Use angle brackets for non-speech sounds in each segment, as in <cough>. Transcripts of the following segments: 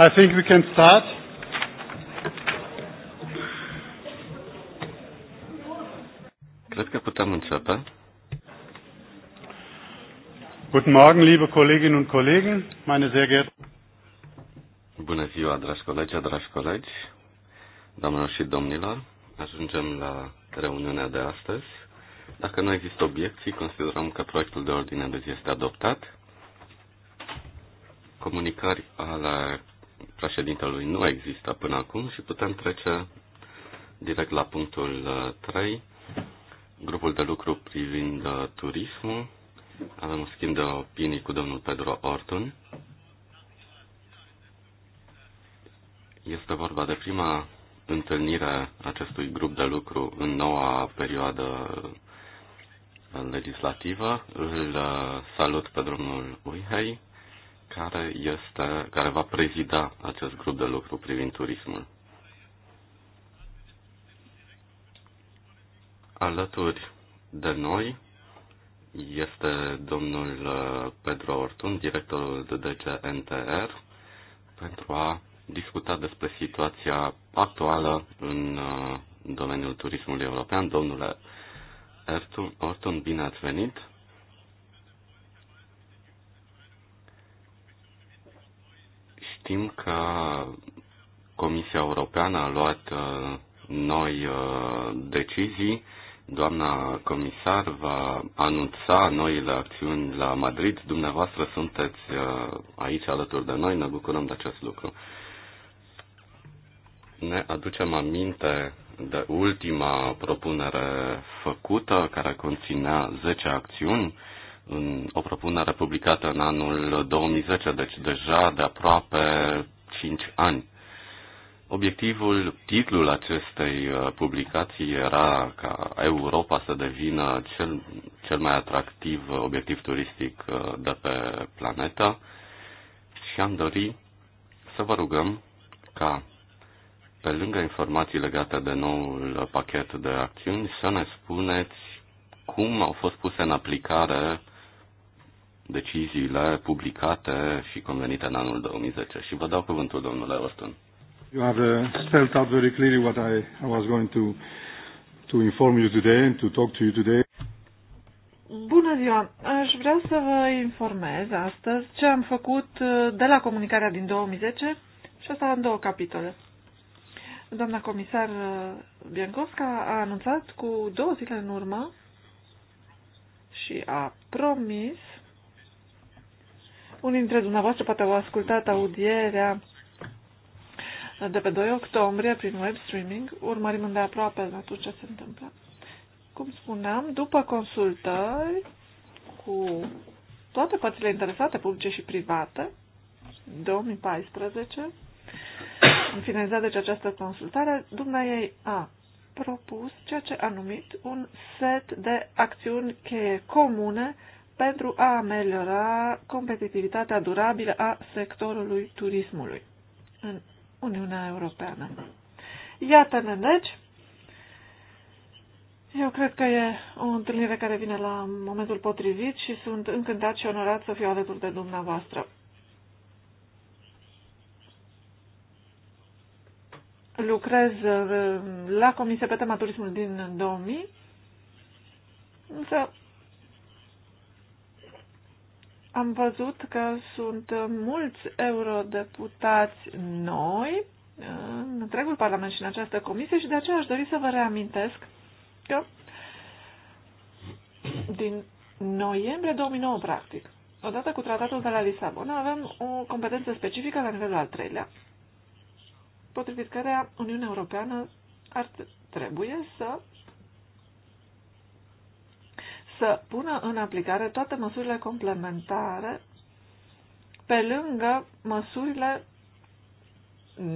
I think we can start. Cred că putem începe. Guten Morgen, liebe Kolleginnen und Kollegen, meine sehr geehrten. Bună ziua, dragi colegi, dragi colegi, doamnelor și domnilor. Ajungem la reuniunea de astăzi. Dacă nu există obiecții, considerăm că proiectul de ordine de zi este adoptat comunicări ale președintelui nu există până acum și putem trece direct la punctul 3, uh, grupul de lucru privind uh, turismul. Avem un schimb de opinii cu domnul Pedro Orton. Este vorba de prima întâlnire acestui grup de lucru în noua perioadă legislativă. Îl uh, salut pe domnul Uihei, care, este, care va prezida acest grup de lucru privind turismul. Alături de noi este domnul uh, Pedro Ortun, directorul de DGNTR, pentru a discuta despre situația actuală în uh, domeniul turismului european. Domnule Ortun, bine ați venit! știm că Comisia Europeană a luat uh, noi uh, decizii. Doamna comisar va anunța noile acțiuni la Madrid. Dumneavoastră sunteți uh, aici alături de noi, ne bucurăm de acest lucru. Ne aducem aminte de ultima propunere făcută, care conținea 10 acțiuni în o propunere publicată în anul 2010, deci deja de aproape 5 ani. Obiectivul, titlul acestei uh, publicații era ca Europa să devină cel, cel mai atractiv obiectiv turistic uh, de pe planetă și am dori să vă rugăm ca, pe lângă informații legate de noul pachet de acțiuni, să ne spuneți cum au fost puse în aplicare deciziile publicate și convenite în anul 2010. Și vă dau cuvântul, domnule Orton. You have uh, spelled out very clearly what I, I was going to, to inform you today and to talk to you today. Bună ziua! Aș vrea să vă informez astăzi ce am făcut uh, de la comunicarea din 2010 și asta în două capitole. Doamna comisar uh, Biancovska a anunțat cu două zile în urmă și a promis unii dintre dumneavoastră poate au ascultat audierea de pe 2 octombrie prin web streaming, urmărim îndeaproape la tot ce se întâmplă. Cum spuneam, după consultări cu toate părțile interesate, publice și private, 2014, în finalizat deci această consultare, ei a propus ceea ce a numit un set de acțiuni cheie comune pentru a ameliora competitivitatea durabilă a sectorului turismului în Uniunea Europeană. Iată-ne, deci, eu cred că e o întâlnire care vine la momentul potrivit și sunt încântat și onorat să fiu alături de dumneavoastră. Lucrez uh, la Comisie pe tema turismului din 2000, însă am văzut că sunt mulți eurodeputați noi în întregul Parlament și în această comisie și de aceea aș dori să vă reamintesc că din noiembrie 2009, practic, odată cu tratatul de la Lisabona, avem o competență specifică la nivelul al treilea, potrivit cărea Uniunea Europeană ar trebui să să pună în aplicare toate măsurile complementare pe lângă măsurile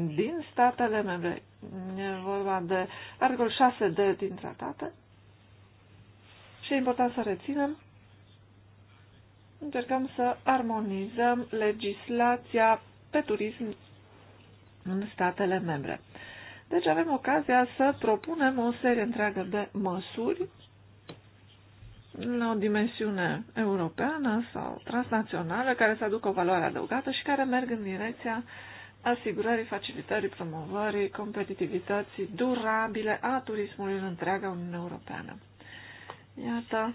din statele membre. E vorba de articol 6D din tratate și e important să reținem. Încercăm să armonizăm legislația pe turism în statele membre. Deci avem ocazia să propunem o serie întreagă de măsuri la o dimensiune europeană sau transnațională care să aducă o valoare adăugată și care merg în direcția asigurării, facilitării, promovării, competitivității durabile a turismului în întreaga Uniune Europeană. Iată,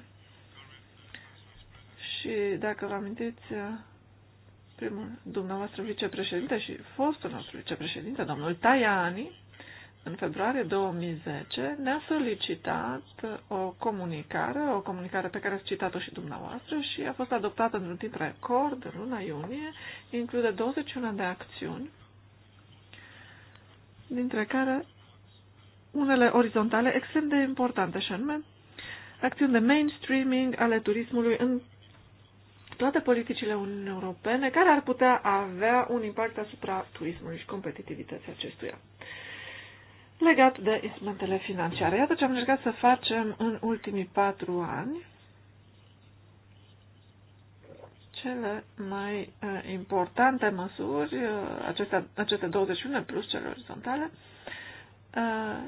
și dacă vă amintiți, primul dumneavoastră vicepreședinte și fostul nostru vicepreședinte, domnul Tajani, în februarie 2010, ne-a solicitat o comunicare, o comunicare pe care ați citat-o și dumneavoastră și a fost adoptată într-un timp record, în luna iunie, include 21 de acțiuni, dintre care unele orizontale extrem de importante, și anume acțiuni de mainstreaming ale turismului în toate politicile Uniunii Europene care ar putea avea un impact asupra turismului și competitivității acestuia legat de instrumentele financiare. Iată ce am încercat să facem în ultimii patru ani. Cele mai uh, importante măsuri, uh, acestea, aceste 21 plus cele orizontale, uh,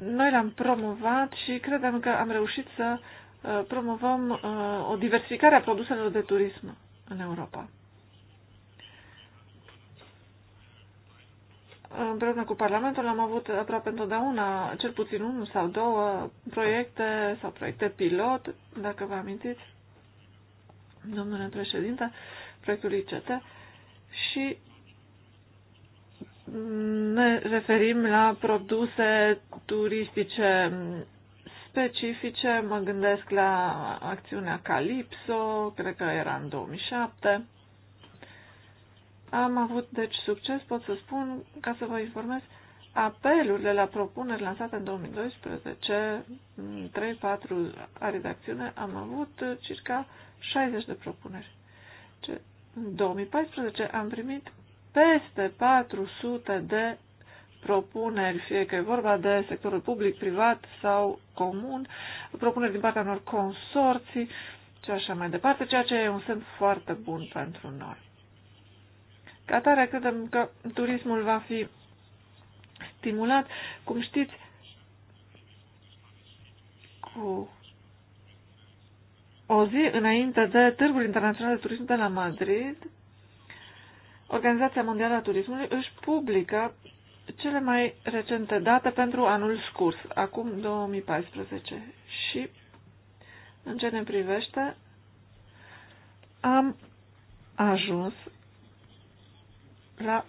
noi le-am promovat și credem că am reușit să promovăm o diversificare a produselor de turism în Europa. Împreună cu Parlamentul am avut aproape întotdeauna cel puțin unul sau două proiecte sau proiecte pilot, dacă vă amintiți, domnule președinte, proiectul ICT și ne referim la produse turistice specifice, mă gândesc la acțiunea Calypso, cred că era în 2007, am avut, deci, succes, pot să spun, ca să vă informez, apelurile la propuneri lansate în 2012, 3-4 ari de acțiune, am avut circa 60 de propuneri. Ce, în 2014 am primit peste 400 de propuneri, fie că e vorba de sectorul public, privat sau comun, propuneri din partea unor consorții și așa mai departe, ceea ce e un semn foarte bun pentru noi. Ca atare, credem că turismul va fi stimulat. Cum știți, cu o zi înainte de Târgul Internațional de Turism de la Madrid, Organizația Mondială a Turismului își publică cele mai recente date pentru anul scurs, acum 2014. Și, în ce ne privește, am ajuns la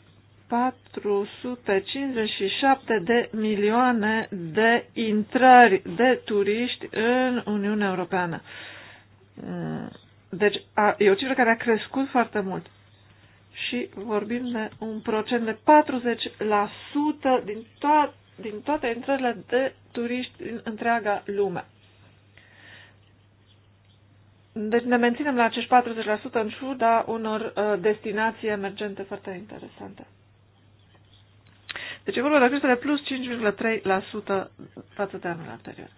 457 de milioane de intrări de turiști în Uniunea Europeană. Deci a, e o cifră care a crescut foarte mult. Și vorbim de un procent de 40% din, to- din toate intrările de turiști din întreaga lume. Deci ne menținem la acești 40% în ciuda unor uh, destinații emergente foarte interesante. Deci e vorba de creștere plus 5,3% față de anul anterior.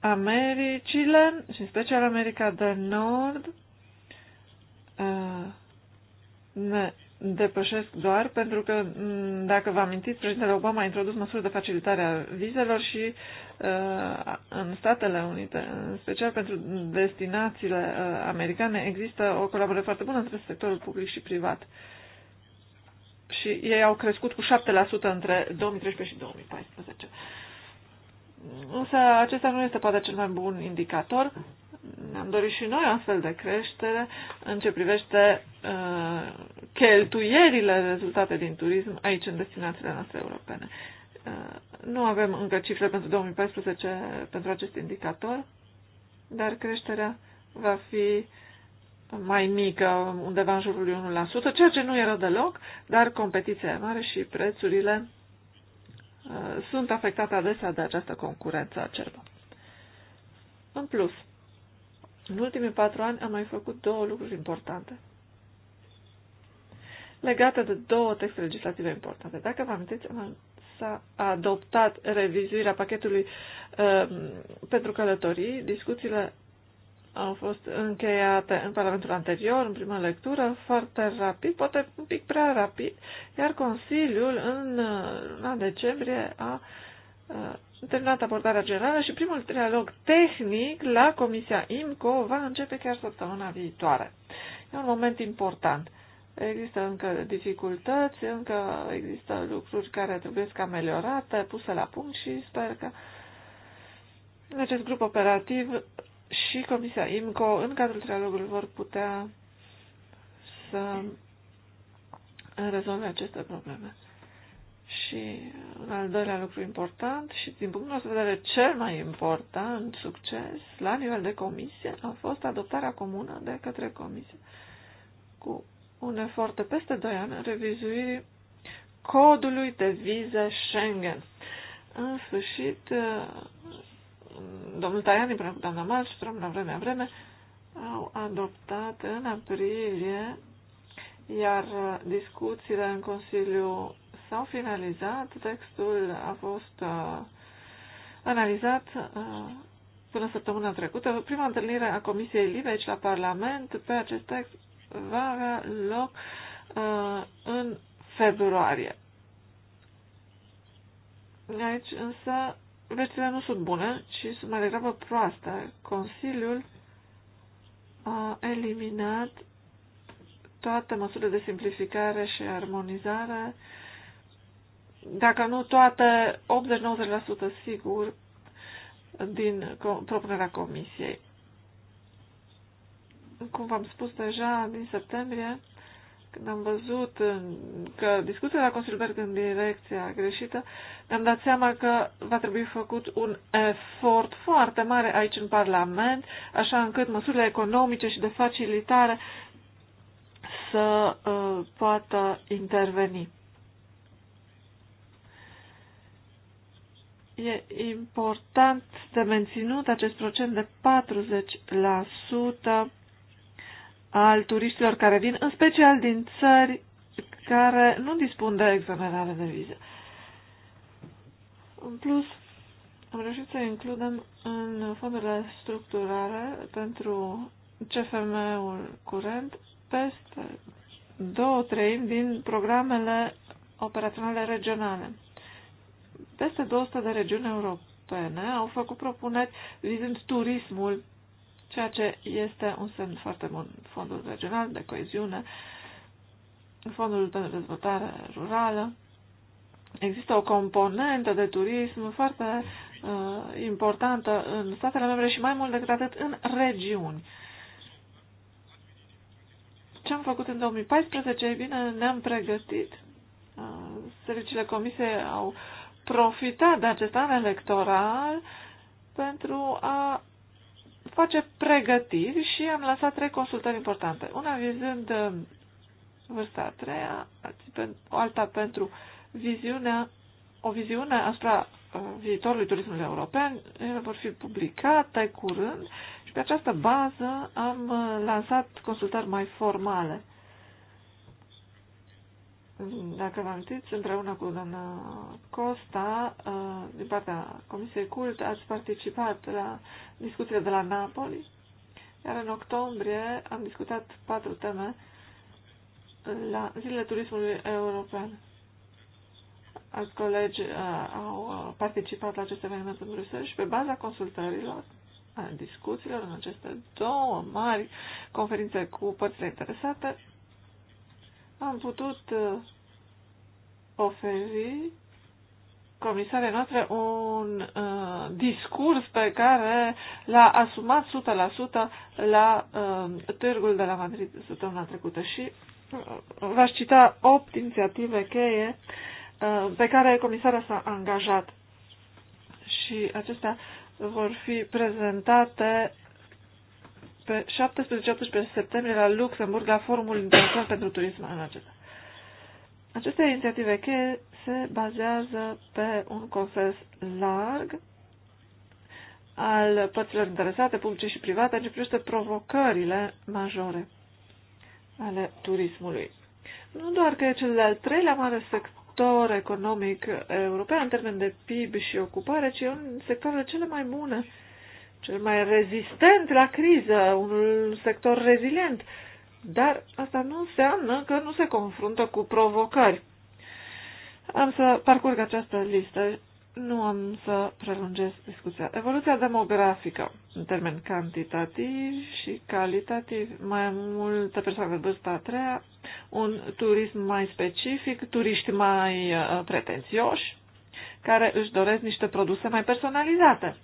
Americile, și în special America de Nord, uh, ne depășesc doar pentru că, dacă vă amintiți, președintele Obama a introdus măsuri de facilitare a vizelor și uh, în Statele Unite, în special pentru destinațiile uh, americane, există o colaborare foarte bună între sectorul public și privat. Și ei au crescut cu 7% între 2013 și 2014. Însă acesta nu este poate cel mai bun indicator, ne-am dorit și noi astfel de creștere în ce privește uh, cheltuierile rezultate din turism aici în destinațiile noastre europene. Uh, nu avem încă cifre pentru 2014 pentru acest indicator, dar creșterea va fi mai mică, undeva în jurul 1%, ceea ce nu era deloc, dar competiția e mare și prețurile uh, sunt afectate adesea de această concurență acerbă. În plus, în ultimii patru ani am mai făcut două lucruri importante legate de două texte legislative importante. Dacă vă amintiți, s-a adoptat revizuirea pachetului uh, pentru călătorii. Discuțiile au fost încheiate în Parlamentul anterior, în prima lectură, foarte rapid, poate un pic prea rapid, iar Consiliul în uh, luna decembrie a uh, terminat abordarea generală și primul trialog tehnic la Comisia IMCO va începe chiar săptămâna viitoare. E un moment important. Există încă dificultăți, încă există lucruri care trebuie să ameliorate, puse la punct și sper că în acest grup operativ și Comisia IMCO în cadrul trialogului vor putea să rezolve aceste probleme. Și un al doilea lucru important și din punctul nostru de vedere cel mai important succes la nivel de comisie a fost adoptarea comună de către comisie cu un efort de peste 2 ani în revizuirii codului de vize Schengen. În sfârșit, domnul Tajani împreună cu doamna Malmström la vremea vreme au adoptat în aprilie iar discuțiile în Consiliu s-au finalizat, textul a fost uh, analizat uh, până săptămâna trecută. Prima întâlnire a Comisiei Libe aici la Parlament pe acest text va avea loc uh, în februarie. Aici însă veștile nu sunt bune, ci sunt mai degrabă proaste. Consiliul a eliminat toate măsurile de simplificare și armonizare uh, dacă nu toate, 80-90% sigur din propunerea comisiei. Cum v-am spus deja din septembrie, când am văzut că discuția la Consiliul merg în direcția greșită, ne-am dat seama că va trebui făcut un efort foarte mare aici în Parlament, așa încât măsurile economice și de facilitare să uh, poată interveni. e important de menținut acest procent de 40% al turiștilor care vin, în special din țări care nu dispun de examenare de viză. În plus, am reușit să includem în fondurile structurale pentru CFM-ul curent peste două treimi din programele operaționale regionale. Peste 200 de regiuni europene au făcut propuneri vizând turismul, ceea ce este un semn foarte bun. Fondul regional de coeziune, fondul de dezvoltare rurală, există o componentă de turism foarte uh, importantă în statele membre și mai mult decât atât în regiuni. Ce am făcut în 2014? Ei bine, ne-am pregătit. Uh, serviciile comisiei au profita de acest an electoral pentru a face pregătiri și am lansat trei consultări importante. Una vizând uh, vârsta a treia, alta pentru viziunea, o viziune asupra uh, viitorului turismului european. Ele vor fi publicate curând și pe această bază am uh, lansat consultări mai formale dacă vă amintiți, împreună cu doamna Costa, uh, din partea Comisiei Cult, ați participat la discuțiile de la Napoli, iar în octombrie am discutat patru teme la zilele turismului european. Alți colegi uh, au participat la acest eveniment în Bruxelles și pe baza consultărilor, a discuțiilor în aceste două mari conferințe cu părțile interesate, am putut uh, oferi comisarea noastră un uh, discurs pe care l-a asumat 100% la uh, târgul de la Madrid săptămâna trecută și uh, v-aș cita 8 inițiative cheie uh, pe care comisarea s-a angajat și acestea vor fi prezentate pe 17-18 septembrie la Luxemburg la Forumul Internațional pentru Turism în acesta. Aceste inițiative cheie se bazează pe un consens larg al părților interesate, publice și private, în ce privește provocările majore ale turismului. Nu doar că e cel de-al treilea mare sector economic european în termen de PIB și ocupare, ci e un sector de cele mai bune cel mai rezistent la criză, un sector rezilient. Dar asta nu înseamnă că nu se confruntă cu provocări. Am să parcurg această listă, nu am să prelungesc discuția. Evoluția demografică, în termen cantitativ și calitativ, mai multă persoană de vârsta a treia, un turism mai specific, turiști mai uh, pretențioși, care își doresc niște produse mai personalizate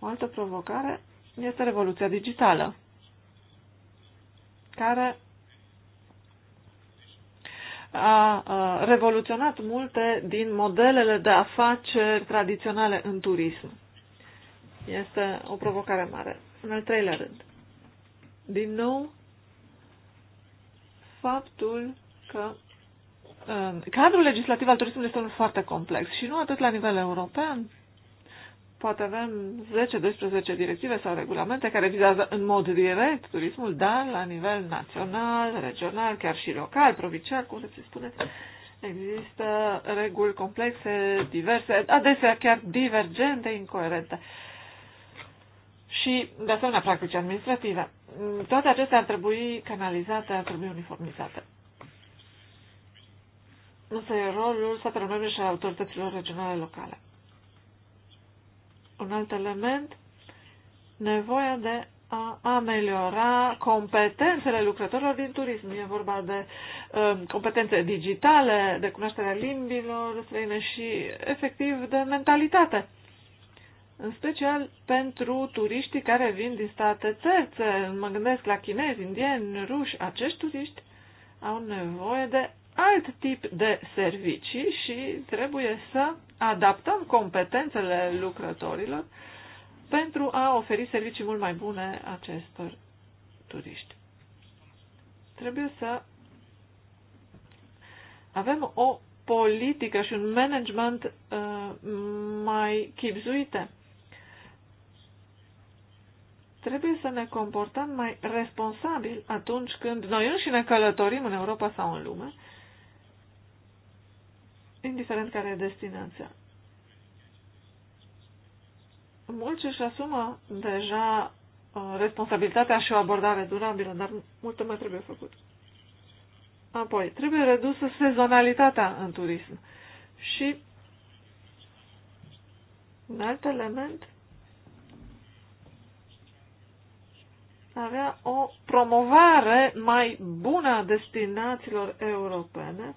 o altă provocare este revoluția digitală, care a revoluționat multe din modelele de afaceri tradiționale în turism. Este o provocare mare. În al treilea rând, din nou, faptul că um, cadrul legislativ al turismului este unul foarte complex și nu atât la nivel european, Poate avem 10-12 directive sau regulamente care vizează în mod direct turismul, dar la nivel național, regional, chiar și local, provincial, cum se spune, există reguli complexe, diverse, adesea chiar divergente, incoerente și, de asemenea, practici administrative. Toate acestea ar trebui canalizate, ar trebui uniformizate. Însă e rolul statelor membre și al autorităților regionale locale. Un alt element, nevoia de a ameliora competențele lucrătorilor din turism. E vorba de um, competențe digitale, de cunoașterea limbilor străine și, efectiv, de mentalitate. În special pentru turiștii care vin din state terțe, mă gândesc la chinezi, indieni, ruși, acești turiști au nevoie de alt tip de servicii și trebuie să adaptăm competențele lucrătorilor pentru a oferi servicii mult mai bune acestor turiști. Trebuie să avem o politică și un management uh, mai chipzuite. Trebuie să ne comportăm mai responsabil atunci când noi înșine călătorim în Europa sau în lume indiferent care e destinația. Mulți își asumă deja uh, responsabilitatea și o abordare durabilă, dar multe mai trebuie făcut. Apoi, trebuie redusă sezonalitatea în turism. Și un alt element avea o promovare mai bună a destinațiilor europene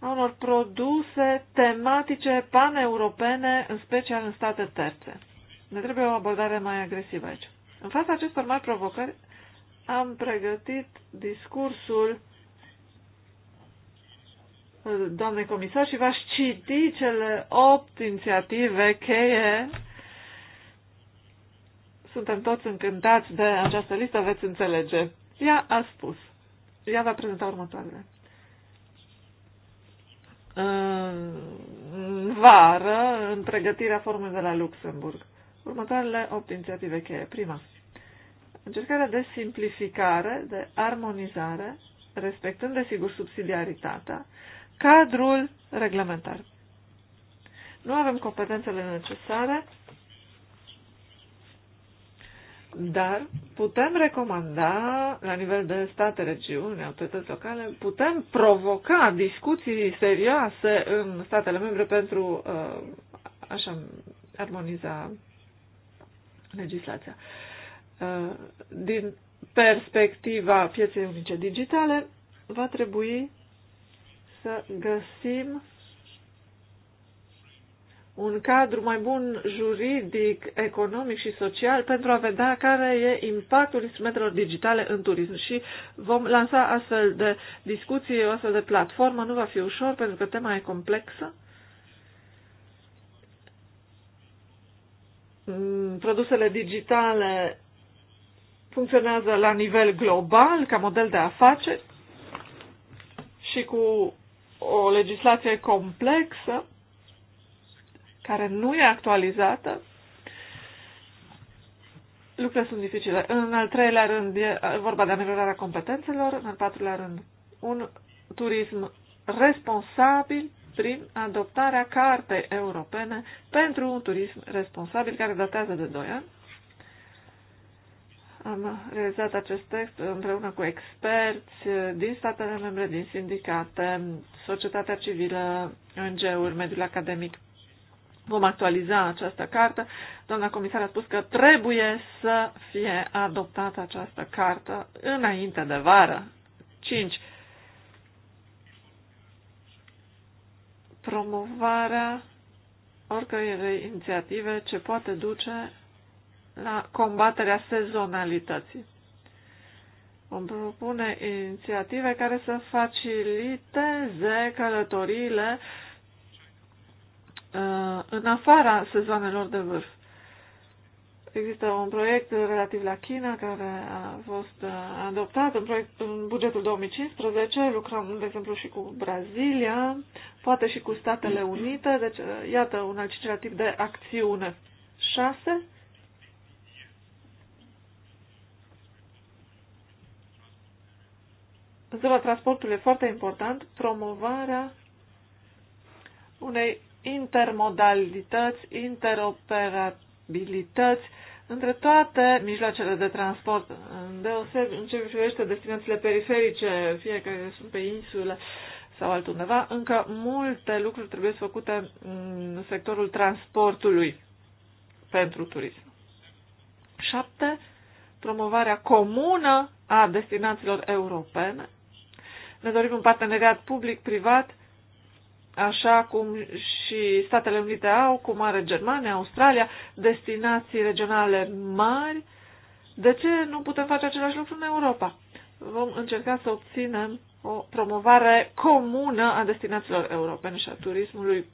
a unor produse tematice paneuropene, în special în state terțe. Ne trebuie o abordare mai agresivă aici. În fața acestor mari provocări, am pregătit discursul uh, doamnei comisar și v-aș citi cele opt inițiative cheie. Suntem toți încântați de această listă, veți înțelege. Ea a spus. Ea va prezenta următoarele în vară în pregătirea formei de la Luxemburg. Următoarele opt inițiative cheie. Prima, încercarea de simplificare, de armonizare, respectând desigur subsidiaritatea, cadrul reglementar. Nu avem competențele necesare dar putem recomanda, la nivel de state, regiuni, autorități locale, putem provoca discuții serioase în statele membre pentru uh, așa armoniza legislația. Uh, din perspectiva pieței unice digitale, va trebui să găsim un cadru mai bun juridic, economic și social pentru a vedea care e impactul instrumentelor digitale în turism. Și vom lansa astfel de discuții, o astfel de platformă. Nu va fi ușor pentru că tema e complexă. Mm, produsele digitale funcționează la nivel global, ca model de afaceri și cu o legislație complexă care nu e actualizată, lucrurile sunt dificile. În al treilea rând e vorba de ameliorarea competențelor, în al patrulea rând un turism responsabil prin adoptarea cartei europene pentru un turism responsabil care datează de 2 ani. Am realizat acest text împreună cu experți din statele membre, din sindicate, societatea civilă, ONG-uri, mediul academic vom actualiza această carte. Doamna comisar a spus că trebuie să fie adoptată această carte înainte de vară. 5. Promovarea oricărei inițiative ce poate duce la combaterea sezonalității. Vom propune inițiative care să faciliteze călătoriile uh, Uh, în afara sezoanelor de vârf. Există un proiect relativ la China care a fost uh, adoptat în, proiect, în bugetul 2015. Lucrăm, de exemplu, și cu Brazilia, poate și cu Statele Unite. Deci, uh, iată un al cincilea tip de acțiune. 6. În zona transportului e foarte important promovarea unei intermodalități, interoperabilități între toate mijloacele de transport, deoseb în ce privește destinațiile periferice, fie că sunt pe insule sau altundeva, încă multe lucruri trebuie făcute în sectorul transportului pentru turism. 7. Promovarea comună a destinațiilor europene. Ne dorim un parteneriat public-privat așa cum și Statele Unite au, cum are Germania, Australia, destinații regionale mari, de ce nu putem face același lucru în Europa? Vom încerca să obținem o promovare comună a destinațiilor europene și a turismului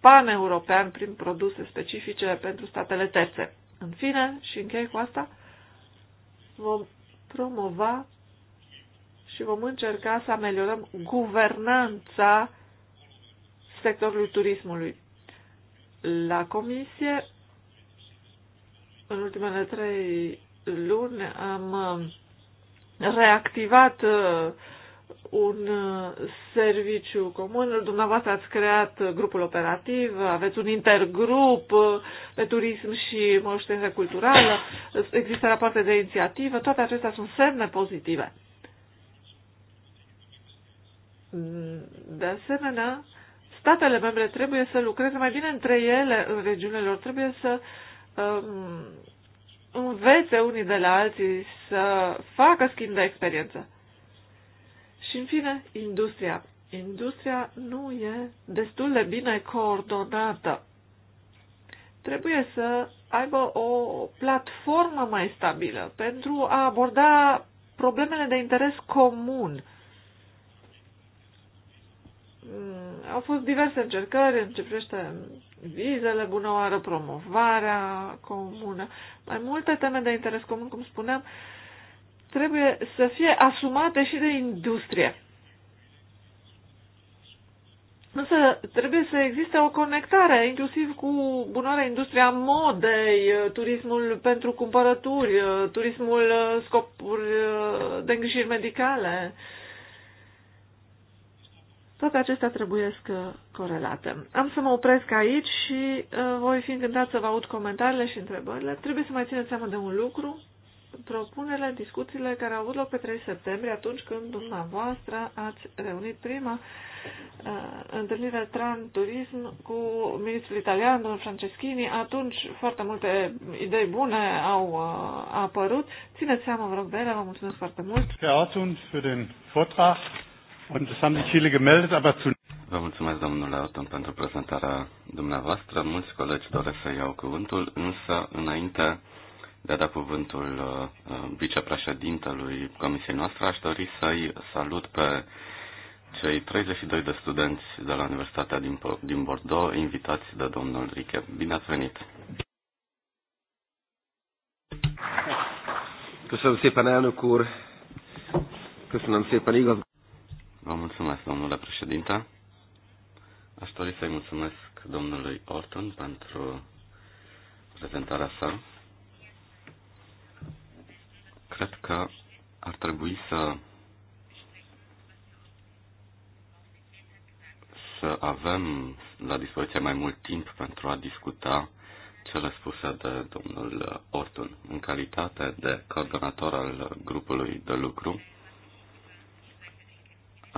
paneuropean prin produse specifice pentru statele terțe. În fine, și închei cu asta, vom promova și vom încerca să ameliorăm guvernanța sectorului turismului. La comisie, în ultimele trei luni, am uh, reactivat uh, un uh, serviciu comun. Dumneavoastră ați creat grupul operativ, aveți un intergrup pe turism și moștenire culturală, există rapoarte de inițiativă, toate acestea sunt semne pozitive. De asemenea, statele membre trebuie să lucreze mai bine între ele în regiunile lor, trebuie să um, învețe unii de la alții să facă schimb de experiență. Și, în fine, industria. Industria nu e destul de bine coordonată. Trebuie să aibă o platformă mai stabilă pentru a aborda problemele de interes comun Mm, au fost diverse încercări începește vizele, bună oară, promovarea comună, mai multe teme de interes comun, cum spuneam, trebuie să fie asumate și de industrie. Însă trebuie să existe o conectare, inclusiv cu bunoarea industria modei, uh, turismul pentru cumpărături, uh, turismul uh, scopuri de îngrijiri medicale, uh, toate acestea trebuie să uh, corelate. Am să mă opresc aici și uh, voi fi încântat să vă aud comentariile și întrebările. Trebuie să mai țineți seama de un lucru, propunerile, discuțiile care au avut loc pe 3 septembrie, atunci când dumneavoastră ați reunit prima uh, întâlnire Tran Turism cu ministrul italian, domnul Franceschini. Atunci foarte multe idei bune au uh, apărut. Țineți seama, vă rog, de ele. Vă mulțumesc foarte mult. Pe atunci, pentru den Vortrag. Und es haben sich viele gemeldet, aber zu... Vă mulțumesc, domnule Orton, pentru prezentarea dumneavoastră. Mulți colegi doresc să iau cuvântul, însă, înainte de a da cuvântul uh, uh, vicepreședintelui comisiei noastre, aș dori să-i salut pe cei 32 de studenți de la Universitatea din, din Bordeaux, invitați de domnul Riche. Bine ați venit! Mulțumesc, domnule elnök pentru prezentarea dumneavoastră. Vă mulțumesc, domnule președinte. Aș dori să-i mulțumesc domnului Orton pentru prezentarea sa. Cred că ar trebui să să avem la dispoziție mai mult timp pentru a discuta cele spuse de domnul Orton în calitate de coordonator al grupului de lucru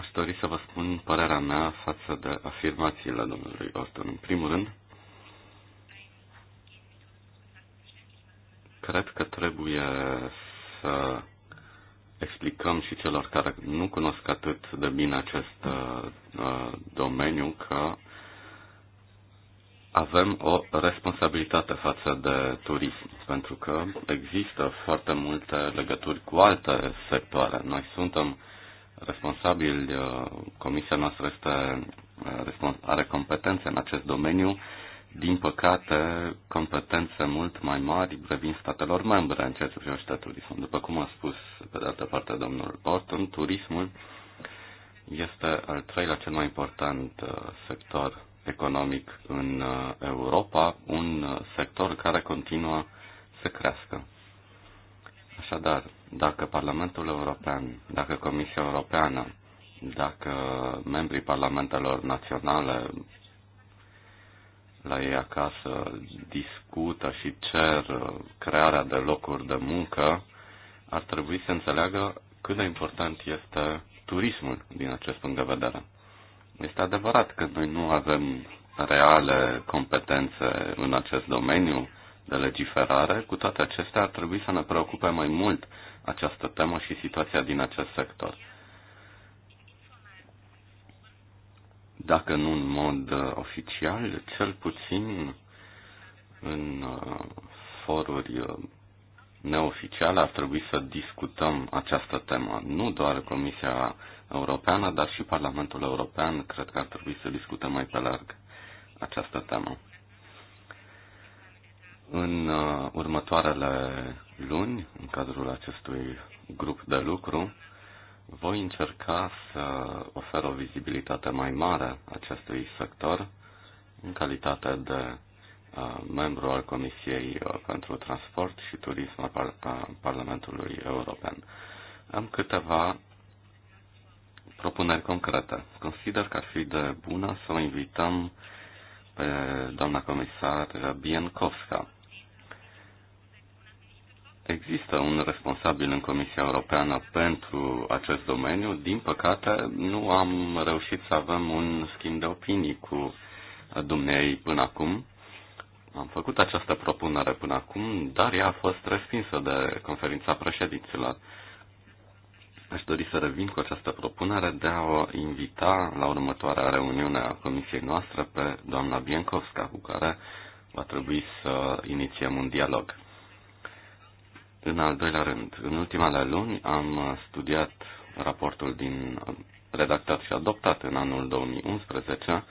Aș dori să vă spun părerea mea față de afirmațiile domnului Orton. În primul rând, cred că trebuie să explicăm și celor care nu cunosc atât de bine acest uh, domeniu că avem o responsabilitate față de turism, pentru că există foarte multe legături cu alte sectoare. Noi suntem uh, responsabili, uh, comisia noastră este, uh, are competențe în acest domeniu. Din păcate, competențe mult mai mari revin statelor membre în ceea ce privește turismul. După cum a spus, pe de altă parte, domnul Orton, turismul este al treilea cel mai important uh, sector economic în Europa, un sector care continuă să crească. Așadar, dacă Parlamentul European, dacă Comisia Europeană, dacă membrii parlamentelor naționale la ei acasă discută și cer uh, crearea de locuri de muncă, ar trebui să înțeleagă cât de important este turismul din acest punct de vedere. Este adevărat că noi nu avem reale competențe în acest domeniu, de legiferare. Cu toate acestea, ar trebui să ne preocupe mai mult această temă și situația din acest sector. Dacă nu în mod uh, oficial, cel puțin în uh, foruri uh, neoficiale ar trebui să discutăm această temă. Nu doar Comisia Europeană, dar și Parlamentul European cred că ar trebui să discutăm mai pe larg această temă. În uh, următoarele luni, în cadrul acestui grup de lucru, voi încerca să ofer o vizibilitate mai mare acestui sector în calitate de uh, membru al Comisiei uh, pentru Transport și Turism al Parlamentului European. Am câteva propuneri concrete. Consider că ar fi de bună să o invităm pe doamna comisar Bienkowska, Există un responsabil în Comisia Europeană pentru acest domeniu. Din păcate, nu am reușit să avem un schimb de opinii cu dumnei până acum. Am făcut această propunere până acum, dar ea a fost respinsă de conferința președinților. Aș dori să revin cu această propunere de a o invita la următoarea reuniune a comisiei noastre pe doamna Biencovska, cu care va trebui să inițiem un dialog. În al doilea rând, în ultimele luni am studiat raportul din redactat și adoptat în anul 2011,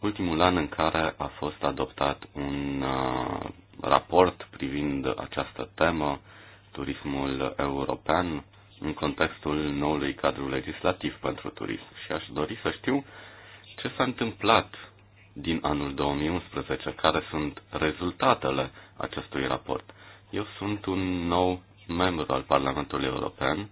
ultimul an în care a fost adoptat un uh, raport privind această temă, turismul european, în contextul noului cadru legislativ pentru turism. Și aș dori să știu ce s-a întâmplat din anul 2011, care sunt rezultatele acestui raport. Eu sunt un nou membru al Parlamentului European,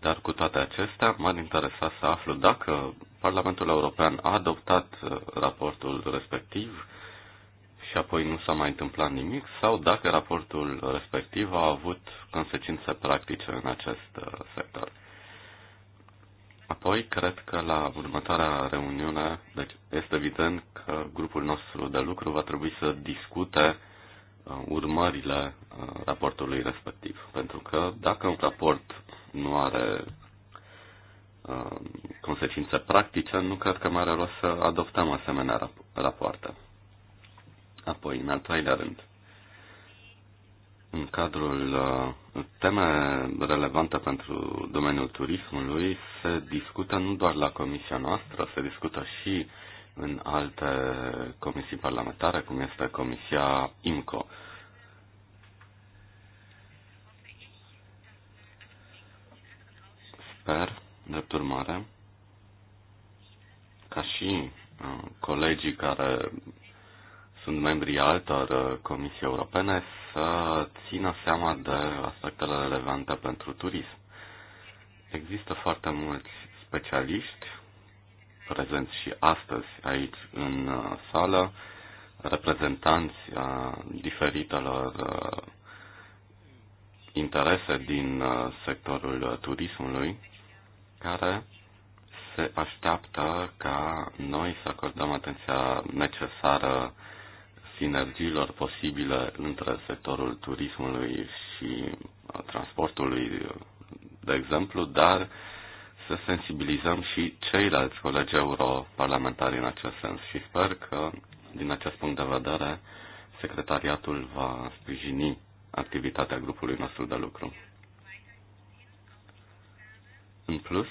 dar cu toate acestea m-ar interesa să aflu dacă Parlamentul European a adoptat uh, raportul respectiv și apoi nu s-a mai întâmplat nimic sau dacă raportul respectiv a avut consecințe practice în acest uh, sector. Apoi, cred că la următoarea reuniune, deci este evident că grupul nostru de lucru va trebui să discute urmările uh, raportului respectiv. Pentru că dacă un raport nu are uh, consecințe practice, nu cred că mai are rost să adoptăm asemenea rapoarte. Apoi, în al treilea rând, în cadrul uh, teme relevante pentru domeniul turismului se discută nu doar la comisia noastră, se discută și în alte comisii parlamentare, cum este Comisia IMCO. Sper, drept urmare, ca și uh, colegii care sunt membrii altor uh, comisii europene să țină seama de aspectele relevante pentru turism. Există foarte mulți specialiști prezenți și astăzi aici în uh, sală, reprezentanți a uh, diferitelor uh, interese din sectorul turismului, care se așteaptă ca noi să acordăm atenția necesară sinergiilor posibile între sectorul turismului și transportului, de exemplu, dar să sensibilizăm și ceilalți colegi europarlamentari în acest sens și sper că, din acest punct de vedere, secretariatul va sprijini activitatea grupului nostru de lucru. În plus,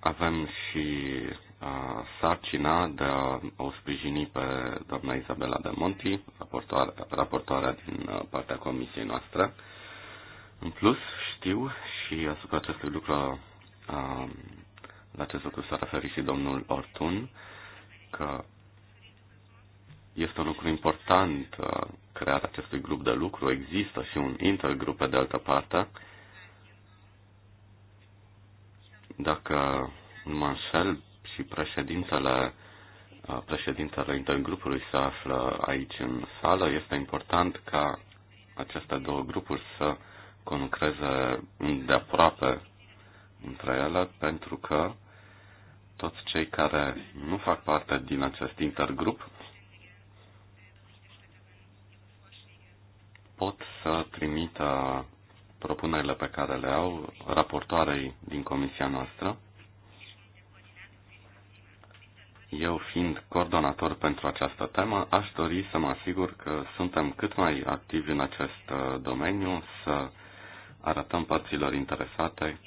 avem și uh, sarcina de a o sprijini pe doamna Isabela de Monti, raportoarea din uh, partea comisiei noastre, în plus, știu și asupra acestui lucru, a, la acest lucru s-a referit și domnul Ortun, că este un lucru important crearea acestui grup de lucru. Există și un intergrup pe de altă parte. Dacă nu mă înșel, și președintele președintele intergrupului se află aici în sală. Este important ca aceste două grupuri să concreze de aproape între ele, pentru că toți cei care nu fac parte din acest intergrup pot să trimită propunerile pe care le au raportoarei din comisia noastră. Eu fiind coordonator pentru această temă, aș dori să mă asigur că suntem cât mai activi în acest uh, domeniu, să arătăm părților interesate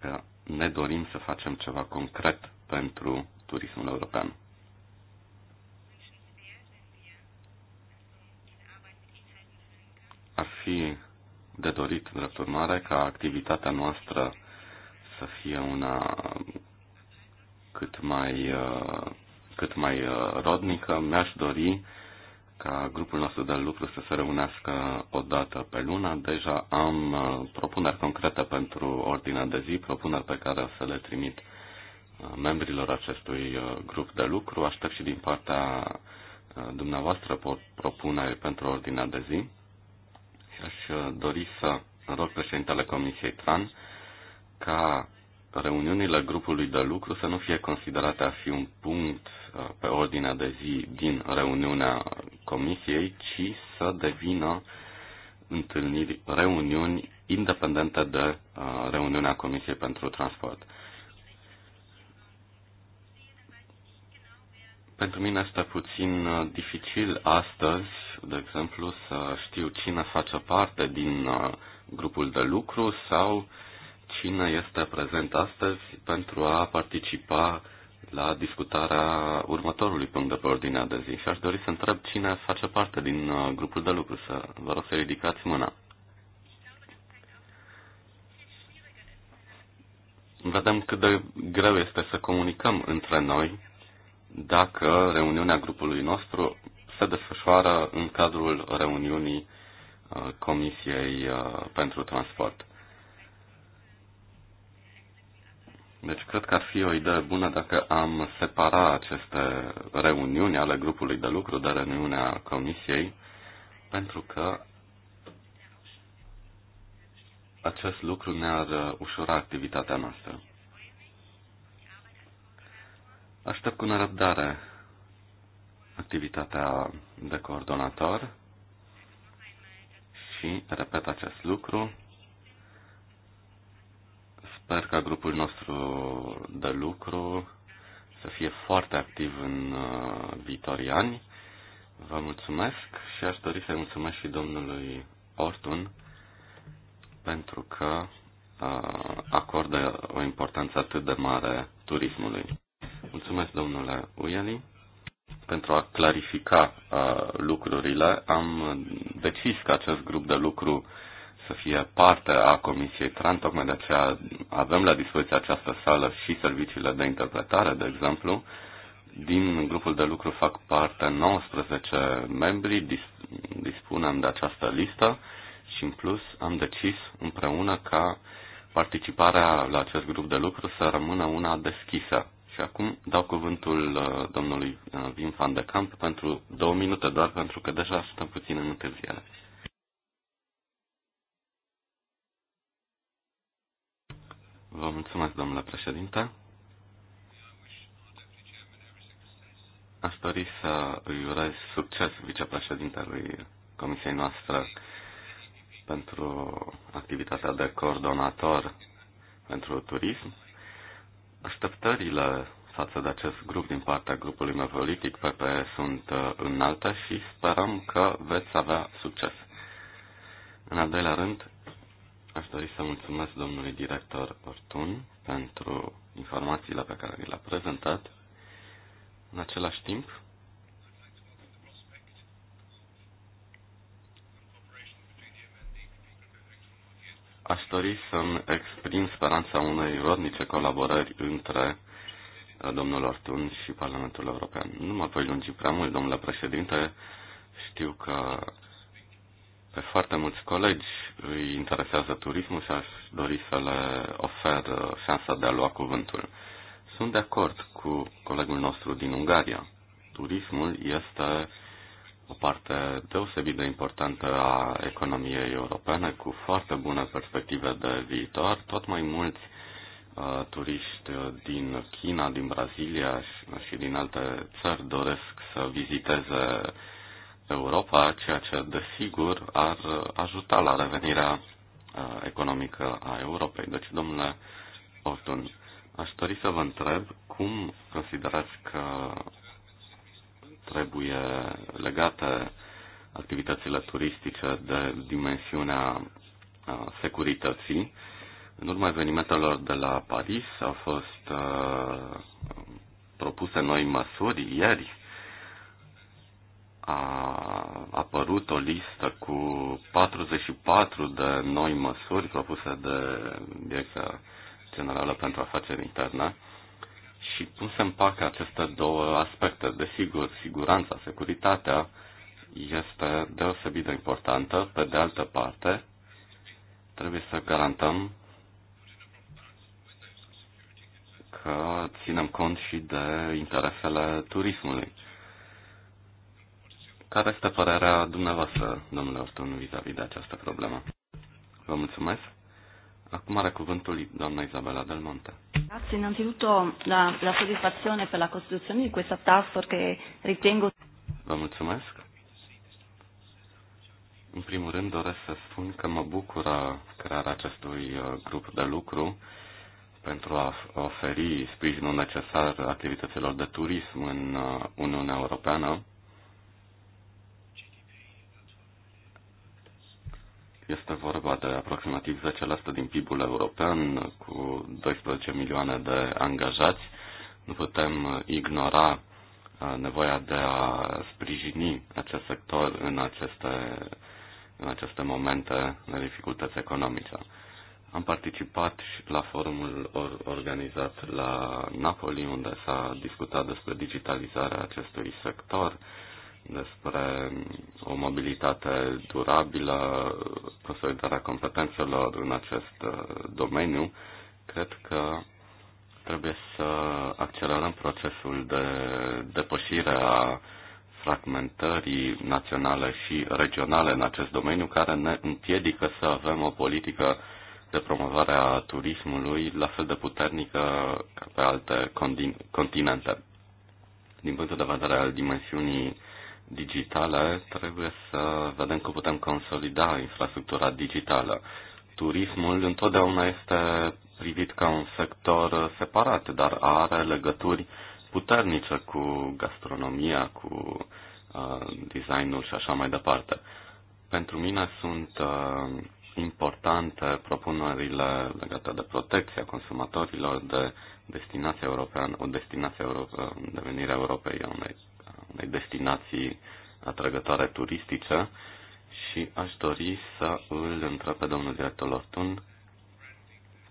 că ne dorim să facem ceva concret pentru turismul european. Ar fi de dorit, drept urmare, ca activitatea noastră să fie una cât mai, uh, cât mai uh, rodnică. Mi-aș dori ca grupul nostru de lucru să se reunească o dată pe lună. Deja am uh, propuneri concrete pentru ordinea de zi, propuneri pe care o să le trimit uh, membrilor acestui uh, grup de lucru. Aștept și din partea dumneavoastră propuneri pentru ordinea de zi și aș dori să rog președintele Comisiei TRAN ca reuniunile grupului de lucru să nu fie considerate a fi un punct uh, pe ordinea de zi din reuniunea comisiei, ci să devină întâlniri, reuniuni independente de uh, reuniunea Comisiei pentru Transport. Pentru mine este puțin uh, dificil astăzi, de exemplu, să știu cine face parte din grupul de lucru sau uh, Fine este prezent astăzi pentru a participa la discutarea următorului punct de pe ordinea de zi și aș dori să întreb cine face parte din uh, grupul de lucru, să vă rog să ridicați mâna. Vedem cât de greu este să comunicăm între noi dacă reuniunea grupului nostru se desfășoară în cadrul reuniunii uh, Comisiei uh, pentru Transport. Deci cred că ar fi o idee bună dacă am separa aceste reuniuni ale grupului de lucru de reuniunea comisiei, pentru că acest lucru ne-ar ușura activitatea noastră. Aștept cu nerăbdare activitatea de coordonator și repet acest lucru. Sper ca grupul nostru de lucru să fie foarte activ în uh, viitorii ani. Vă mulțumesc și aș dori să-i mulțumesc și domnului Ortun pentru că uh, acordă o importanță atât de mare turismului. Mulțumesc, domnule Uieli. Pentru a clarifica uh, lucrurile, am decis că acest grup de lucru să fie parte a Comisiei TRAN, tocmai de aceea avem la dispoziție această sală și serviciile de interpretare, de exemplu. Din grupul de lucru fac parte 19 membri, dispunem de această listă și în plus am decis împreună ca participarea la acest grup de lucru să rămână una deschisă. Și acum dau cuvântul uh, domnului uh, Vin van de Camp pentru două minute, doar pentru că deja suntem puțin în întârziere. Vă mulțumesc, domnule președinte. Aș dori să îi urez succes vicepreședintelui comisiei noastre pentru activitatea de coordonator pentru turism. Așteptările față de acest grup din partea grupului meu politic PP sunt uh, înalte și sperăm că veți avea succes. În al doilea rând, Aș dori să mulțumesc domnului director Ortun pentru informațiile pe care le-a prezentat. În același timp, aș dori să-mi exprim speranța unei rodnice colaborări între uh, domnul Ortun și Parlamentul European. Nu mă voi lungi prea mult, domnule președinte. Știu că pe foarte mulți colegi îi interesează turismul și aș dori să le ofer șansa de a lua cuvântul. Sunt de acord cu colegul nostru din Ungaria. Turismul este o parte deosebit de importantă a economiei europene, cu foarte bune perspective de viitor. Tot mai mulți uh, turiști din China, din Brazilia și, și din alte țări doresc să viziteze Europa, ceea ce, desigur, ar ajuta la revenirea economică a Europei. Deci, domnule Orton, aș dori să vă întreb cum considerați că trebuie legate activitățile turistice de dimensiunea securității. În urma evenimentelor de la Paris au fost uh, propuse noi măsuri ieri a apărut o listă cu 44 de noi măsuri propuse de Direcția Generală pentru Afaceri Interne și cum se împacă aceste două aspecte. Desigur, siguranța, securitatea este deosebit de importantă. Pe de altă parte, trebuie să garantăm că ținem cont și de interesele turismului care este părerea dumneavoastră, domnule Orton, vis-a-vis de această problemă? Vă mulțumesc. Acum are cuvântul doamna Isabela Del Monte. Grazie innanzitutto la, la soddisfazione per la costituzione di questa task force che ritengo... Vă mulțumesc. În primul rând doresc să spun că mă bucură crearea acestui uh, grup de lucru pentru a oferi sprijinul necesar activităților de turism în uh, Uniunea Europeană Este vorba de aproximativ 10% din PIB-ul european cu 12 milioane de angajați. Nu putem ignora uh, nevoia de a sprijini acest sector în aceste, în aceste momente de dificultăți economice. Am participat și la forumul organizat la Napoli, unde s-a discutat despre digitalizarea acestui sector despre o mobilitate durabilă, consolidarea competențelor în acest uh, domeniu, cred că trebuie să accelerăm procesul de depășire a fragmentării naționale și regionale în acest domeniu, care ne împiedică să avem o politică de promovare a turismului la fel de puternică ca pe alte continente. Din punctul de vedere al dimensiunii digitale, trebuie să vedem cum putem consolida infrastructura digitală. Turismul întotdeauna este privit ca un sector separat, dar are legături puternice cu gastronomia, cu uh, designul și așa mai departe. Pentru mine sunt uh, importante propunerile legate de protecția consumatorilor, de destinația europeană, o destinație europeană, uh, devenirea Europei a unei unei destinații atrăgătoare turistice și aș dori să îl întreb pe domnul director Lortun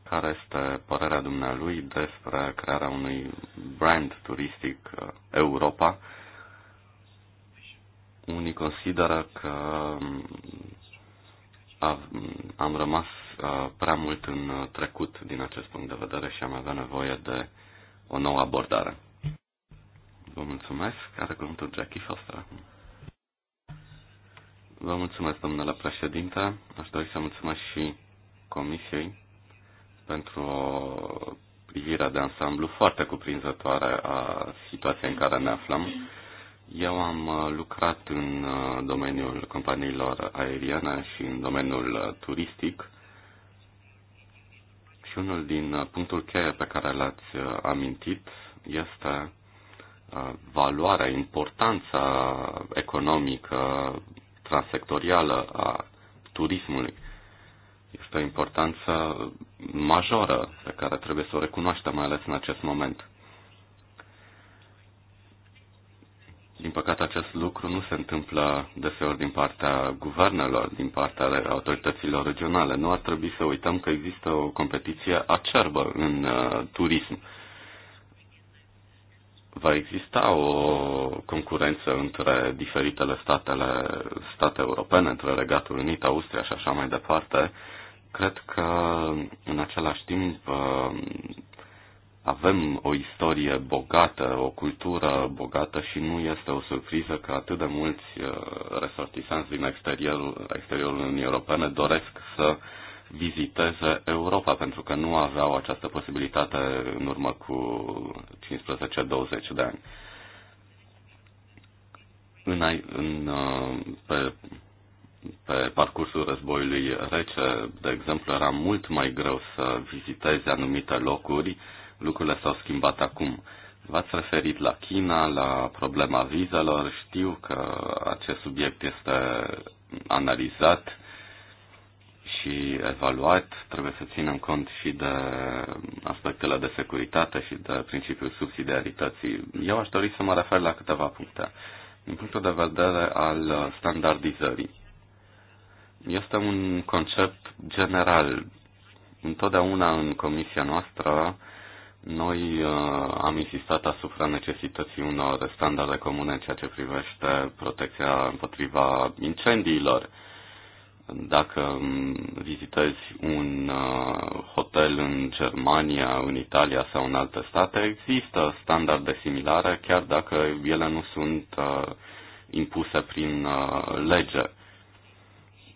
care este părerea dumnealui despre crearea unui brand turistic uh, Europa. Unii consideră că um, am rămas uh, prea mult în trecut din acest punct de vedere și am avea nevoie de o nouă abordare. Vă mulțumesc. Are cuvântul Jackie Foster acum. Vă mulțumesc, domnule președinte. Aș dori să mulțumesc și Comisiei pentru o privire de ansamblu foarte cuprinzătoare a situației în care ne aflăm. Eu am uh, lucrat în uh, domeniul companiilor aeriene și în domeniul uh, turistic și unul din punctul cheie pe care l-ați amintit este Uh, valoarea, importanța economică transsectorială a turismului. Este o importanță majoră pe care trebuie să o recunoaștem, mai ales în acest moment. Din păcate, acest lucru nu se întâmplă deseori din partea guvernelor, din partea autorităților regionale. Nu ar trebui să uităm că există o competiție acerbă în uh, turism. Uh, va exista o concurență între diferitele statele, state europene, între Regatul Unit, Austria și așa mai departe, cred că în același timp avem o istorie bogată, o cultură bogată și nu este o surpriză că atât de mulți uh, resortisanți din exteriorul, exteriorul Uniunii Europene doresc să viziteze Europa, pentru că nu aveau această posibilitate în urmă cu 15-20 de ani. În, în, uh, pe, pe parcursul războiului rece, de exemplu, era mult mai greu să vizitezi anumite locuri, lucrurile s-au schimbat acum. V-ați referit la China, la problema vizelor, știu că acest subiect este analizat și evaluat, trebuie să ținem cont și de aspectele de securitate și de principiul subsidiarității. Eu aș dori să mă refer la câteva puncte. Din punctul de vedere al standardizării, este un concept general. Întotdeauna în comisia noastră noi uh, am insistat asupra necesității unor standarde comune în ceea ce privește protecția împotriva incendiilor. Uh, dacă mm, vizitezi un uh, hotel în Germania, în Italia sau în alte state, există standarde similare, chiar dacă ele nu sunt uh, impuse prin uh, lege.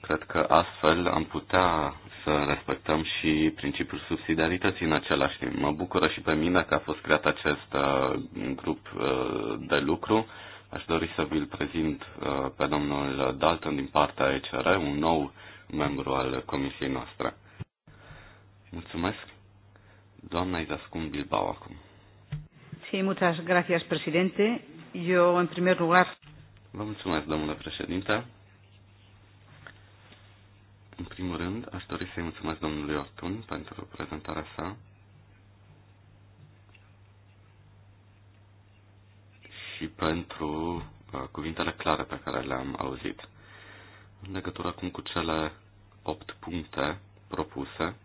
Cred că astfel am putea să respectăm și principiul subsidiarității în același timp. Mă bucură și pe mine că a fost creat acest grup de lucru Aș dori să vi-l prezint uh, pe domnul Dalton din partea ECR, un nou membru al comisiei noastre. Mulțumesc. Doamna Izascun Bilbao acum. Sí, muchas gracias, presidente. Yo, en primer lugar... Vă mulțumesc, domnule președinte. În primul rând, aș dori să-i mulțumesc domnului Ortun pentru prezentarea sa și pentru uh, cuvintele clare pe care le-am auzit. În legătură acum cu cele opt puncte propuse,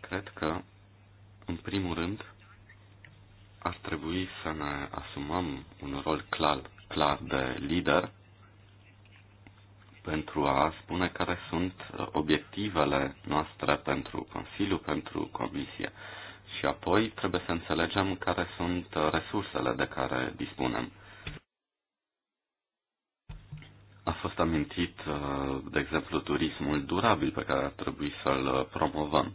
cred că, în primul rând, ar trebui să ne asumăm un rol clar, clar de lider pentru a spune care sunt uh, obiectivele noastre pentru Consiliu, pentru Comisie și apoi trebuie să înțelegem care sunt uh, resursele de care dispunem. A fost amintit, uh, de exemplu, turismul durabil pe care ar trebui să-l uh, promovăm.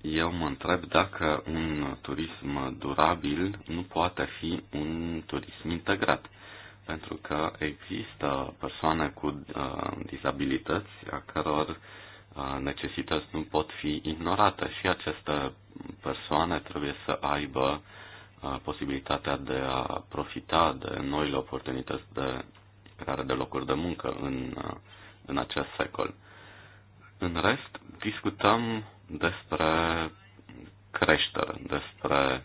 Eu mă întreb dacă un turism durabil nu poate fi un turism integrat, pentru că există persoane cu uh, dizabilități a căror necesități nu pot fi ignorate și aceste persoane trebuie să aibă posibilitatea de a profita de noile oportunități de creare de locuri de muncă în, în acest secol. În rest, discutăm despre creștere, despre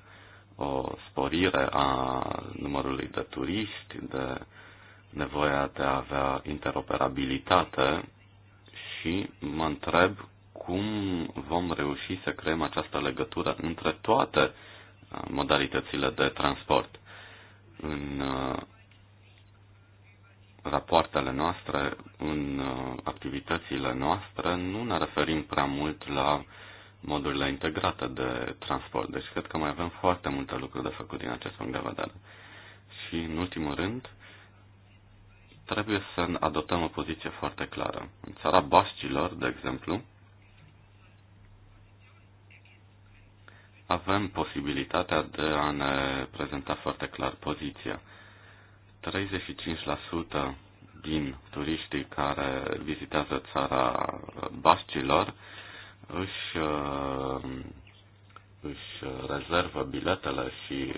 o sporire a numărului de turiști, de nevoia de a avea interoperabilitate și mă întreb cum vom reuși să creăm această legătură între toate uh, modalitățile de transport. În uh, rapoartele noastre, în uh, activitățile noastre, nu ne referim prea mult la modurile integrate de transport. Deci cred că mai avem foarte multe lucruri de făcut din acest punct de vedere. Și, în ultimul rând, trebuie să adoptăm o poziție foarte clară. În țara Bascilor, de exemplu, avem posibilitatea de a ne prezenta foarte clar poziția. 35% din turiștii care vizitează țara Bascilor își, își rezervă biletele și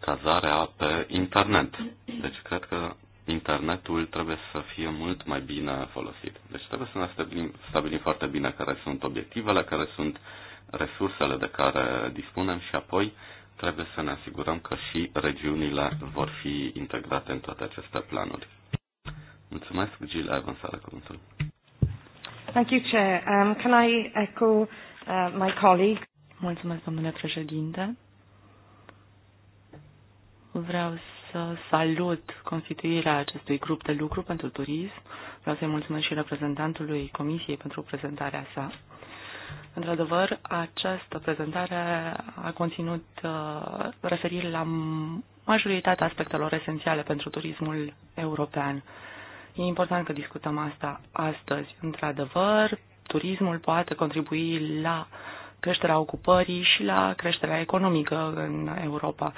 cazarea pe internet. Deci cred că internetul trebuie să fie mult mai bine folosit. Deci trebuie să ne stabilim, stabilim foarte bine care sunt obiectivele, care sunt resursele de care dispunem și apoi trebuie să ne asigurăm că și regiunile vor fi integrate în toate aceste planuri. Mulțumesc, Jill Evans, are cuvântul. Thank you, Chair. Um, can I echo uh, my colleague? Mulțumesc, domnule președinte. Vreau să salut constituirea acestui grup de lucru pentru turism. Vreau să-i mulțumesc și reprezentantului Comisiei pentru prezentarea sa. Într-adevăr, această prezentare a conținut uh, referiri la majoritatea aspectelor esențiale pentru turismul european. E important că discutăm asta astăzi. Într-adevăr, turismul poate contribui la uh, creșterea ocupării și la creșterea economică în Europa.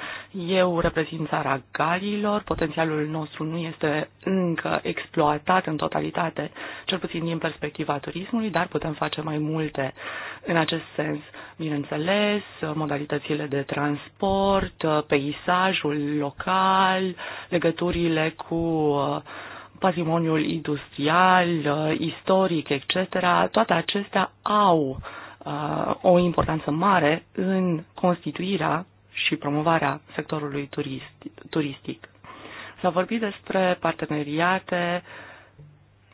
Eu reprezint țara Galilor, potențialul nostru nu este încă exploatat în totalitate, cel puțin din perspectiva turismului, dar putem face mai multe în acest sens. Bineînțeles, modalitățile de transport, peisajul local, legăturile cu uh, patrimoniul industrial, uh, istoric, etc., toate acestea au uh, Uh, o importanță mare în constituirea și promovarea sectorului turist, turistic. S-a vorbit despre parteneriate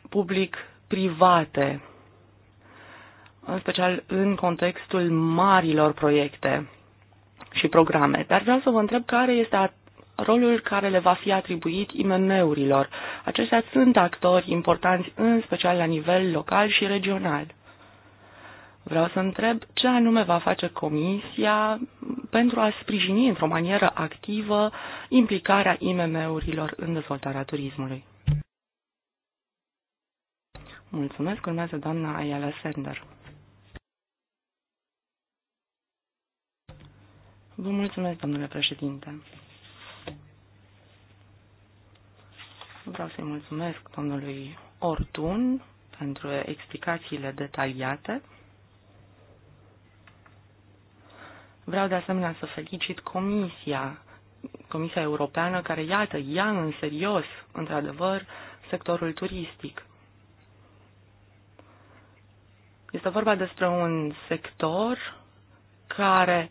public-private, în special în contextul marilor proiecte și programe. Dar vreau să vă întreb care este rolul care le va fi atribuit IMM-urilor. Aceștia sunt actori importanți, în special la nivel local și regional. Vreau să întreb ce anume va face Comisia pentru a sprijini într-o manieră activă implicarea IMM-urilor în dezvoltarea turismului. Mulțumesc, urmează doamna Ayala Sender. Vă mulțumesc, domnule președinte. Vreau să-i mulțumesc domnului Ortun pentru explicațiile detaliate. Vreau de asemenea să felicit Comisia, Comisia Europeană, care, iată, ia în serios, într-adevăr, sectorul turistic. Este vorba despre un sector care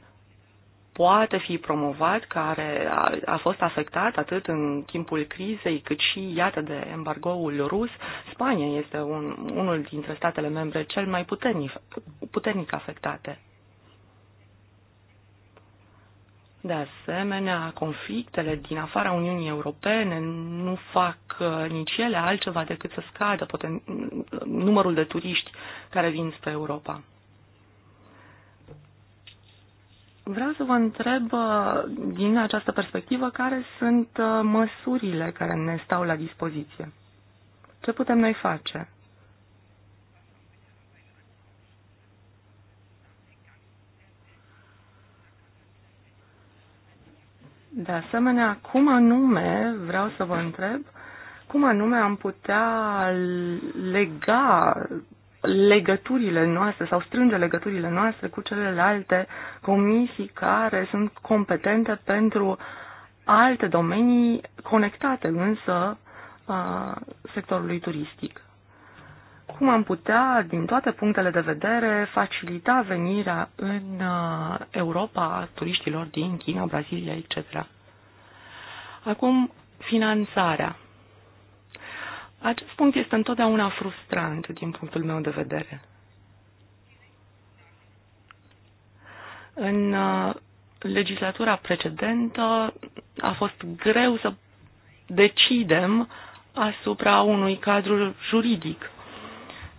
poate fi promovat, care a, a fost afectat atât în timpul crizei, cât și, iată, de embargoul rus. Spania este un, unul dintre statele membre cel mai puternic, puternic afectate. De asemenea, conflictele din afara Uniunii Europene nu fac uh, nici ele altceva decât să scadă poten- numărul de turiști care vin spre Europa. Vreau să vă întreb uh, din această perspectivă care sunt uh, măsurile care ne stau la dispoziție. Ce putem noi face? De asemenea, cum anume, vreau să vă întreb, cum anume am putea lega legăturile noastre sau strânge legăturile noastre cu celelalte comisii care sunt competente pentru alte domenii conectate însă uh, sectorului turistic cum am putea, din toate punctele de vedere, facilita venirea în uh, Europa a turiștilor din China, Brazilia, etc. Acum, finanțarea. Acest punct este întotdeauna frustrant din punctul meu de vedere. În uh, legislatura precedentă a fost greu să decidem asupra unui cadru juridic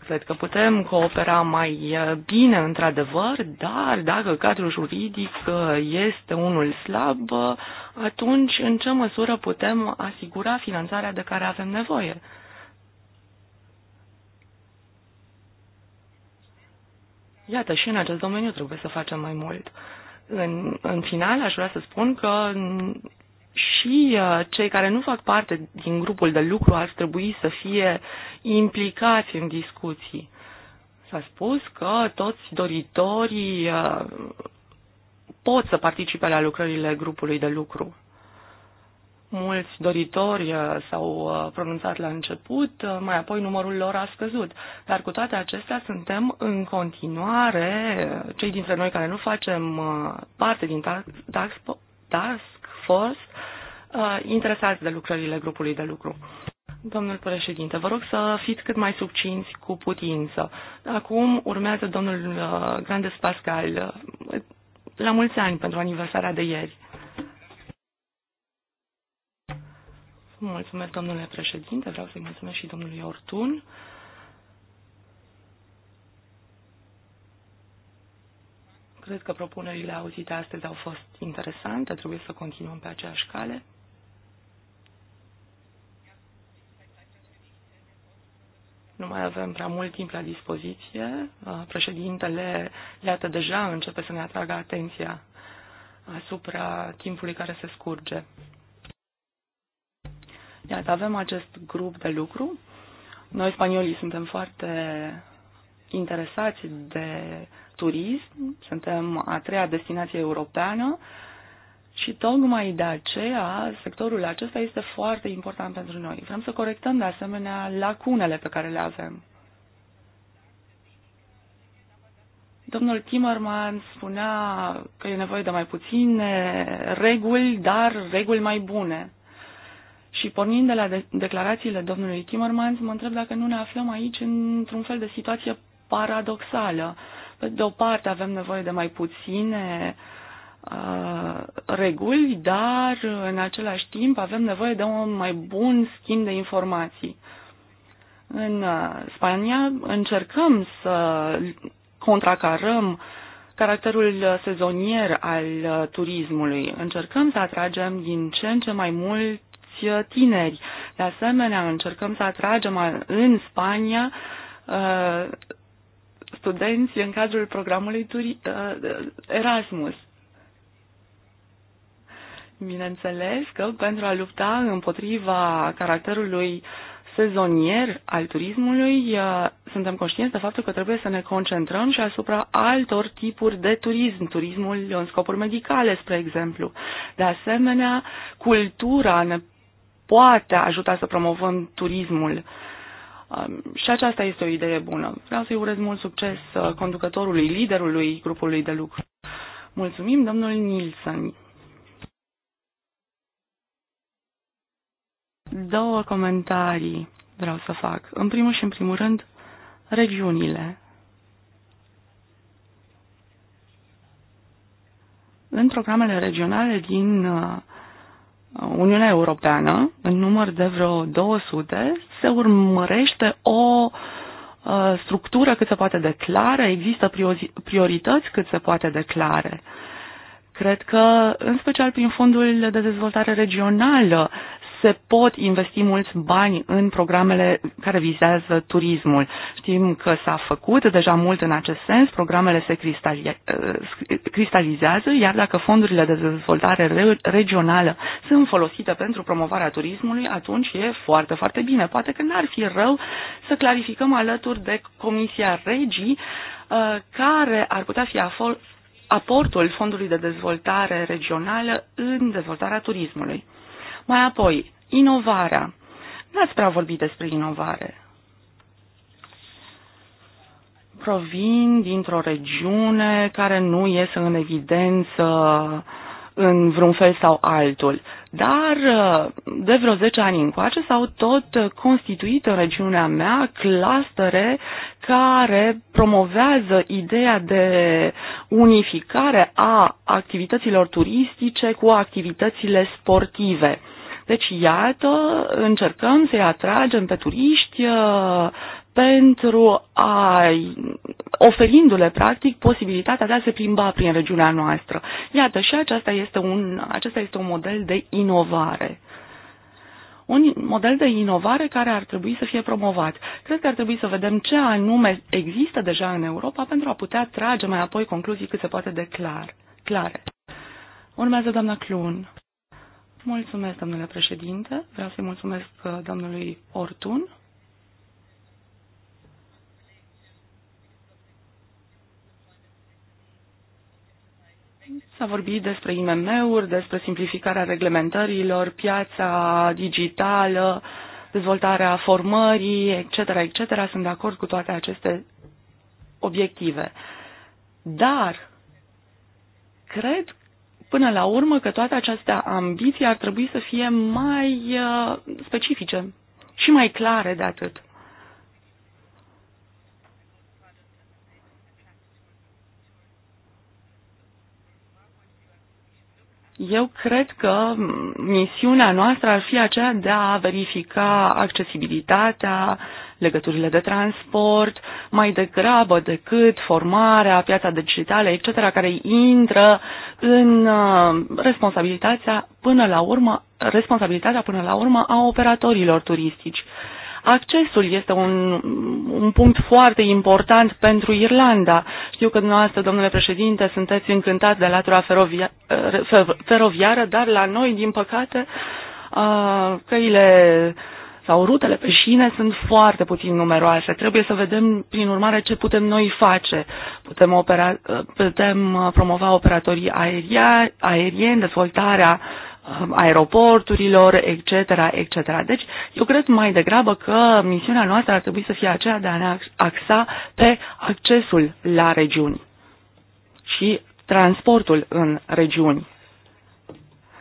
Cred că putem coopera mai eh, bine, într-adevăr, dar dacă cadrul juridic eh, este unul slab, eh, atunci în ce măsură putem asigura finanțarea de care avem nevoie? Iată, și în acest domeniu trebuie să facem mai mult. În, în final, aș vrea să spun că și uh, cei care nu fac parte din grupul de lucru ar trebui să fie implicați în discuții. S-a spus că toți doritorii uh, pot să participe la lucrările grupului de lucru. Mulți doritori uh, s-au pronunțat la început, mai apoi numărul lor a scăzut. Dar cu toate acestea suntem în continuare, cei dintre noi care nu facem parte din task fost uh, interesați de lucrările grupului de lucru. Domnul președinte, vă rog să fiți cât mai subcinți cu putință. Acum urmează domnul uh, Grandes Pascal. Uh, la mulți ani pentru aniversarea de ieri. Mulțumesc, domnule președinte. Vreau să-i mulțumesc și domnului Ortun. Cred că propunerile auzite astăzi au fost interesante, trebuie să continuăm pe aceeași cale. nu mai avem prea mult timp la dispoziție. Uh, președintele, iată, deja începe să ne atragă atenția asupra timpului care se scurge. Iată, avem acest grup de lucru. Noi, spaniolii, suntem foarte interesați de turism, suntem a treia destinație europeană și tocmai de aceea sectorul acesta este foarte important pentru noi. Vrem să corectăm de asemenea lacunele pe care le avem. Domnul Timmerman spunea că e nevoie de mai puține reguli, dar reguli mai bune. Și pornind de la de- declarațiile domnului Timmermans, mă întreb dacă nu ne aflăm aici într-un fel de situație paradoxală. Pe de o parte avem nevoie de mai puține uh, reguli, dar în același timp avem nevoie de un mai bun schimb de informații. În uh, Spania încercăm să contracarăm caracterul sezonier al uh, turismului. Încercăm să atragem din ce în ce mai mult uh, tineri. De asemenea, încercăm să atragem în Spania studenți în cadrul programului turi, uh, Erasmus. Bineînțeles că pentru a lupta împotriva caracterului sezonier al turismului, uh, suntem conștienți de faptul că trebuie să ne concentrăm și asupra altor tipuri de turism, turismul în scopuri medicale, spre exemplu. De asemenea, cultura ne poate ajuta să promovăm turismul. Uh, Um, și aceasta este o idee bună. Vreau să-i urez mult succes uh, conducătorului, liderului grupului de lucru. Mulțumim, domnul Nilsson. Două comentarii vreau să fac. În primul și în primul rând, regiunile. În programele regionale din uh, Uniunea Europeană, în număr de vreo 200, se urmărește o uh, structură cât se poate de clară, există priorități cât se poate de clare. Cred că, în special prin fondul de dezvoltare regională, se pot investi mulți bani în programele care vizează turismul. Știm că s-a făcut deja mult în acest sens, programele se eh, cristalizează, iar dacă fondurile de dezvoltare regională sunt folosite pentru promovarea turismului, atunci e foarte, foarte bine. Poate că n-ar fi rău să clarificăm alături de Comisia Regii eh, care ar putea fi aportul Fondului de Dezvoltare Regională în dezvoltarea turismului. Mai apoi, inovarea. N-ați prea vorbit despre inovare. Provin dintr-o regiune care nu iese în evidență în vreun fel sau altul. Dar uh, de vreo 10 ani încoace s-au tot constituit în regiunea mea clastere care promovează ideea de unificare a activităților turistice cu activitățile sportive. Deci, iată, încercăm să-i atragem pe turiști uh, pentru a oferindu-le practic posibilitatea de a se plimba prin regiunea noastră. Iată, și acesta este un, acesta este un model de inovare un model de inovare care ar trebui să fie promovat. Cred că ar trebui să vedem ce anume există deja în Europa pentru a putea trage mai apoi concluzii cât se poate de clar, clare. Urmează doamna Clun. Mulțumesc, domnule președinte. Vreau să-i mulțumesc uh, domnului Ortun. S-a vorbit despre IMM-uri, despre simplificarea reglementărilor, piața digitală, dezvoltarea formării, etc., etc. Sunt de acord cu toate aceste obiective. Dar cred până la urmă că toate această ambiții ar trebui să fie mai uh, specifice și mai clare de atât. Eu cred că misiunea noastră ar fi aceea de a verifica accesibilitatea, legăturile de transport, mai degrabă decât formarea, piața digitală, etc., care intră în uh, responsabilitatea până la urmă, responsabilitatea până la urmă a operatorilor turistici. Accesul este un, un punct foarte important pentru Irlanda. Știu că dumneavoastră, domnule președinte, sunteți încântat de latura ferovia, feroviară, dar la noi, din păcate, căile sau rutele pe șine sunt foarte puțin numeroase. Trebuie să vedem, prin urmare, ce putem noi face. Putem, opera, putem promova operatorii aeria, aerieni, dezvoltarea Um, aeroporturilor, etc., etc. Deci, eu cred mai degrabă că misiunea noastră ar trebui să fie aceea de a ne axa pe accesul la regiuni și transportul în regiuni.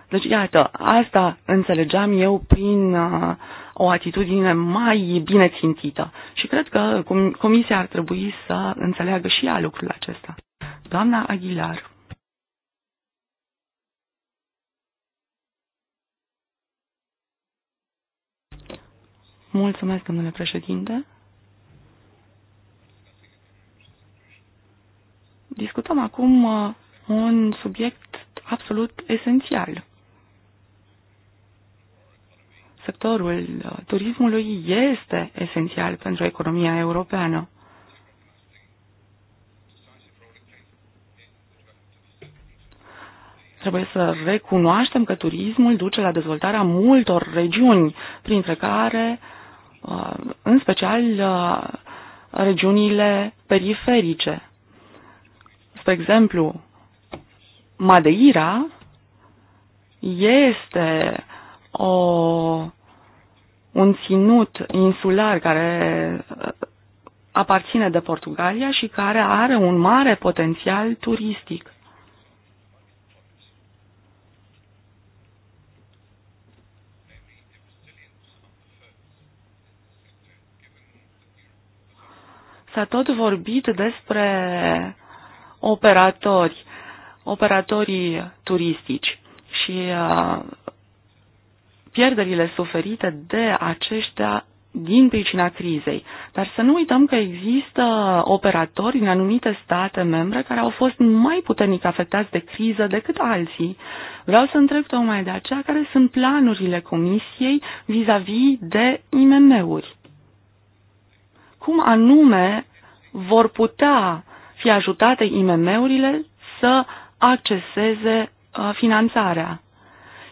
Deci, iată, asta înțelegeam eu prin uh, o atitudine mai bine țintită. Și cred că comisia ar trebui să înțeleagă și ea lucrul acesta. Doamna Aguilar. Mulțumesc, domnule președinte. Discutăm acum uh, un subiect absolut esențial. Sectorul uh, turismului este esențial pentru economia europeană. trebuie să recunoaștem că turismul duce la dezvoltarea multor regiuni, printre care Uh, în special uh, regiunile periferice. Spre exemplu, Madeira este o, un ținut insular care uh, aparține de Portugalia și care are un mare potențial turistic. S-a tot vorbit despre operatori, operatorii turistici și uh, pierderile suferite de aceștia din pricina crizei. Dar să nu uităm că există operatori din anumite state membre care au fost mai puternic afectați de criză decât alții. Vreau să întreb tocmai de aceea care sunt planurile Comisiei vis-a-vis -vis de IMM-uri cum anume vor putea fi ajutate IMM-urile să acceseze uh, finanțarea.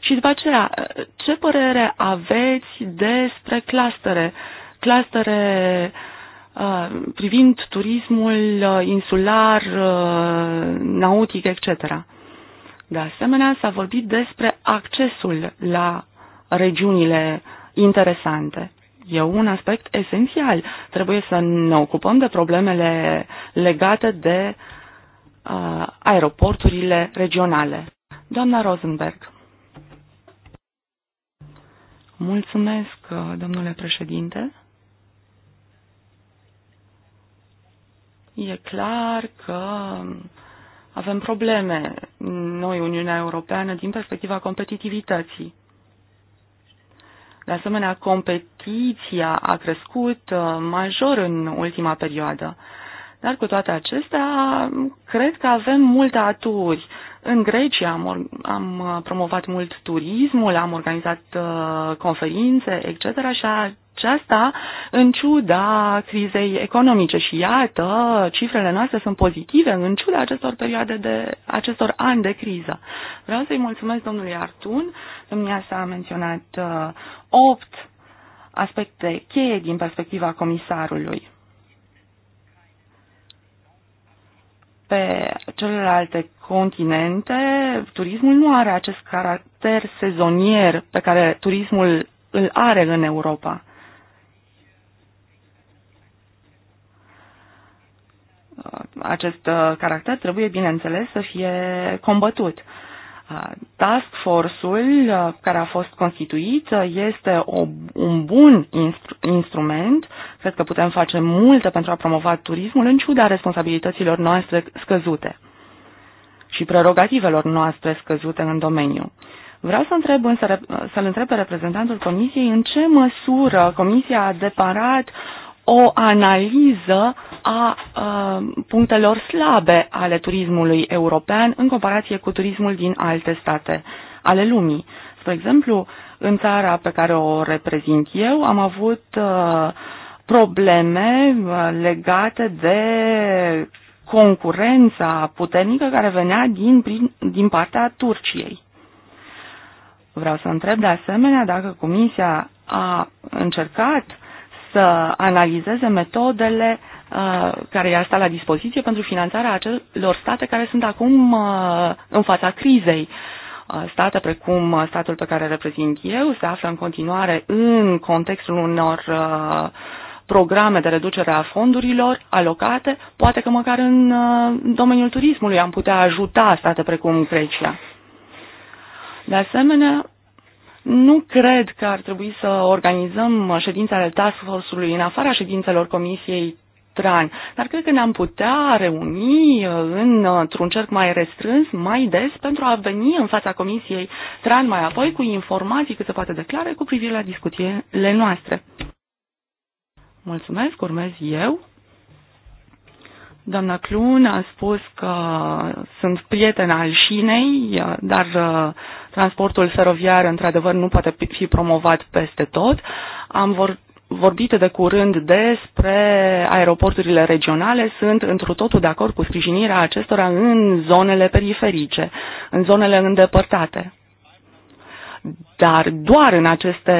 Și după aceea, uh, ce părere aveți despre clastere? Clastere uh, privind turismul uh, insular, uh, nautic, etc. De asemenea, s-a vorbit despre accesul la regiunile interesante e un aspect esențial. Trebuie să ne ocupăm de problemele legate de uh, aeroporturile regionale. Doamna Rosenberg. Mulțumesc, uh, domnule președinte. E clar că avem probleme noi, Uniunea Europeană, din perspectiva competitivității. De asemenea, competiția a crescut uh, major în ultima perioadă. Dar cu toate acestea, cred că avem multe aturi. În Grecia am, am uh, promovat mult turismul, am organizat uh, conferințe, etc. și a, aceasta asta în ciuda crizei economice. Și iată, cifrele noastre sunt pozitive în ciuda acestor perioade de, acestor ani de criză. Vreau să-i mulțumesc domnului Artun. Domnia s-a menționat uh, 8 aspecte cheie din perspectiva comisarului. pe celelalte continente, turismul nu are acest caracter sezonier pe care turismul îl are în Europa. Acest uh, caracter trebuie, bineînțeles, să fie combătut. Uh, task Force-ul uh, care a fost constituit este o, un bun instru- instrument. Cred că putem face multe pentru a promova turismul în ciuda responsabilităților noastre scăzute și prerogativelor noastre scăzute în domeniu. Vreau să întreb însă, să-l întreb pe reprezentantul Comisiei în ce măsură Comisia a deparat o analiză a punctelor slabe ale turismului european în comparație cu turismul din alte state ale lumii. Spre exemplu, în țara pe care o reprezint eu am avut probleme legate de concurența puternică care venea din, prin, din partea Turciei. Vreau să întreb de asemenea dacă Comisia a încercat să analizeze metodele uh, care i-ar sta la dispoziție pentru finanțarea acelor state care sunt acum uh, în fața crizei. Uh, state precum statul pe care reprezint eu se află în continuare în contextul unor programe de reducere a fondurilor alocate, poate că măcar în domeniul turismului am putea ajuta state precum Grecia. De asemenea, nu cred că ar trebui să organizăm ședințele task force-ului în afara ședințelor comisiei Tran, dar cred că ne-am putea reuni uh, uh, într-un cerc mai restrâns, mai des, pentru a veni în fața comisiei Tran mai apoi cu informații cât se poate declare cu privire la discuțiile noastre. Mulțumesc, urmez eu. Doamna Clun a spus că sunt prieten al șinei, uh, dar uh, Transportul feroviar, într-adevăr, nu poate fi promovat peste tot. Am vor, vorbit de curând despre aeroporturile regionale, sunt într totul de acord cu sprijinirea acestora în zonele periferice, în zonele îndepărtate dar doar în aceste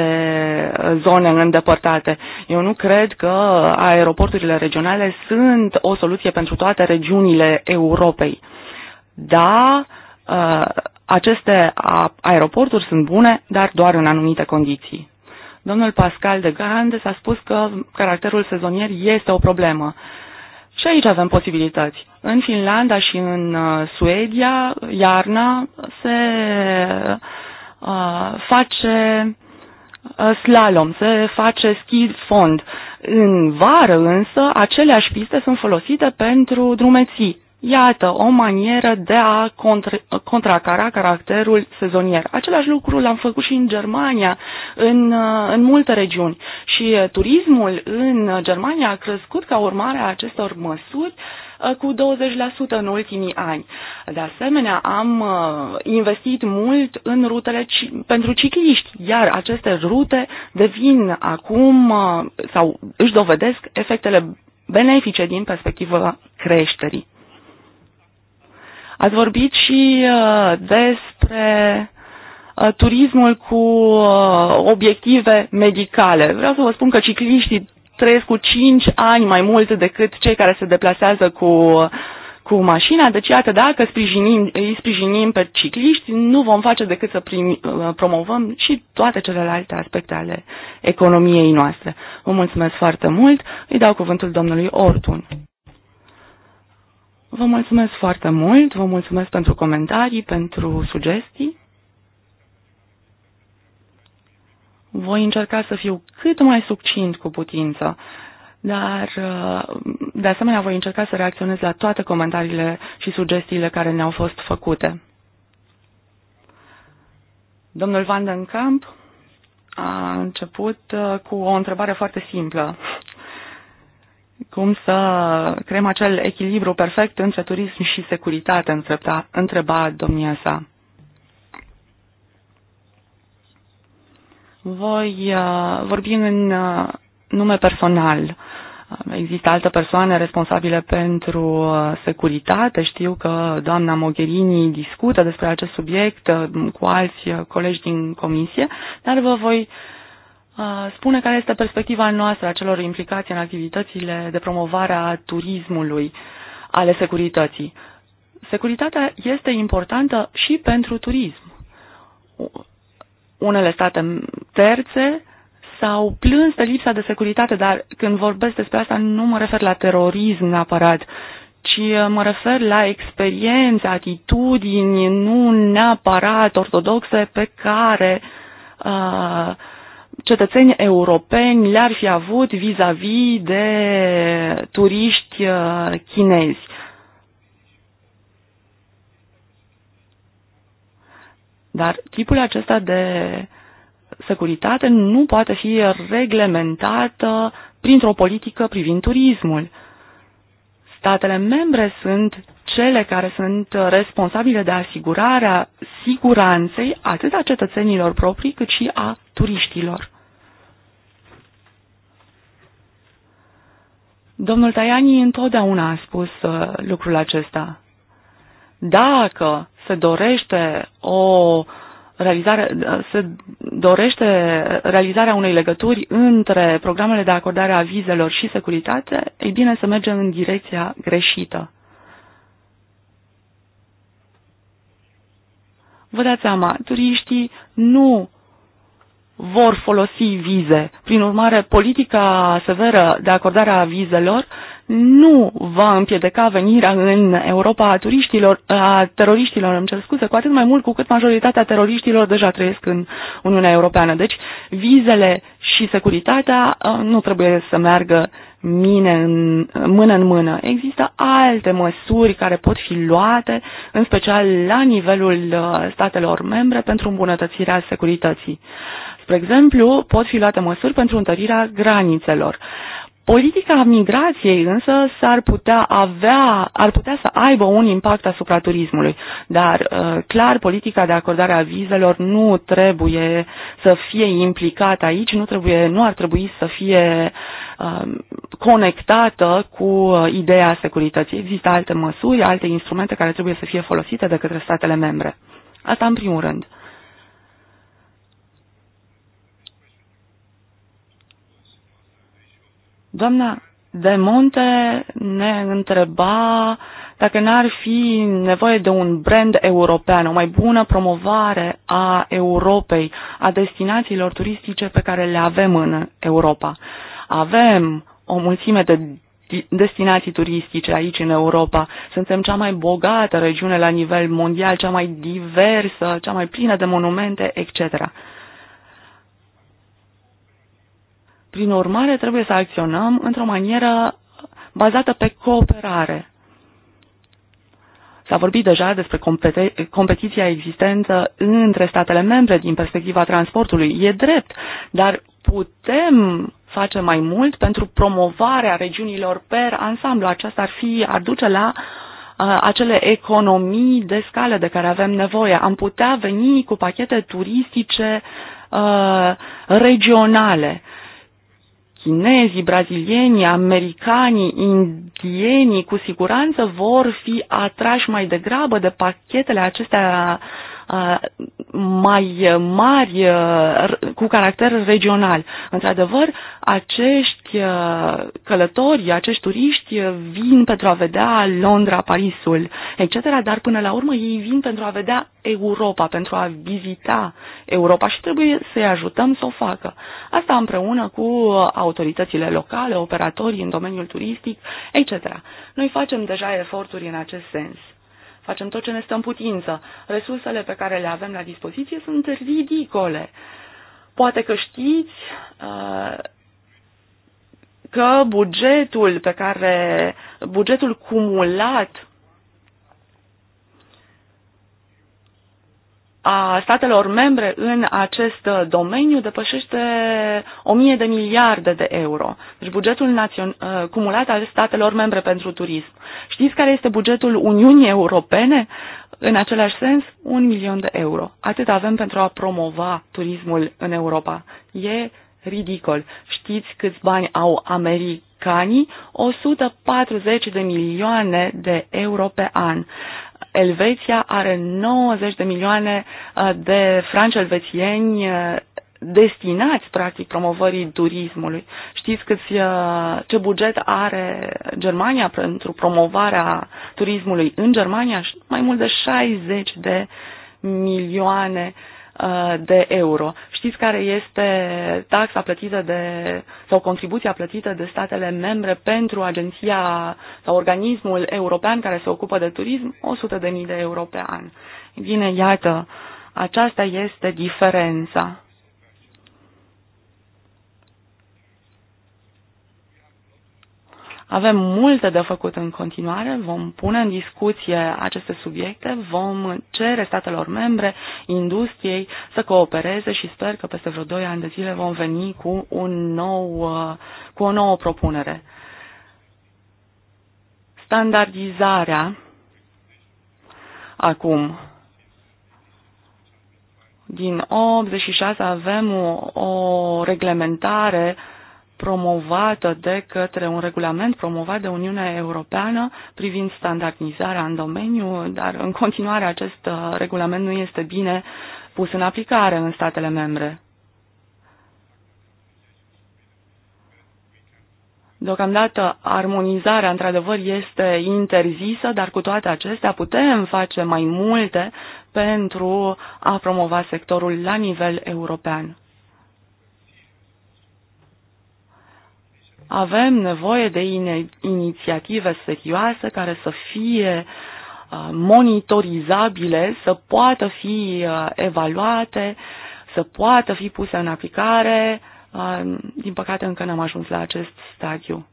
zone îndepărtate. Eu nu cred că aeroporturile regionale sunt o soluție pentru toate regiunile Europei. Da, ă, aceste aeroporturi sunt bune, dar doar în anumite condiții. Domnul Pascal de Grandes a spus că caracterul sezonier este o problemă. Și aici avem posibilități. În Finlanda și în uh, Suedia, iarna se uh, face uh, slalom, se face ski fond. În vară însă, aceleași piste sunt folosite pentru drumeții. Iată, o manieră de a contra, contracara caracterul sezonier. Același lucru l-am făcut și în Germania, în, în multe regiuni. Și uh, turismul în Germania a crescut ca urmare a acestor măsuri uh, cu 20% în ultimii ani. De asemenea, am uh, investit mult în rutele pentru cicliști, iar aceste rute devin acum sau își dovedesc efectele benefice din perspectiva creșterii. Ați vorbit și uh, despre uh, turismul cu uh, obiective medicale. Vreau să vă spun că cicliștii trăiesc cu 5 ani mai mult decât cei care se deplasează cu, cu mașina. Deci, iată, dacă sprijinim, îi sprijinim pe cicliști, nu vom face decât să prim, promovăm și toate celelalte aspecte ale economiei noastre. Vă mulțumesc foarte mult. Îi dau cuvântul domnului Ortun. Vă mulțumesc foarte mult, vă mulțumesc pentru comentarii, pentru sugestii. Voi încerca să fiu cât mai succint cu putință, dar uh, de asemenea voi încerca să reacționez la toate comentariile și sugestiile care ne-au fost făcute. Domnul Van den Kamp a început uh, cu o întrebare foarte simplă cum să creăm acel echilibru perfect între turism și securitate, întreba, întreba domnia sa. Voi uh, vorbi în uh, nume personal. Uh, există altă persoane responsabile pentru securitate. Știu că doamna Mogherini discută despre acest subiect cu alți colegi din comisie, dar vă voi uh, spune care este perspectiva noastră a celor implicați în activitățile de promovare a turismului, ale securității. Securitatea este importantă și pentru turism. Unele state terțe s-au plâns de lipsa de securitate, dar când vorbesc despre asta nu mă refer la terorism neapărat, ci uh, mă refer la experiențe, atitudini, nu neapărat ortodoxe, pe care uh, cetățeni europeni le-ar fi avut vis-a-vis -vis de turiști uh, chinezi. Dar tipul acesta de securitate nu poate fi reglementată printr-o politică privind turismul statele membre sunt cele care sunt uh, responsabile de asigurarea siguranței atât a cetățenilor proprii cât și a turiștilor. Domnul Tajani întotdeauna a spus uh, lucrul acesta. Dacă se dorește o uh, realizarea, se dorește realizarea unei legături între programele de acordare a vizelor și securitate, ei bine, să mergem în direcția greșită. Vă dați seama, turiștii nu vor folosi vize. Prin urmare, politica severă de acordare a vizelor nu va împiedica venirea în Europa a turiștilor, a teroriștilor, îmi cer scuze, cu atât mai mult cu cât majoritatea teroriștilor deja trăiesc în Uniunea Europeană. Deci vizele și securitatea uh, nu trebuie să meargă mine în, mână în mână. Există alte măsuri care pot fi luate, în special la nivelul uh, statelor membre, pentru îmbunătățirea securității. Spre exemplu, pot fi luate măsuri pentru întărirea granițelor. Uh, Politica migrației însă s-ar putea avea, ar putea să aibă un impact asupra turismului, dar uh, clar politica de acordare a vizelor nu trebuie să fie implicată aici, nu, trebuie, nu ar trebui să fie um, conectată cu uh, ideea securității. Există alte măsuri, alte instrumente care trebuie să fie folosite de către statele membre. Asta în primul rând. Doamna de Monte ne întreba dacă n-ar fi nevoie de un brand european, o mai bună promovare a Europei, a destinațiilor turistice pe care le avem în Europa. Avem o mulțime de destinații turistice aici în Europa. Suntem cea mai bogată regiune la nivel mondial, cea mai diversă, cea mai plină de monumente, etc. Prin urmare, trebuie să acționăm într-o manieră bazată pe cooperare. S-a vorbit deja despre competiția existentă între statele membre din perspectiva transportului. E drept, dar putem face mai mult pentru promovarea regiunilor per ansamblu. Aceasta ar fi, ar duce la uh, acele economii de scală de care avem nevoie. Am putea veni cu pachete turistice uh, regionale. Uh, chinezii, brazilienii, americanii, indienii cu siguranță vor fi atrași mai degrabă de pachetele acestea Uh, mai mari uh, cu caracter regional. Într-adevăr, acești uh, călători, acești turiști vin pentru a vedea Londra, Parisul, etc., dar până la urmă ei vin pentru a vedea Europa, pentru a vizita Europa și trebuie să-i ajutăm să o facă. Asta împreună cu autoritățile locale, operatorii în domeniul turistic, etc. Noi facem deja eforturi în acest sens. Facem tot ce ne stă în putință. Resursele pe care le avem la dispoziție sunt ridicole. Poate că știți uh, că bugetul pe care bugetul cumulat a statelor membre în acest uh, domeniu depășește 1000 de miliarde de euro. Deci bugetul națion, uh, cumulat al statelor membre pentru turism. Știți care este bugetul Uniunii Europene? În același sens, un milion de euro. Atât avem pentru a promova turismul în Europa. E ridicol. Știți câți bani au americanii? 140 de milioane de euro pe an. Elveția are 90 de milioane uh, de franci elvețieni uh, destinați, practic, promovării turismului. Știți câți, uh, ce buget are Germania pentru promovarea turismului în Germania? Mai mult de 60 de milioane uh, Uh, de euro. Știți care este taxa plătită de, sau contribuția plătită de statele membre pentru agenția sau organismul european care se ocupă de turism? 100.000 de euro pe an. Bine, iată, aceasta este diferența. Avem multe de făcut în continuare, vom pune în discuție aceste subiecte, vom cere statelor membre, industriei să coopereze și sper că peste vreo 2 ani de zile vom veni cu, un nou, cu o nouă propunere. Standardizarea acum din 86 avem o, o reglementare uh, promovată de către un regulament promovat de Uniunea Europeană privind standardizarea în domeniu, dar în continuare acest uh, regulament nu este bine pus în aplicare în statele membre. Deocamdată armonizarea într-adevăr este interzisă, dar cu toate acestea putem face mai multe pentru a promova sectorul la nivel european. Avem nevoie de inițiative serioase care să fie uh, monitorizabile, să poată fi uh, evaluate, să poată fi puse în aplicare. Uh, din păcate încă n-am ajuns la acest stadiu.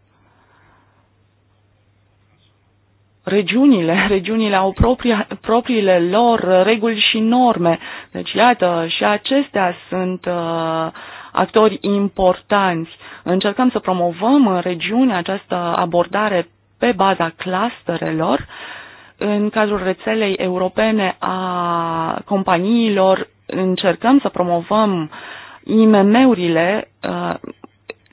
regiunile, <laughs> regiunile au propria, propriile lor reguli și norme. Deci, iată, și acestea sunt uh, actori importanți. Încercăm să promovăm în regiune această abordare pe baza clusterelor în cadrul rețelei europene a companiilor încercăm să promovăm IMM-urile uh,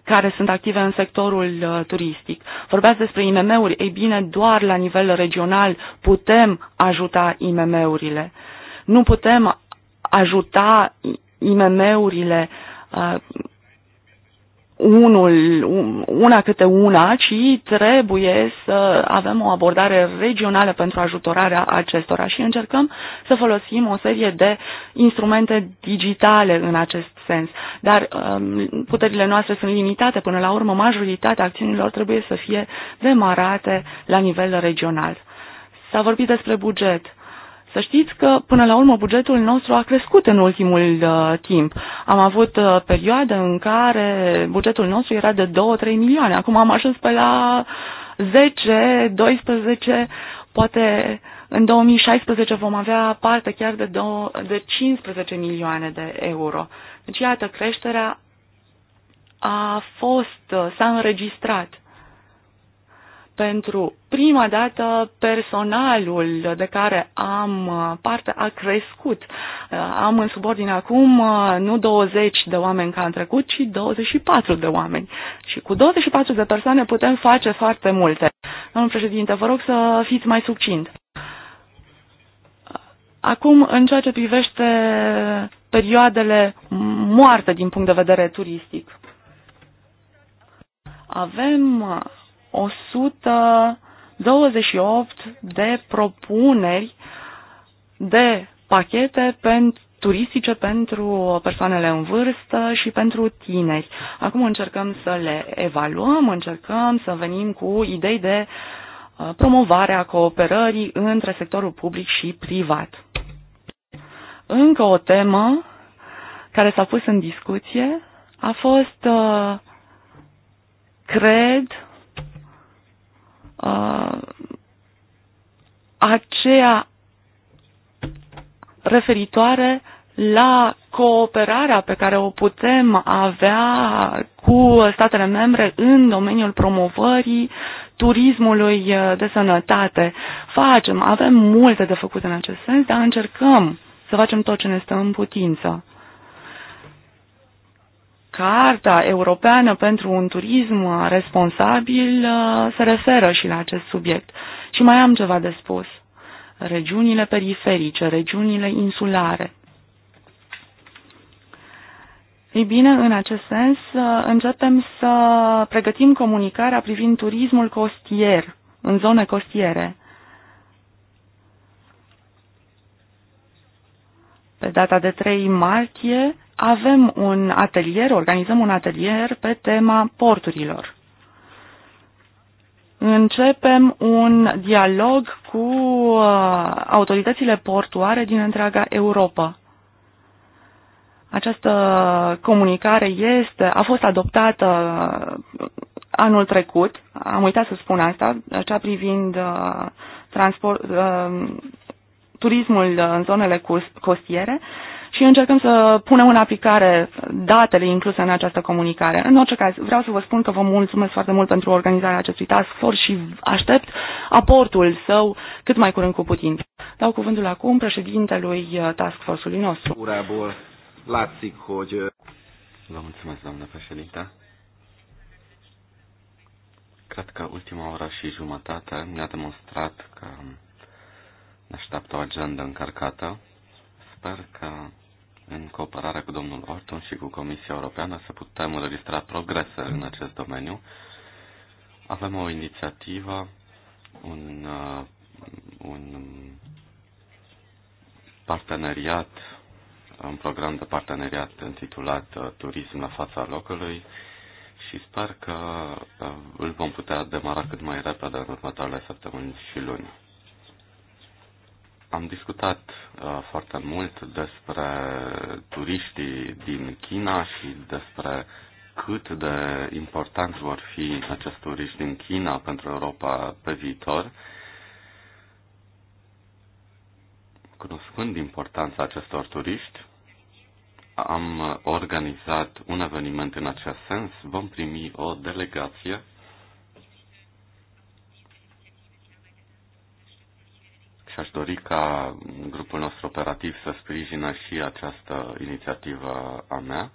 care sunt active în sectorul uh, turistic. Vorbeați despre IMM-uri, ei bine, doar la nivel regional putem ajuta IMM-urile. Nu putem ajuta IMM-urile Uh, unul, una câte una, ci trebuie să avem o abordare regională pentru ajutorarea acestora și încercăm să folosim o serie de instrumente digitale în acest sens. Dar um, puterile noastre sunt limitate, până la urmă majoritatea acțiunilor trebuie să fie demarate la nivel regional. S-a vorbit despre buget. Să știți că, până la urmă, bugetul nostru a crescut în ultimul uh, timp. Am avut uh, perioade în care bugetul nostru era de 2-3 milioane. Acum am ajuns pe la 10, 12, poate în 2016 vom avea parte chiar de, 2, de 15 milioane de euro. Deci, iată, creșterea a fost, uh, s-a înregistrat pentru prima dată personalul de care am uh, parte a crescut. Uh, am în subordine acum uh, nu 20 de oameni ca în trecut, ci 24 de oameni. Și cu 24 de persoane putem face foarte multe. Domnul președinte, vă rog să fiți mai succint. Acum, în ceea ce privește perioadele moarte din punct de vedere turistic, avem 128 de propuneri de pachete pentru turistice pentru persoanele în vârstă și pentru tineri. Acum încercăm să le evaluăm, încercăm să venim cu idei de uh, promovare a cooperării între sectorul public și privat. Încă o temă care s-a pus în discuție a fost, uh, cred, uh, aceea referitoare la cooperarea pe care o putem avea cu statele membre în domeniul promovării turismului de sănătate. Facem, avem multe de făcut în acest sens, dar încercăm să facem tot ce ne stă în putință. Carta Europeană pentru un turism uh, responsabil uh, se referă și la acest subiect. Și mai am ceva de spus. Regiunile periferice, regiunile insulare. Ei bine, în acest sens, uh, începem să pregătim comunicarea privind turismul costier, în zone costiere. Pe data de 3 martie avem un atelier, organizăm un atelier pe tema porturilor. Începem un dialog cu uh, autoritățile portuare din întreaga Europa. Această comunicare este, a fost adoptată uh, anul trecut, am uitat să spun asta, cea privind uh, transport, uh, turismul uh, în zonele costiere. Uh, și încercăm să punem în aplicare datele incluse în această comunicare. În orice caz, vreau să vă spun că vă mulțumesc foarte mult pentru organizarea acestui task force și aștept aportul său cât mai curând cu putin. Dau cuvântul acum președintelui uh, task force-ului nostru. Vă mulțumesc, doamnă președinte. Cred că ultima oră și jumătate mi a demonstrat că ne așteaptă o agendă încărcată. Sper că în cooperare cu domnul Orton și cu Comisia Europeană, să putem înregistra progrese în acest domeniu. Avem o inițiativă, un, uh, un parteneriat, un program de parteneriat intitulat uh, Turism la fața locului și sper că uh, îl vom putea demara cât mai repede în următoarele săptămâni și luni. Am discutat uh, foarte mult despre turiștii din China și despre cât de important vor fi acești turiști din China pentru Europa pe viitor. Cunoscând importanța acestor turiști, am organizat un eveniment în acest sens. Vom primi o delegație aș dori ca grupul nostru operativ să sprijină și această inițiativă a mea.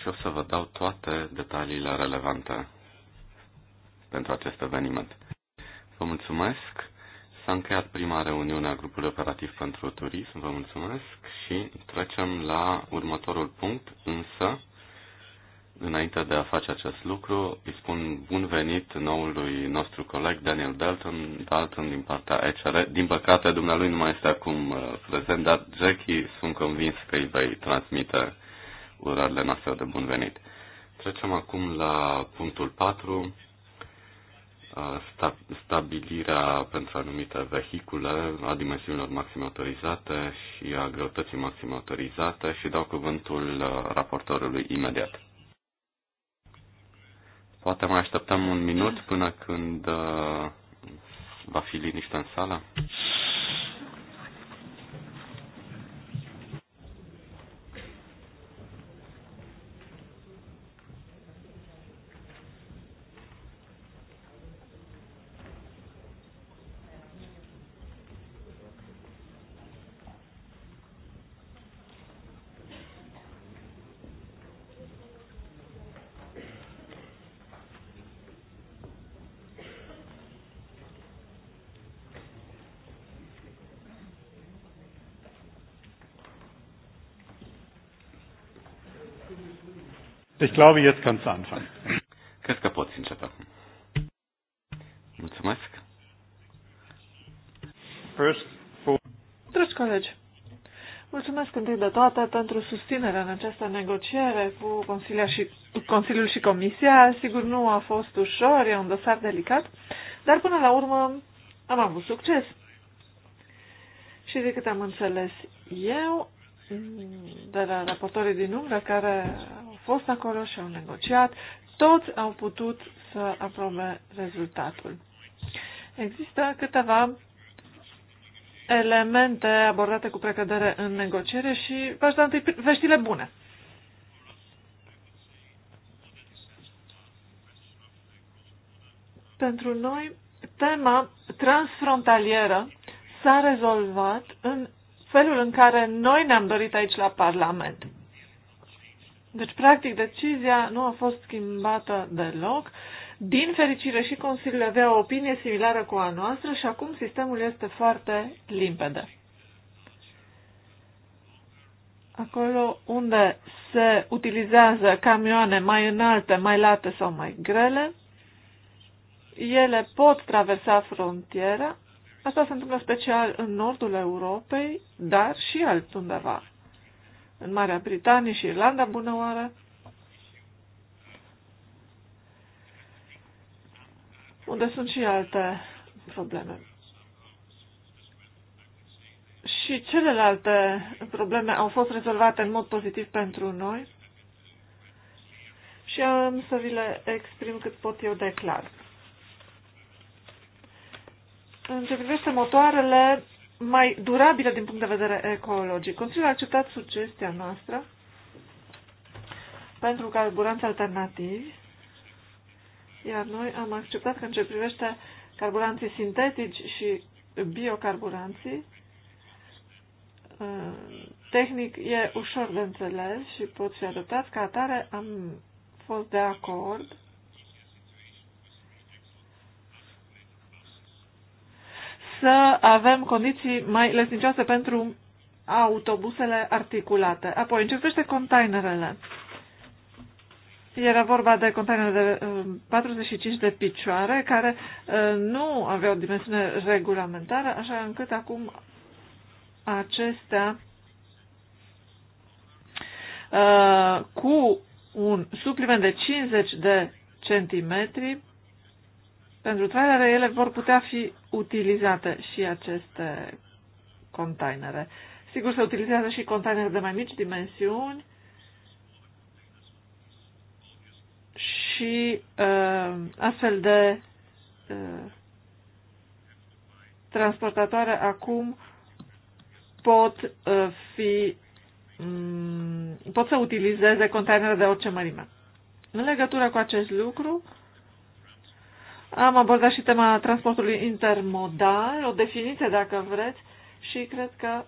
Și o să vă dau toate detaliile relevante pentru acest eveniment. Vă mulțumesc. S-a încheiat prima reuniune a grupului operativ pentru turism. Vă mulțumesc și trecem la următorul punct, însă Înainte de a face acest lucru, îi spun bun venit noului nostru coleg Daniel Dalton, Dalton din partea ECR. Din păcate, dumnealui nu mai este acum uh, prezent, dar Jackie sunt convins că îi vei transmite urările noastre de bun venit. Trecem acum la punctul 4, uh, stabilirea pentru anumite vehicule a dimensiunilor maxime autorizate și a greutății maxime autorizate și dau cuvântul uh, raportorului imediat. Poate mai așteptăm un minut până când uh, va fi liniște în sală. Ich glaube, jetzt kannst du anfangen. Cred că poți începe acum. Mulțumesc. First, for... Dragi colegi, mulțumesc întâi de toate pentru susținerea în această negociere cu Consiliul și, Consiliul și Comisia. Sigur, nu a fost ușor, e un dosar delicat, dar până la urmă am avut succes. Și de câte am înțeles eu, de la raportorii din umbră care fost acolo și au negociat, toți au putut să aprobe rezultatul. Există câteva elemente abordate cu precădere în negociere și v-aș da întâi veștile bune. Pentru noi, tema transfrontalieră s-a rezolvat în felul în care noi ne-am dorit aici la Parlament. Deci, practic, decizia nu a fost schimbată deloc. Din fericire și Consiliul avea o opinie similară cu a noastră și acum sistemul este foarte limpede. Acolo unde se utilizează camioane mai înalte, mai late sau mai grele, ele pot traversa frontiera. Asta se întâmplă special în nordul Europei, dar și altundeva în Marea Britanie și Irlanda, bună oară. Unde sunt și alte probleme. Și celelalte probleme au fost rezolvate în mod pozitiv pentru noi și am să vi le exprim cât pot eu de clar. În ce privește motoarele, mai durabilă din punct de vedere ecologic. Consiliul a acceptat sugestia noastră pentru carburanți alternativi, iar noi am acceptat că în ce privește carburanții sintetici și biocarburanții, uh, tehnic e ușor de înțeles și pot fi adoptați. Ca atare am fost de acord să avem condiții mai lesnicioase pentru autobusele articulate. Apoi, începește containerele. Era vorba de containere de 45 uh, de picioare care uh, nu aveau o dimensiune regulamentară, așa încât acum acestea uh, cu un supliment de 50 de centimetri pentru trailere, ele vor putea fi utilizate și aceste containere. Sigur, se utilizează și containere de mai mici dimensiuni și uh, astfel de uh, transportatoare acum pot uh, fi um, pot să utilizeze containere de orice mărime. În legătură cu acest lucru, uh, am abordat și tema transportului intermodal, o definiție dacă vreți, și cred că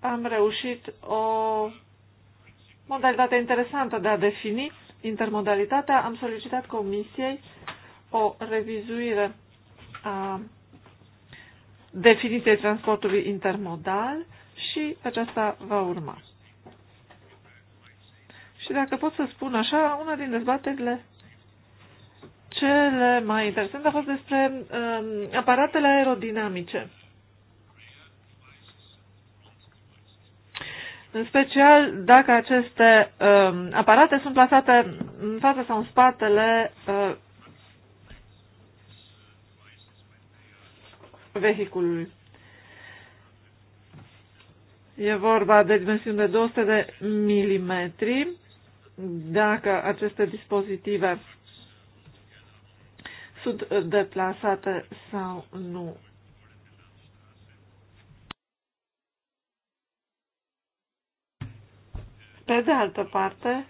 am reușit o modalitate interesantă de a defini intermodalitatea. Am solicitat Comisiei o revizuire a definiției transportului intermodal și aceasta va urma. Și dacă pot să spun așa, una din dezbaterile cele mai interesante a fost despre um, aparatele aerodinamice. În special dacă aceste um, aparate sunt plasate în fața sau în spatele uh, vehiculului. E vorba de dimensiuni de 200 de milimetri. Dacă aceste dispozitive sunt uh, deplasate sau nu. Pe de altă parte,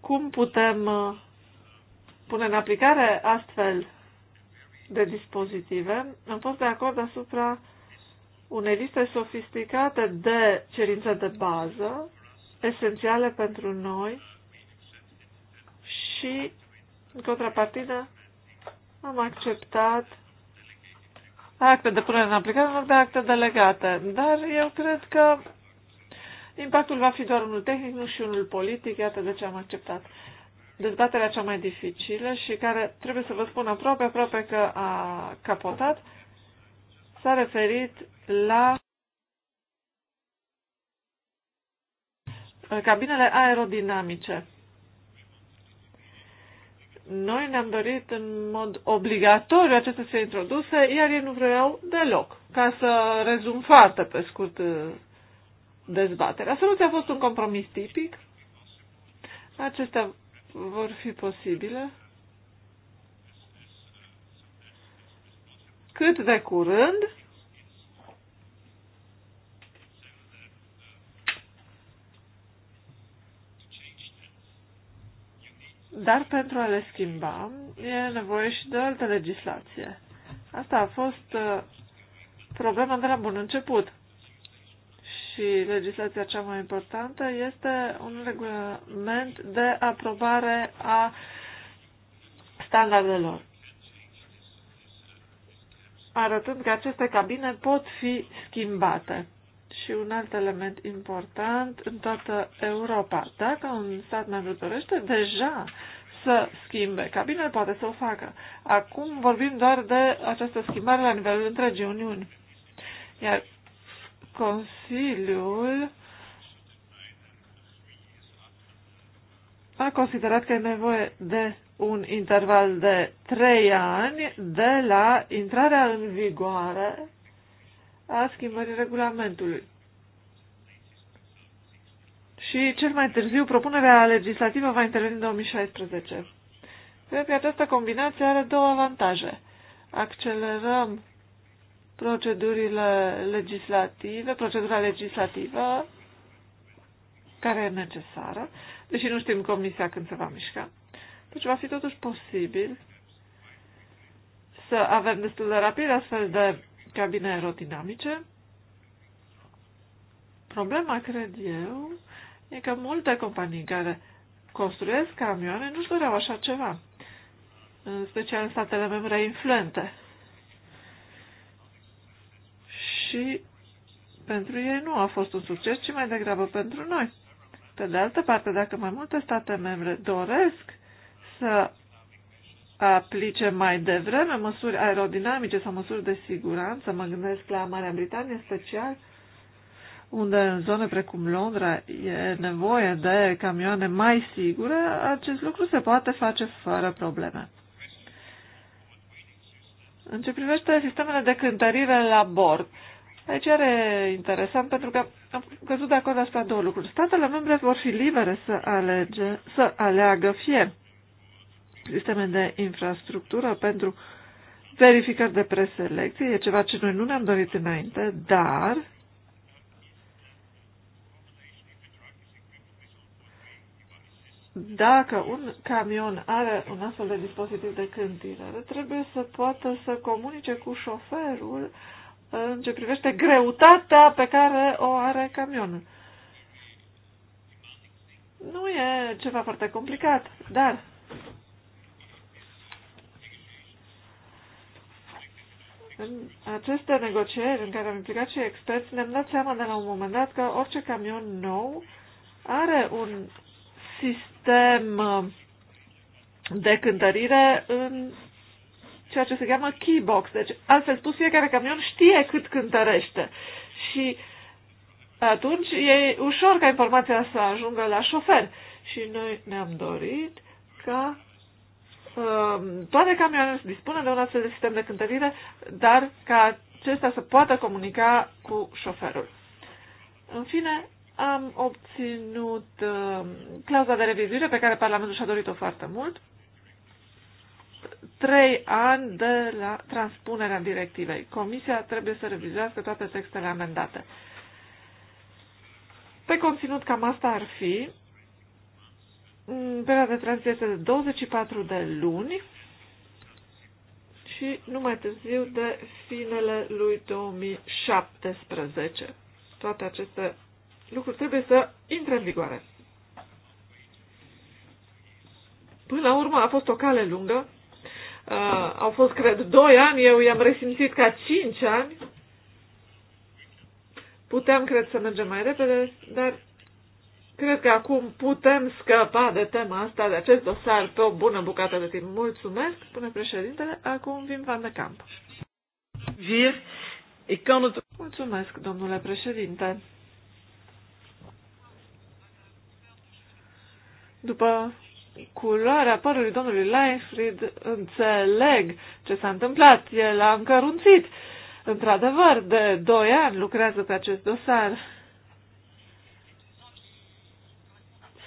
cum putem uh, pune în aplicare astfel de dispozitive? Am fost de acord asupra unei liste sofisticate de cerințe de bază, esențiale pentru noi și, în contrapartidă, am acceptat acte de punere în aplicare nu de acte delegate. Dar eu cred că impactul va fi doar unul tehnic, nu și unul politic. Iată de ce am acceptat. Dezbaterea cea mai dificilă și care, trebuie să vă spun aproape, aproape că a capotat, s-a referit la cabinele aerodinamice. Noi ne-am dorit în mod obligatoriu acestea să fie introduse, iar ei nu vreau deloc. Ca să rezum foarte pe scurt uh, dezbaterea. Soluția a fost un compromis tipic. Acestea vor fi posibile. Cât de curând, Dar pentru a le schimba e nevoie și de altă legislație. Asta a fost uh, problema de la bun început. Și legislația cea mai importantă este un regulament de aprobare a standardelor. Arătând că aceste cabine pot fi schimbate și un alt element important în toată Europa. Dacă un stat membru dorește deja să schimbe bine poate să o facă. Acum vorbim doar de această schimbare la nivelul întregii Uniuni. Iar Consiliul a considerat că e nevoie de un interval de trei ani de la intrarea în vigoare a schimbării regulamentului și cel mai târziu propunerea legislativă va interveni în 2016. Cred că această combinație are două avantaje. Accelerăm procedurile legislative, procedura legislativă care e necesară, deși nu știm comisia când se va mișca. Deci va fi totuși posibil să avem destul de rapid astfel de cabine aerodinamice. Problema, cred eu, e că multe companii care construiesc camioane nu-și doreau așa ceva, în special în statele membre influente. Și pentru ei nu a fost un succes, ci mai degrabă pentru noi. Pe de altă parte, dacă mai multe state membre doresc să aplice mai devreme măsuri aerodinamice sau măsuri de siguranță, mă gândesc la Marea Britanie special, unde în zone precum Londra e nevoie de camioane mai sigure, acest lucru se poate face fără probleme. În ce privește sistemele de cântărire la bord, aici are interesant pentru că am căzut de acord asupra două lucruri. Statele membre vor fi libere să, alege, să aleagă fie sisteme de infrastructură pentru verificări de preselecție, e ceva ce noi nu ne-am dorit înainte, dar dacă un camion are un astfel de dispozitiv de cântire, trebuie să poată să comunice cu șoferul uh, în ce privește greutatea pe care o are camionul. Nu e ceva foarte complicat, dar în aceste negocieri în care am implicat și experți, ne-am dat seama de la un moment dat că orice camion nou are un sistem sistem uh, de cântărire în ceea ce se cheamă keybox. Deci, altfel spus, fiecare camion știe cât cântărește și atunci e ușor ca informația să ajungă la șofer. Și noi ne-am dorit ca um, toate camioanele să dispună de un astfel de sistem de cântărire, dar ca acesta să poată comunica cu șoferul. În fine, am obținut uh, clauza de revizuire pe care Parlamentul și-a dorit-o foarte mult. Trei ani de la transpunerea directivei. Comisia trebuie să revizuiască toate textele amendate. Pe conținut, cam asta ar fi. Mm, perioada de tranziție este de 24 de luni și numai târziu de finele lui 2017. Toate aceste lucruri trebuie să intre în vigoare. Până la urmă a fost o cale lungă. Uh, au fost, cred, doi ani, eu i-am resimțit ca cinci ani. Putem, cred, să mergem mai repede, dar cred că acum putem scăpa de tema asta, de acest dosar, pe o bună bucată de timp. Mulțumesc, spune președintele. Acum vin Van de Camp. Mulțumesc, domnule președinte. După culoarea părului domnului Leifrid, înțeleg ce s-a întâmplat. El a încărunțit. Într-adevăr, de doi ani lucrează pe acest dosar.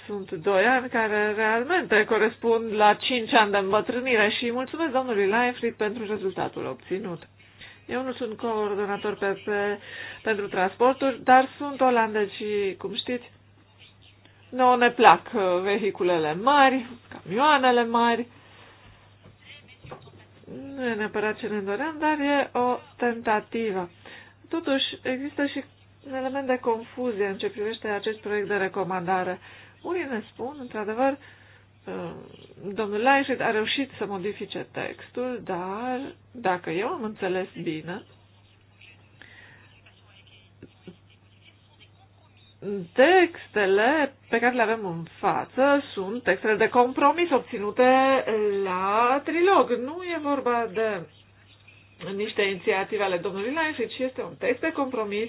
Sunt doi ani care realmente corespund la cinci ani de îmbătrânire și mulțumesc domnului Leifrid pentru rezultatul obținut. Eu nu sunt coordonator pe, pe, pentru transporturi, dar sunt olandez și, cum știți, Nouă ne plac uh, vehiculele mari, camioanele mari. Nu e neapărat ce ne doream, dar e o tentativă. Totuși, există și un element de confuzie în ce privește acest proiect de recomandare. Unii ne spun, într-adevăr, uh, domnul Leichert a reușit să modifice textul, dar, dacă eu am înțeles bine, Textele pe care le avem în față sunt textele de compromis obținute la trilog. Nu e vorba de niște inițiative ale domnului Leinfeld, ci este un text de compromis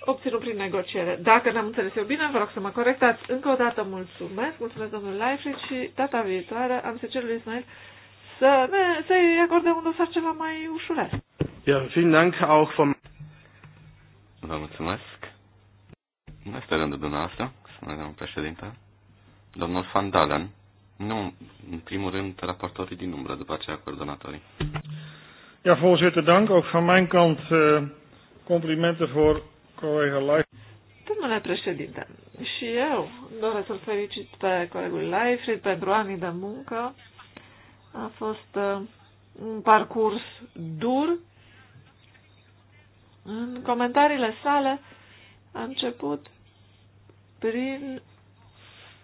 obținut prin negociere. Dacă n-am înțeles eu bine, vă rog să mă corectați. Încă o dată mulțumesc, mulțumesc domnul Leifrid și data viitoare am să cer lui Ismail să, ne, să-i acordăm un dosar ceva mai ușurat. Ja, vielen Dank auch vom... Vă mulțumesc nu este rândul dumneavoastră, spune domnul președinte. Domnul Van Dalen. Nu, în primul rând, raportorii din umbră, după aceea coordonatorii. Ja, voorzitter, dank. Ook van mijn kant uh, complimenten voor collega Leif. Domnule președinte, și eu doresc să-l felicit pe colegul Leifrid pentru anii de muncă. A fost uh, un parcurs dur. În comentariile sale, uh, a început prin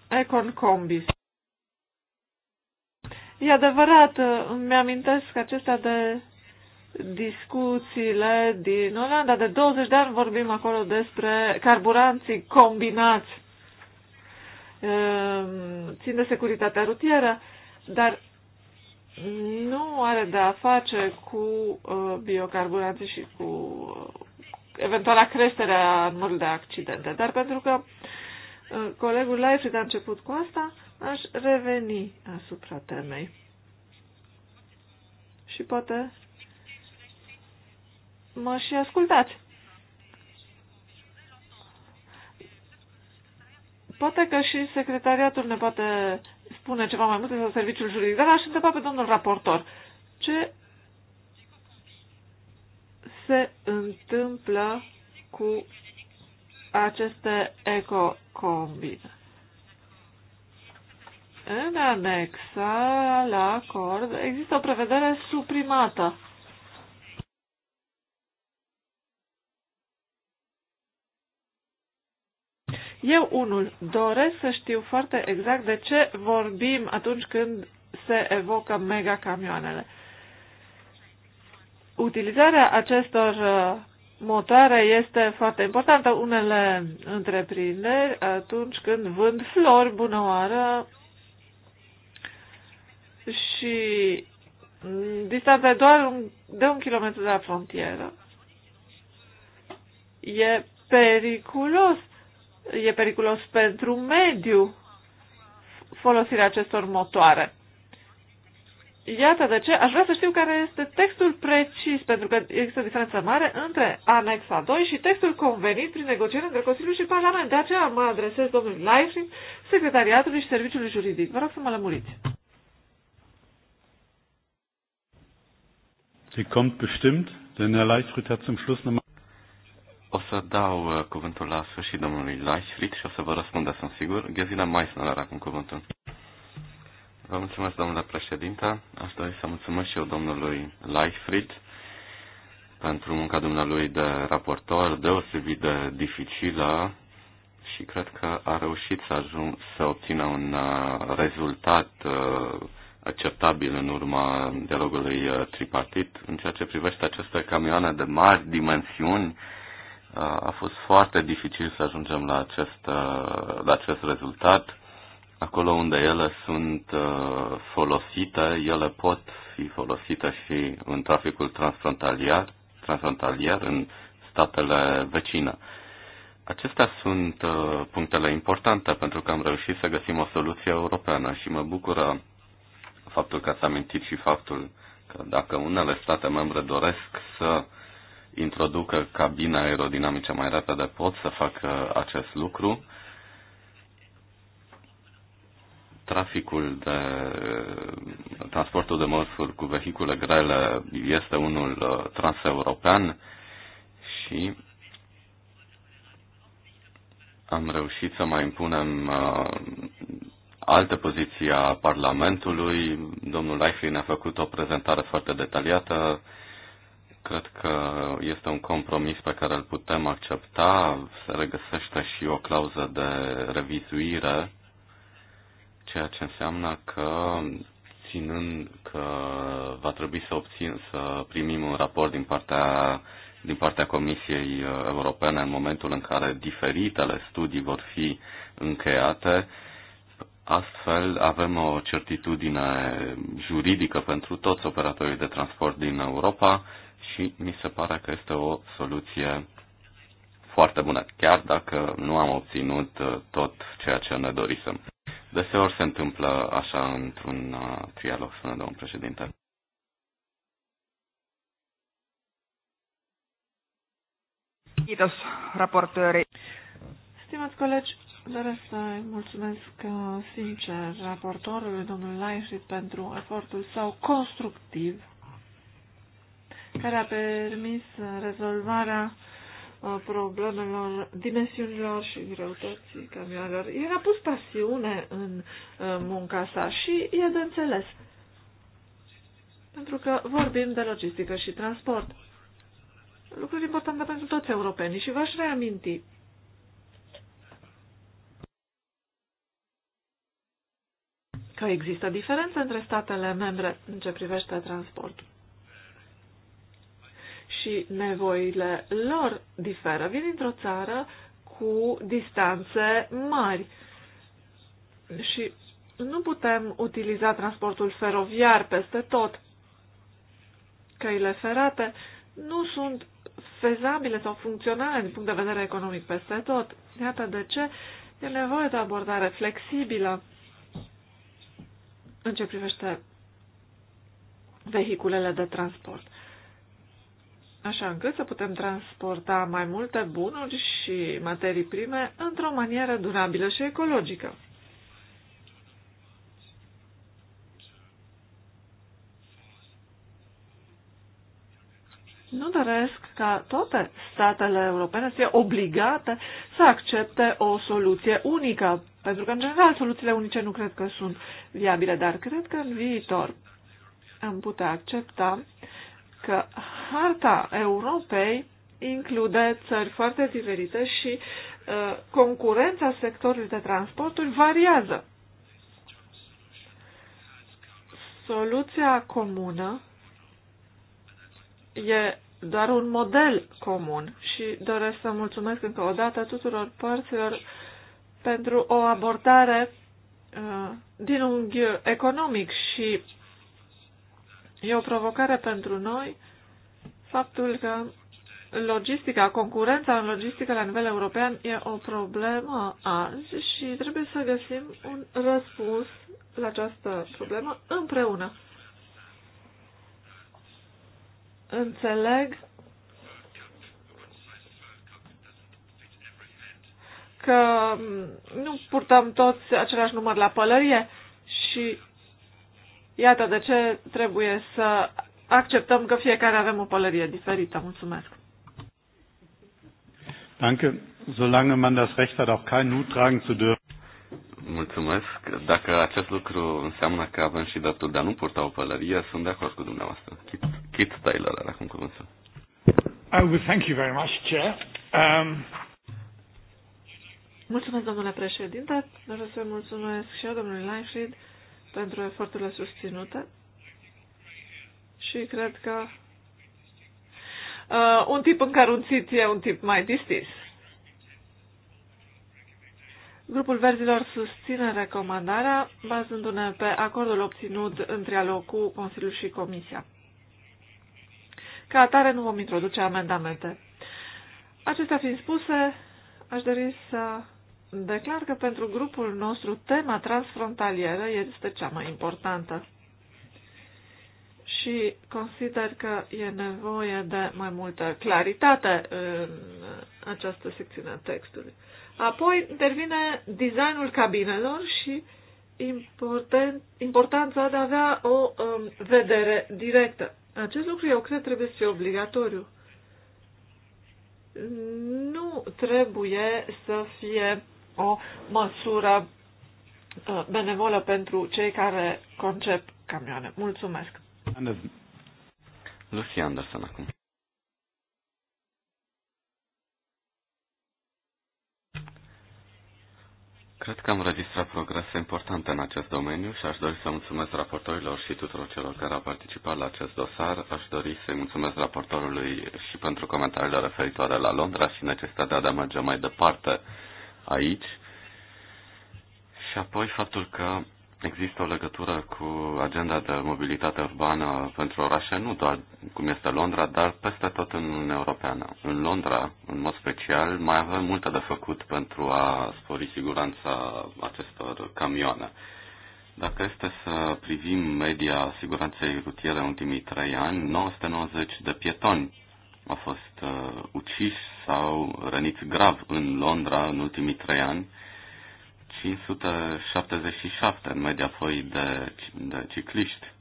Econ Combis. E adevărat, îmi amintesc acestea de discuțiile din Olanda. De 20 de ani vorbim acolo despre carburanții combinați. Ehm, țin de securitatea rutieră, dar nu are de a face cu uh, biocarburanții și cu uh, eventuala creștere a numărului de accidente. Dar pentru că uh, colegul Leifrid a început cu asta, aș reveni asupra temei. Și poate mă și ascultați. Poate că și secretariatul ne poate spune ceva mai multe sau serviciul juridic, dar aș întreba pe domnul raportor ce se întâmplă cu aceste ecocombine. În anexa la acord există o prevedere suprimată. Eu unul doresc să știu foarte exact de ce vorbim atunci când se evocă mega camioanele utilizarea acestor uh, motoare este foarte importantă. Unele întreprinderi, atunci când vând flori bună oară și mm, distanța doar de un kilometru de la frontieră, e periculos. E periculos pentru mediu folosirea acestor motoare. Iată de ce aș vrea să știu care este textul precis, pentru că există diferență mare între anexa 2 și textul convenit prin negocieri între Consiliul și Parlament. De aceea mă adresez domnului Leifrin, Secretariatului și Serviciului Juridic. Vă rog să mă lămuriți. Sie kommt bestimmt, denn Herr Leichfried hat zum Schluss nochmal... O să dau uh, cuvântul la sfârșit domnului Leichfried și o să vă răspundă, sunt sigur. Gesine Meissner are acum cuvântul. Vă mulțumesc, domnule președinte. Aș dori să mulțumesc și eu domnului Leichfried pentru munca dumnealui de raportor deosebit de dificilă și cred că a reușit să, ajung, să obțină un uh, rezultat uh, acceptabil în urma dialogului uh, tripartit. În ceea ce privește aceste camioane de mari dimensiuni, a fost foarte dificil să ajungem la acest, la acest rezultat acolo unde ele sunt uh, folosite, ele pot fi folosite și în traficul transfrontalier, transfrontalier în statele vecine. Acestea sunt uh, punctele importante pentru că am reușit să găsim o soluție europeană și mă bucură faptul că ați amintit și faptul că dacă unele state membre doresc să introducă cabine aerodinamice mai repede, pot să facă acest lucru. traficul de transportul de mărfuri cu vehicule grele este unul uh, transeuropean și am reușit să mai impunem uh, alte poziții a Parlamentului. Domnul Leifrin a făcut o prezentare foarte detaliată. Cred că este un compromis pe care îl putem accepta. Se regăsește și o clauză de revizuire ceea ce înseamnă că ținând că va trebui să obțin să primim un raport din partea din partea Comisiei Europene în momentul în care diferitele studii vor fi încheiate. Astfel avem o certitudine juridică pentru toți operatorii de transport din Europa și mi se pare că este o soluție foarte bună, chiar dacă nu am obținut tot ceea ce ne dorisem. Deseori se întâmplă așa într-un uh, trialog, spune domnul președinte. Kiitos, Stimați colegi, doresc să mulțumesc uh, sincer raportorului, domnul Laișit, pentru efortul său constructiv care a permis uh, rezolvarea problemelor, dimensiunilor și greutății camioanelor. El a pus pasiune în munca sa și e de înțeles. Pentru că vorbim de logistică și transport. Lucruri importante pentru toți europenii și v-aș reaminti că există diferență între statele membre în ce privește transportul și nevoile lor diferă. Vin dintr-o țară cu distanțe mari și nu putem utiliza transportul feroviar peste tot. Căile ferate nu sunt fezabile sau funcționale din punct de vedere economic peste tot. Iată de ce e nevoie de o abordare flexibilă în ce privește vehiculele de transport așa încât să putem transporta mai multe bunuri și materii prime într-o manieră durabilă și ecologică. Nu doresc ca toate statele europene să fie obligate să accepte o soluție unică, pentru că, în general, soluțiile unice nu cred că sunt viabile, dar cred că în viitor am putea accepta uh, că harta Europei include țări foarte diferite și uh, concurența sectorului de transporturi variază. Soluția comună e doar un model comun și doresc să mulțumesc încă o dată tuturor părților pentru o abordare uh, din unghi economic și E o provocare pentru noi faptul că logistica, concurența în logistică la nivel european e o problemă azi și trebuie să găsim un răspuns la această problemă împreună. Înțeleg că nu purtăm toți același număr la pălărie și Iată de ce trebuie să acceptăm că fiecare avem o pălărie diferită. Mulțumesc. Danke. Solange man das Recht hat, auch keinen Hut tragen zu dürfen. Mulțumesc. Dacă acest lucru înseamnă că avem și dreptul de a nu purta o pălărie, sunt de acord cu dumneavoastră. Kit, Kit Taylor are acum cuvântul. I will thank you very much, Chair. Um... Mulțumesc, domnule președinte. Vreau să mulțumesc și eu, domnului Leinfried pentru eforturile susținute și cred că uh, un tip încărunțit e un tip mai distins. Grupul Verzilor susține recomandarea bazându-ne pe acordul obținut în trialog cu Consiliul și Comisia. Ca atare nu vom introduce amendamente. Acestea fiind spuse, aș dori să Declar că pentru grupul nostru tema transfrontalieră este cea mai importantă și consider că e nevoie de mai multă claritate în această secțiune a textului. Apoi intervine designul cabinelor și important, importanța de a avea o um, vedere directă. Acest lucru eu cred trebuie să fie obligatoriu. Nu trebuie să fie o măsură uh, benevolă pentru cei care concep camioane. Mulțumesc! Lucy Anderson acum. Cred că am registrat progrese importante în acest domeniu și aș dori să mulțumesc raportorilor și tuturor celor care au participat la acest dosar. Aș dori să-i mulțumesc raportorului și pentru comentariile referitoare la Londra și necesitatea de a merge mai departe aici. Și apoi faptul că există o legătură cu agenda de mobilitate urbană pentru orașe, nu doar cum este Londra, dar peste tot în Uniunea Europeană. În Londra, în mod special, mai avem multe de făcut pentru a spori siguranța acestor camioane. Dacă este să privim media siguranței rutiere în ultimii trei ani, 990 de pietoni a fost uh, ucis sau rănit grav în Londra în ultimii trei ani. 577 în media foi de, de cicliști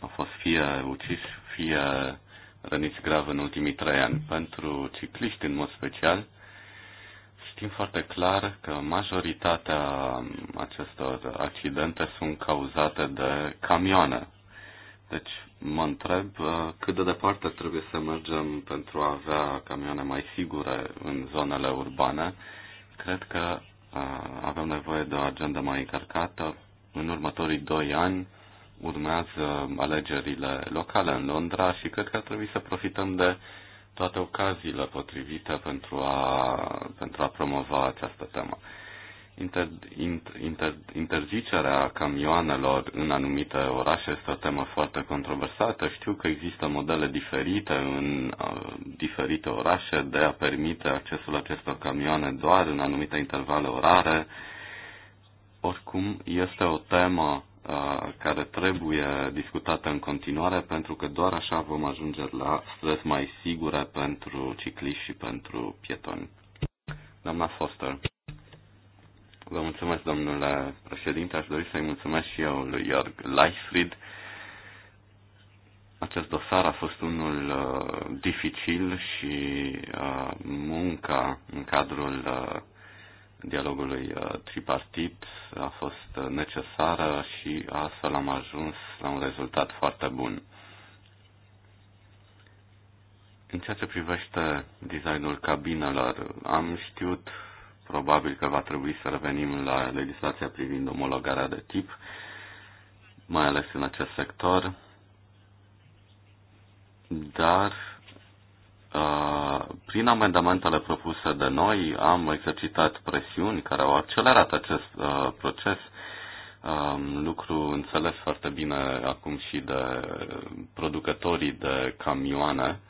au fost fie uciși, fie răniți grav în ultimii trei ani. Pentru cicliști, în mod special, știm foarte clar că majoritatea acestor accidente sunt cauzate de camioane. Deci mă întreb uh, cât de departe trebuie să mergem pentru a avea camioane mai sigure în zonele urbane. Cred că uh, avem nevoie de o agendă mai încărcată. În următorii doi ani urmează alegerile locale în Londra și cred că trebuie să profităm de toate ocaziile potrivite pentru a, pentru a promova această temă. Inter, inter, interzicerea camioanelor în anumite orașe este o temă foarte controversată. Știu că există modele diferite în uh, diferite orașe de a permite accesul acestor camioane doar în anumite intervale orare. Oricum, este o temă uh, care trebuie discutată în continuare pentru că doar așa vom ajunge la străzi mai sigure pentru cicliști și pentru pietoni. Doamna Foster. Vă mulțumesc, domnule președinte. Aș dori să-i mulțumesc și eu lui Iorg Leifrid. Acest dosar a fost unul uh, dificil și uh, munca în cadrul uh, dialogului uh, tripartit a fost uh, necesară și astfel am ajuns la un rezultat foarte bun. În ceea ce privește designul cabinelor, am știut Probabil că va trebui să revenim la legislația privind omologarea de tip, mai ales în acest sector. Dar uh, prin amendamentele propuse de noi am exercitat presiuni care au accelerat acest uh, proces, um, lucru înțeles foarte bine acum și de producătorii de camioane.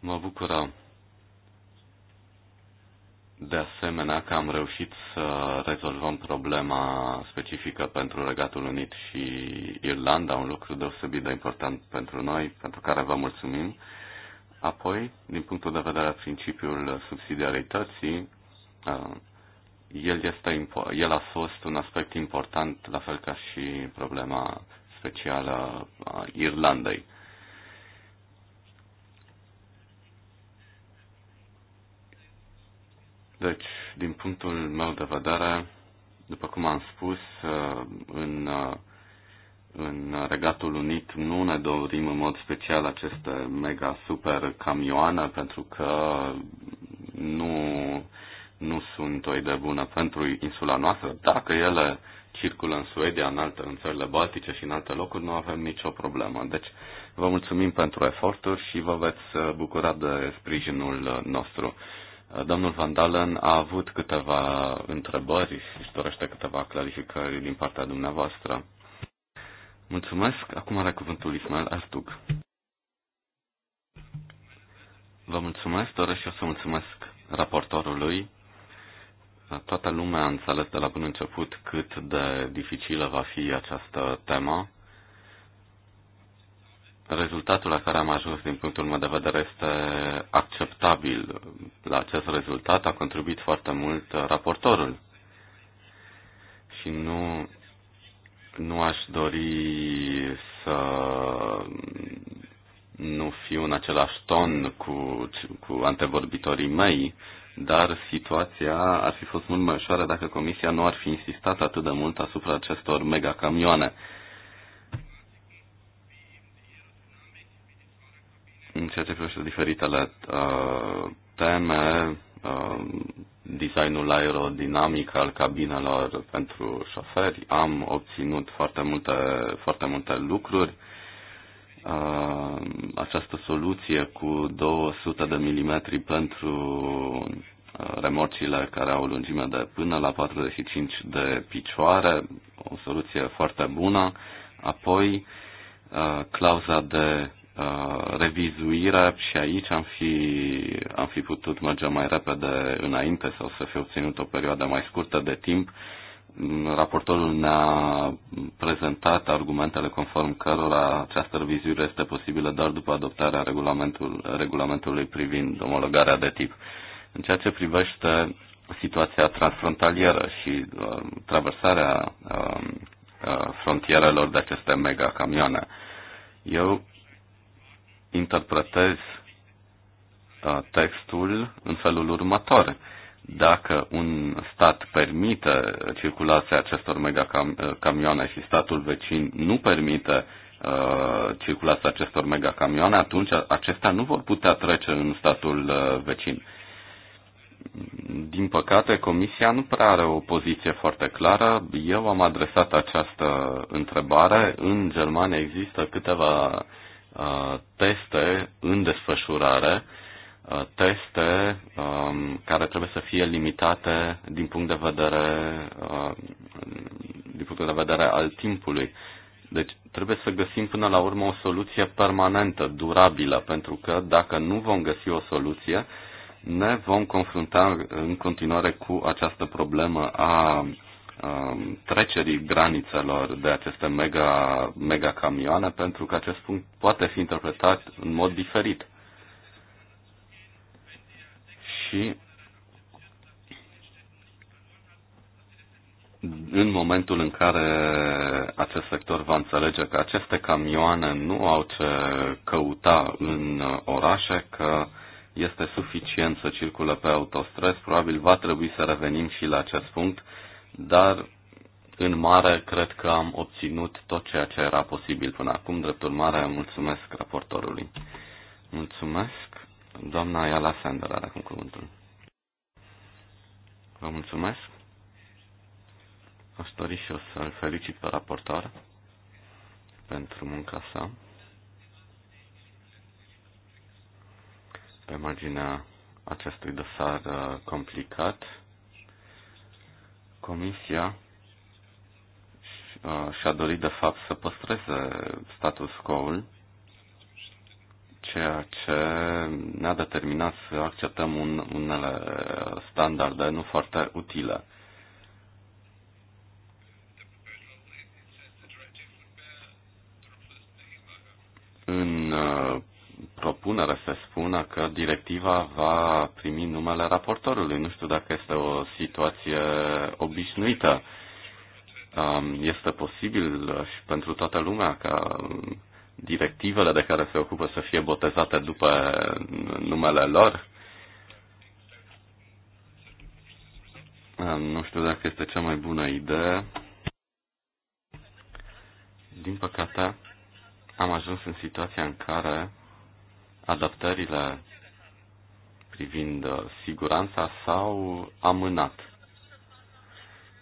Mă bucură de asemenea că am reușit să rezolvăm problema specifică pentru Regatul Unit și Irlanda, un lucru deosebit de important pentru noi, pentru care vă mulțumim. Apoi, din punctul de vedere al principiul subsidiarității, uh, el, este, el a fost un aspect important, la fel ca și problema specială a Irlandei. Deci, din punctul meu de vedere, după cum am spus, uh, în, uh, în Regatul Unit nu ne dorim în mod special aceste mega super camioane pentru că nu, nu sunt o idee bună pentru insula noastră. Dacă ele circulă în Suedia, în alte, în țările baltice și în alte locuri, nu avem nicio problemă. Deci, vă mulțumim pentru eforturi și vă veți bucura de sprijinul nostru. Domnul Van Dalen a avut câteva întrebări și dorește câteva clarificări din partea dumneavoastră. Mulțumesc. Acum are cuvântul Ismail Artug. Vă mulțumesc, doresc și eu să mulțumesc raportorului. Toată lumea a înțeles de la bun început cât de dificilă va fi această temă rezultatul la care am ajuns din punctul meu de vedere este acceptabil. La acest rezultat a contribuit foarte mult raportorul. Și nu, nu aș dori să nu fiu în același ton cu, cu antevorbitorii mei, dar situația ar fi fost mult mai ușoară dacă Comisia nu ar fi insistat atât de mult asupra acestor megacamioane. camioane În ceea ce privește diferitele uh, teme, uh, designul aerodinamic al cabinelor pentru șoferi, am obținut foarte multe, foarte multe lucruri. Uh, această soluție cu 200 de milimetri pentru uh, remorcile care au lungime de până la 45 de picioare, o soluție foarte bună. Apoi, uh, clauza de revizuirea uh, revizuire și aici am fi, am fi putut merge mai repede înainte sau să fi obținut o perioadă mai scurtă de timp. Raportorul ne-a prezentat argumentele conform cărora această revizuire este posibilă doar după adoptarea regulamentul, regulamentului privind omologarea de tip. În ceea ce privește situația transfrontalieră și uh, traversarea um, uh, frontierelor de aceste mega camioane. Eu interpretez uh, textul în felul următor. Dacă un stat permite circulația acestor megacamioane uh, și statul vecin nu permite uh, circulația acestor megacamioane, atunci acestea nu vor putea trece în statul vecin. Din păcate, Comisia nu prea are o poziție foarte clară. Eu am adresat această întrebare. În Germania există câteva uh, Uh, teste în desfășurare, uh, teste um, care trebuie să fie limitate din punct de vedere, uh, din punct de vedere al timpului. Deci trebuie să găsim până la urmă o soluție permanentă, durabilă, pentru că dacă nu vom găsi o soluție, ne vom confrunta în continuare cu această problemă a Um, trecerii granițelor de aceste mega, mega camioane, pentru că acest punct poate fi interpretat în mod diferit. Și în momentul în care acest sector va înțelege că aceste camioane nu au ce căuta în orașe, că este suficient să circule pe autostrăzi, probabil va trebui să revenim și la acest punct dar în mare cred că am obținut tot ceea ce era posibil până acum. Drept urmare, mulțumesc raportorului. Mulțumesc. Doamna Iala Sander are acum cuvântul. Vă mulțumesc. Aș dori și eu să-l felicit pe raportor pentru munca sa. Pe marginea acestui dosar uh, complicat, Comisia uh, și-a dorit, de fapt, să păstreze status quo-ul, ceea ce ne-a determinat să acceptăm un, unele standarde nu foarte utile. În uh, propunere se spună că directiva va primi numele raportorului. Nu știu dacă este o situație obișnuită. Um, este posibil și pentru toată lumea ca directivele de care se ocupă să fie botezate după numele lor? Um, nu știu dacă este cea mai bună idee. Din păcate, am ajuns în situația în care adaptările privind uh, siguranța s-au amânat.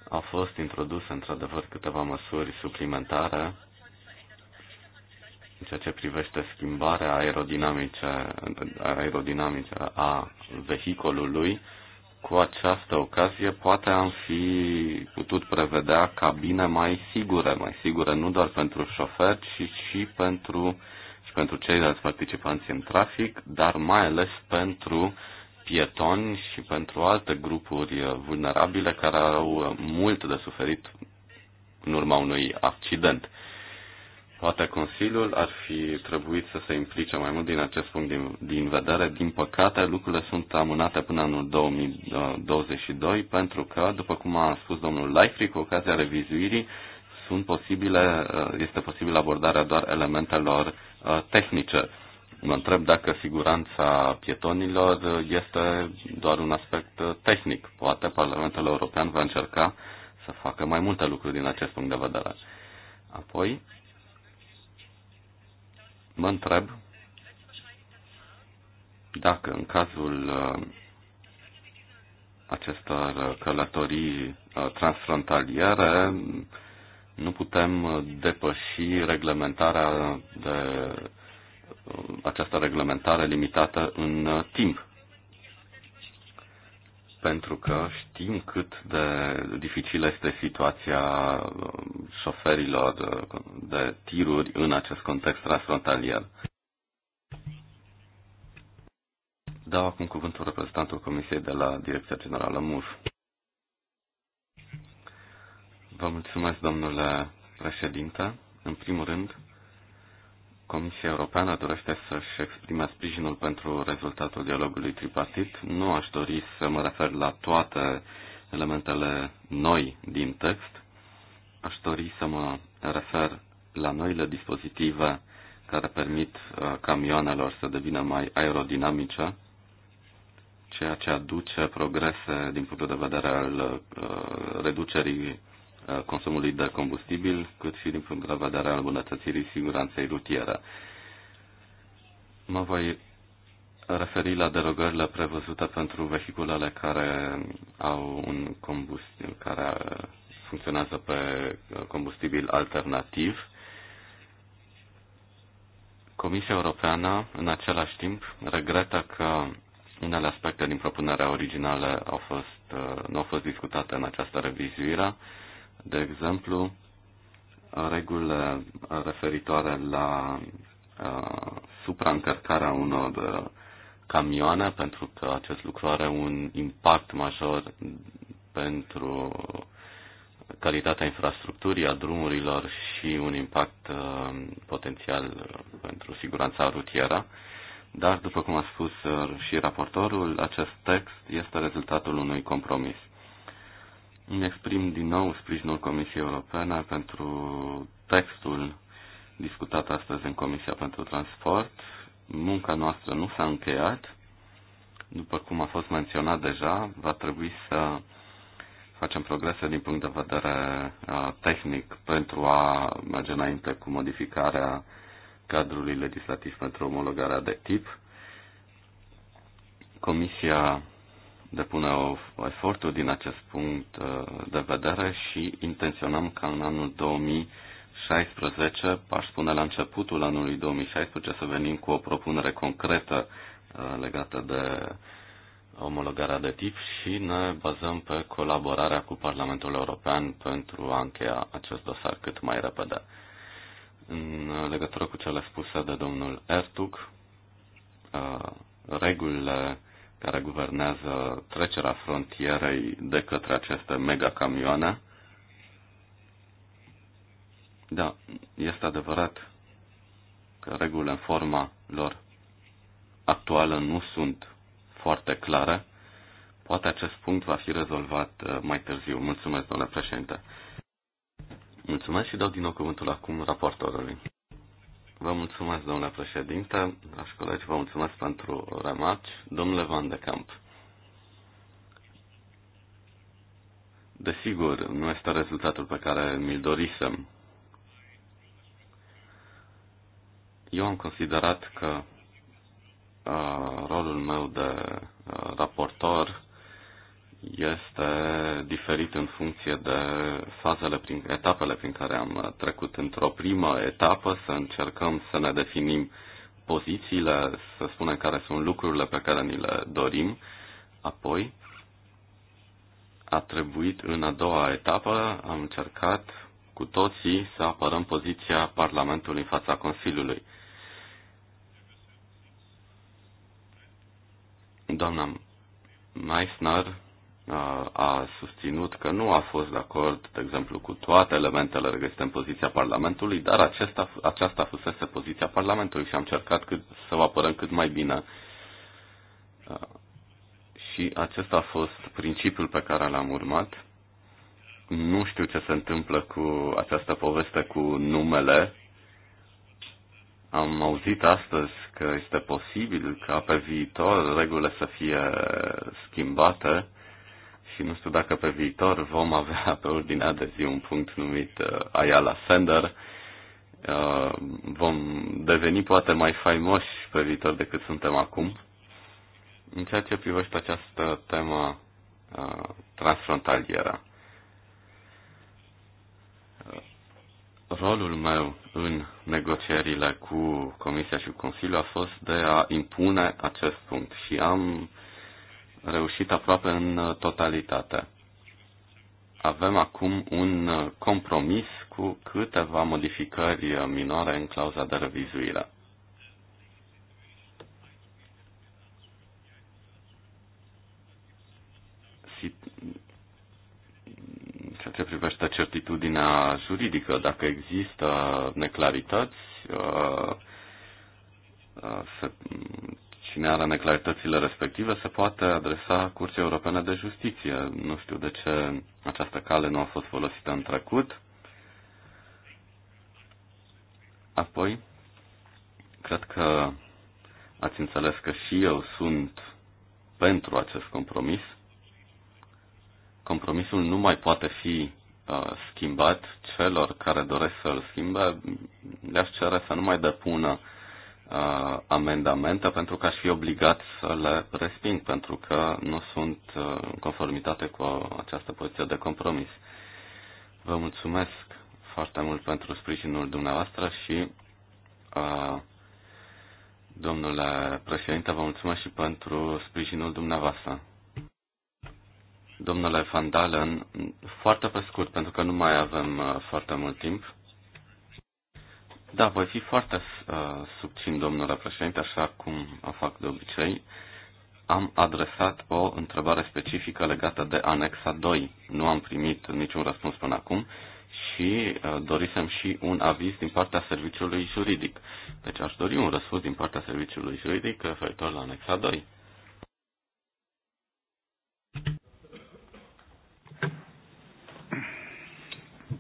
A fost introdus într-adevăr câteva măsuri suplimentare în ceea ce privește schimbarea aerodinamice, aerodinamice a vehiculului, cu această ocazie poate am fi putut prevedea cabine mai sigure, mai sigure nu doar pentru șofer, ci și pentru pentru ceilalți participanți în trafic, dar mai ales pentru pietoni și pentru alte grupuri vulnerabile care au mult de suferit în urma unui accident. Poate Consiliul ar fi trebuit să se implice mai mult din acest punct din, din vedere. Din păcate, lucrurile sunt amânate până anul 2022, uh, pentru că, după cum a spus domnul Leifri, cu ocazia revizuirii, sunt posibile, uh, este posibilă abordarea doar elementelor Uh, tehnice. Mă întreb dacă siguranța pietonilor este doar un aspect uh, tehnic. Poate Parlamentul European va încerca să facă mai multe lucruri din acest punct de vedere. Apoi, mă întreb dacă în cazul uh, acestor călătorii transfrontaliere nu putem uh, depăși reglementarea de uh, această reglementare limitată în uh, timp. Pentru că știm cât de dificilă este situația șoferilor de tiruri în acest context transfrontalier. Dau acum cuvântul reprezentantul Comisiei de la Direcția Generală MUF. Vă mulțumesc, domnule președinte. În primul rând, Comisia Europeană dorește să-și exprime sprijinul pentru rezultatul dialogului tripartit. Nu aș dori să mă refer la toate elementele noi din text. Aș dori să mă refer la noile dispozitive care permit uh, camioanelor să devină mai aerodinamice, ceea ce aduce progrese din punctul de vedere al uh, reducerii consumului de combustibil, cât și din punct de vedere al îmbunătățirii siguranței rutiere. Mă voi referi la derogările prevăzute pentru vehiculele care au un combustibil, care funcționează pe combustibil alternativ. Comisia Europeană, în același timp, regretă că unele aspecte din propunerea originală au fost, nu au fost discutate în această revizuire de exemplu, regulile referitoare la uh, supraîncărcarea unor camioane, pentru că acest lucru are un impact major pentru calitatea infrastructurii, a drumurilor și un impact uh, potențial pentru siguranța rutieră. Dar, după cum a spus și raportorul, acest text este rezultatul unui compromis. Îmi exprim din nou sprijinul Comisiei Europene pentru textul discutat astăzi în Comisia pentru Transport. Munca noastră nu s-a încheiat. După cum a fost menționat deja, va trebui să facem progrese din punct de vedere tehnic pentru a merge înainte cu modificarea cadrului legislativ pentru omologarea de tip. Comisia depune o, o eforturi din acest punct uh, de vedere și intenționăm ca în anul 2016, aș spune la începutul anului 2016, să venim cu o propunere concretă uh, legată de omologarea de tip și ne bazăm pe colaborarea cu Parlamentul European pentru a încheia acest dosar cât mai repede. În legătură cu cele spuse de domnul Ertug, uh, regulile care guvernează trecerea frontierei de către aceste megacamioane. Da, este adevărat că regulile în forma lor actuală nu sunt foarte clare. Poate acest punct va fi rezolvat uh, mai târziu. Mulțumesc, domnule președinte. Mulțumesc și dau din nou cuvântul acum raportorului. Vă mulțumesc, domnule președinte. Dragi colegi, vă mulțumesc pentru remarci. Domnule Van de Camp, desigur, nu este rezultatul pe care mi-l dorisem. Eu am considerat că uh, rolul meu de uh, raportor este diferit în funcție de fazele, prin, etapele prin care am trecut. Într-o primă etapă să încercăm să ne definim pozițiile, să spunem care sunt lucrurile pe care ni le dorim, apoi a trebuit în a doua etapă, am încercat cu toții să apărăm poziția Parlamentului în fața Consiliului. Doamna Meissner a susținut că nu a fost de acord, de exemplu, cu toate elementele regăsite în poziția Parlamentului, dar aceasta aceasta fusese poziția Parlamentului și am încercat cât, să o apărăm cât mai bine. Și acesta a fost principiul pe care l-am urmat. Nu știu ce se întâmplă cu această poveste cu numele. Am auzit astăzi că este posibil ca pe viitor regulile să fie schimbate și nu știu dacă pe viitor vom avea pe ordinea de zi un punct numit uh, Ayala Sender. Uh, vom deveni poate mai faimoși pe viitor decât suntem acum. În ceea ce privește această temă uh, transfrontalieră, uh, rolul meu în negocierile cu Comisia și Consiliul a fost de a impune acest punct și am reușit aproape în uh, totalitate. Avem acum un uh, compromis cu câteva modificări uh, minore în clauza de revizuire. ceea ce privește certitudinea juridică, dacă există neclarități, se, cine are neclaritățile respective se poate adresa Curții Europene de Justiție. Nu știu de ce această cale nu a fost folosită în trecut. Apoi, cred că ați înțeles că și eu sunt pentru acest compromis. Compromisul nu mai poate fi uh, schimbat. Celor care doresc să-l schimbe, le-aș cere să nu mai depună uh, uh, amendamente pentru că aș fi obligat să le resping pentru că nu sunt uh, în conformitate cu această poziție de compromis. Vă mulțumesc foarte mult pentru sprijinul dumneavoastră și uh, domnule președinte, vă mulțumesc și pentru sprijinul dumneavoastră. Domnule Van Dalen, foarte pe scurt, pentru că nu mai avem uh, foarte mult timp. Da, voi fi foarte uh, subțin, domnule președinte, așa cum o fac de obicei. Am adresat o întrebare specifică legată de anexa 2. Nu am primit niciun răspuns până acum și uh, dorisem și un aviz din partea serviciului juridic. Deci aș dori un răspuns din partea serviciului juridic referitor la anexa 2.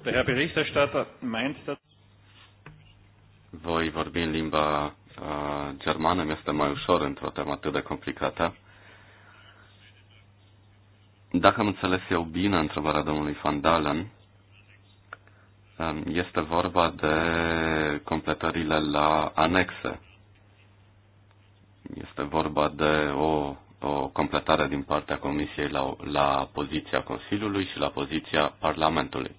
Der Herr Berichterstatter meint, dass voi vorbi în limba uh, germană, mi-este mai ușor într-o temă atât de complicată. Dacă am înțeles eu bine întrebarea domnului Van Dalen, este vorba de completările la anexe. Este vorba de o, o completare din partea Comisiei la, la poziția Consiliului și la poziția Parlamentului.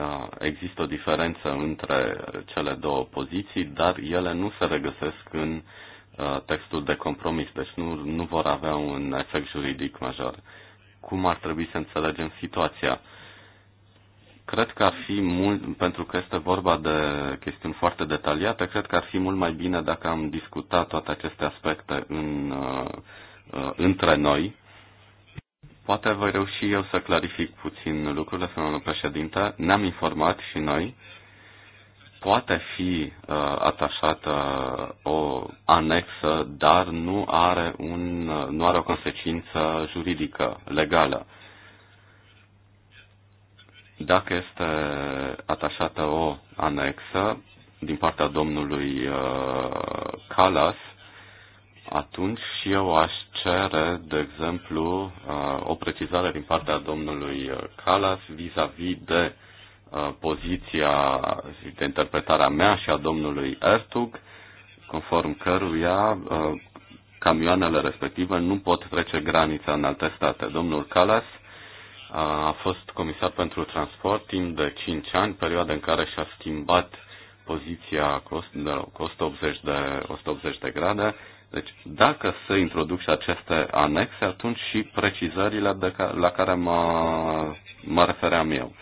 Uh, există o diferență între cele două poziții, dar ele nu se regăsesc în uh, textul de compromis, deci nu, nu vor avea un efect juridic major. Cum ar trebui să înțelegem situația? Cred că ar fi mult, pentru că este vorba de chestiuni foarte detaliate, cred că ar fi mult mai bine dacă am discutat toate aceste aspecte în, uh, între noi Poate voi reuși eu să clarific puțin lucrurile, domnul președinte. Ne-am informat și noi. Poate fi uh, atașată o anexă, dar nu are, un, nu are o consecință juridică, legală. Dacă este atașată o anexă din partea domnului uh, Calas, atunci și eu aș cere, de exemplu, o precizare din partea domnului Calas vis-a-vis de poziția de interpretarea mea și a domnului Ertug, conform căruia camioanele respective nu pot trece granița în alte state. Domnul Calas a fost comisar pentru transport timp de 5 ani, perioada în care și-a schimbat poziția cost, de cost 80 de, 180 de grade deci, dacă se introduc și aceste anexe, atunci și precizările de ca, la care mă, mă refeream eu.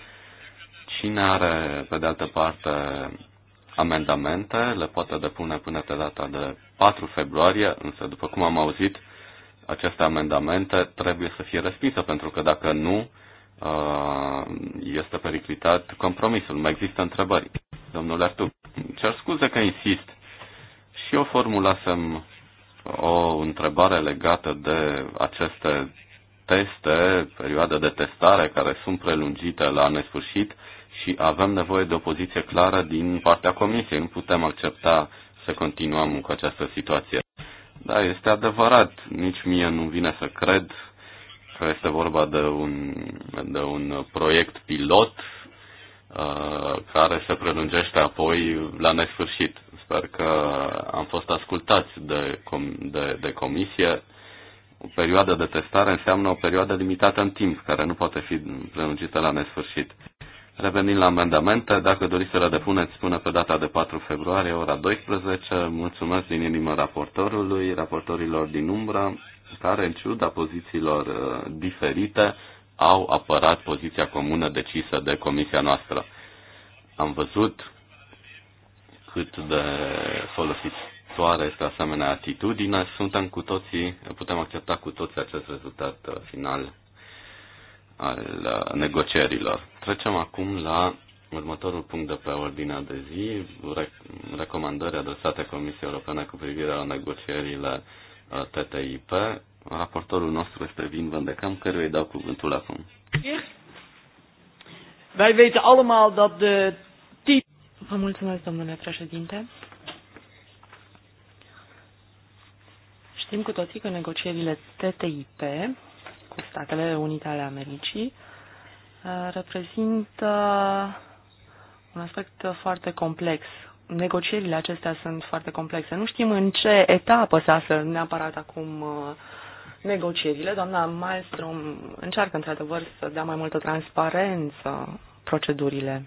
Cine are, pe de altă parte, amendamente, le poate depune până pe data de 4 februarie, însă, după cum am auzit, aceste amendamente trebuie să fie respinse, pentru că dacă nu, ă, este periclitat compromisul. Mai există întrebări. Domnule Artur, cer scuze că insist. Și eu formulasem o întrebare legată de aceste teste, perioade de testare care sunt prelungite la nesfârșit și avem nevoie de o poziție clară din partea Comisiei. Nu putem accepta să continuăm cu această situație. Da, este adevărat. Nici mie nu vine să cred că este vorba de un, de un proiect pilot uh, care se prelungește apoi la nesfârșit. Sper că am fost ascultați de, com- de, de comisie. O perioadă de testare înseamnă o perioadă limitată în timp, care nu poate fi prelungită la nesfârșit. Revenind la amendamente, dacă doriți să le depuneți până pe data de 4 februarie, ora 12, mulțumesc din inimă raportorului, raportorilor din umbră, care, în ciuda pozițiilor uh, diferite, au apărat poziția comună decisă de comisia noastră. Am văzut cât de folositoare este asemenea atitudine. Suntem cu toții, putem accepta cu toții acest rezultat uh, final al uh, negocierilor. Trecem acum la următorul punct de pe ordinea de zi, recomandări adresate Comisiei Europene cu privire la negocierile uh, TTIP. Raportorul nostru este Vin Van de căruia îi dau cuvântul acum. Wij weten allemaal dat de Vă mulțumesc, domnule președinte. Știm cu toții că negocierile TTIP cu Statele Unite ale Americii uh, reprezintă un aspect foarte complex. Negocierile acestea sunt foarte complexe. Nu știm în ce etapă se află neapărat acum uh, negocierile. Doamna Maelstrom încearcă într-adevăr să dea mai multă transparență procedurile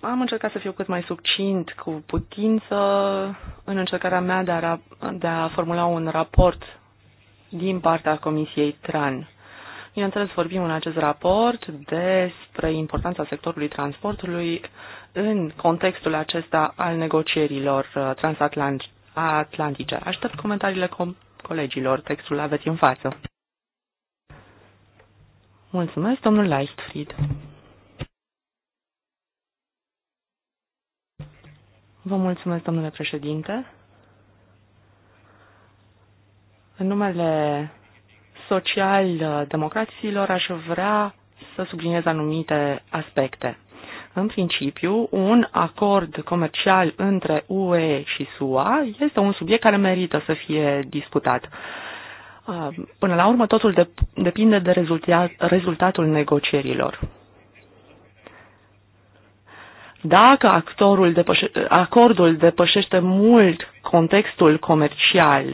am încercat să fiu cât mai succint cu putință în încercarea mea de a, de a formula un raport din partea Comisiei TRAN. Bineînțeles, vorbim în acest raport despre importanța sectorului transportului în contextul acesta al negocierilor uh, transatlantice. Aștept comentariile com- colegilor. Textul aveți în față. Mulțumesc, domnul Leichtfried. Vă mulțumesc, domnule președinte. În numele social-democraților aș vrea să subliniez anumite aspecte. În principiu, un acord comercial între UE și SUA este un subiect care merită să fie discutat. Până la urmă, totul depinde de rezultatul negocierilor. Dacă actorul depășe, acordul depășește mult contextul comercial,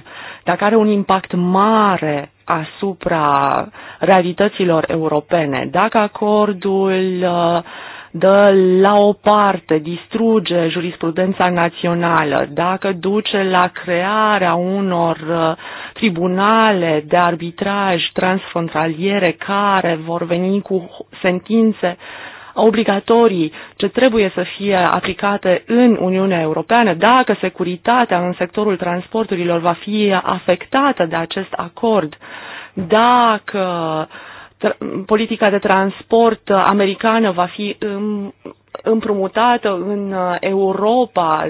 dacă are un impact mare asupra realităților europene, dacă acordul uh, dă la o parte, distruge jurisprudența națională, dacă duce la crearea unor uh, tribunale de arbitraj transfrontaliere care vor veni cu sentințe obligatorii ce trebuie să fie aplicate în Uniunea Europeană, dacă securitatea în sectorul transporturilor va fi afectată de acest acord, dacă politica de transport americană va fi împrumutată în Europa,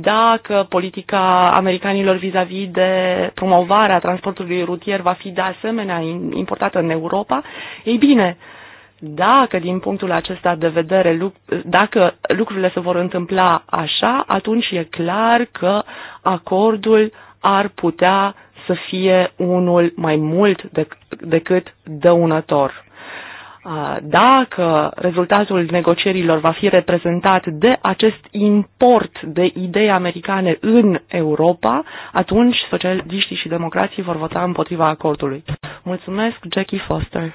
dacă politica americanilor vis-a-vis -vis de promovarea transportului rutier va fi de asemenea importată în Europa, ei bine, uh, dacă din punctul acesta de vedere, dacă lucrurile se vor întâmpla așa, atunci e clar că acordul ar putea să fie unul mai mult decât dăunător. Dacă rezultatul negocierilor va fi reprezentat de acest import de idei americane în Europa, atunci socialiștii și democrații vor vota împotriva acordului. Mulțumesc, Jackie Foster.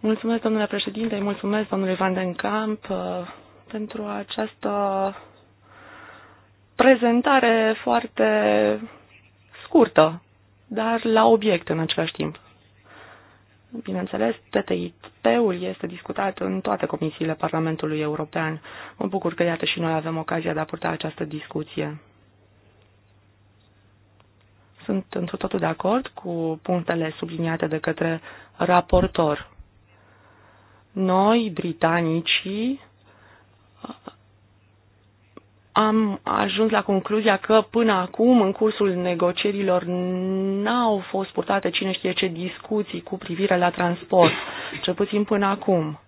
Mulțumesc, domnule președinte, mulțumesc, domnule Van den Camp, uh, pentru această prezentare foarte scurtă, dar la obiect în același timp. Bineînțeles, TTIP-ul este discutat în toate comisiile Parlamentului European. Mă bucur că, iată, și noi avem ocazia de a purta această discuție. Sunt într totul de acord cu punctele subliniate de către raportor noi, britanicii, am ajuns la concluzia că până acum, în cursul negocierilor, n-au fost purtate cine știe ce discuții cu privire la transport, cel puțin până acum.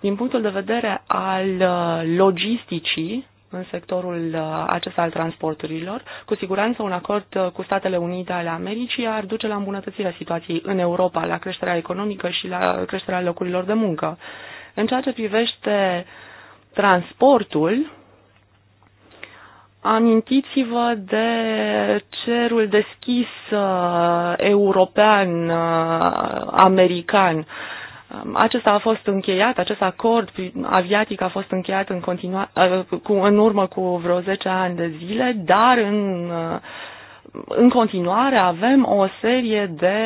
Din punctul de vedere al uh, logisticii, în sectorul uh, acesta al transporturilor. Cu siguranță un acord uh, cu Statele Unite ale Americii ar duce la îmbunătățirea situației în Europa, la creșterea economică și la creșterea locurilor de muncă. În ceea ce privește transportul, amintiți-vă de cerul deschis uh, european-american. Uh, Um, acesta a fost încheiat, acest acord aviatic a fost încheiat în, continua, uh, cu, în urmă cu vreo 10 ani de zile, dar în uh, în continuare avem o serie de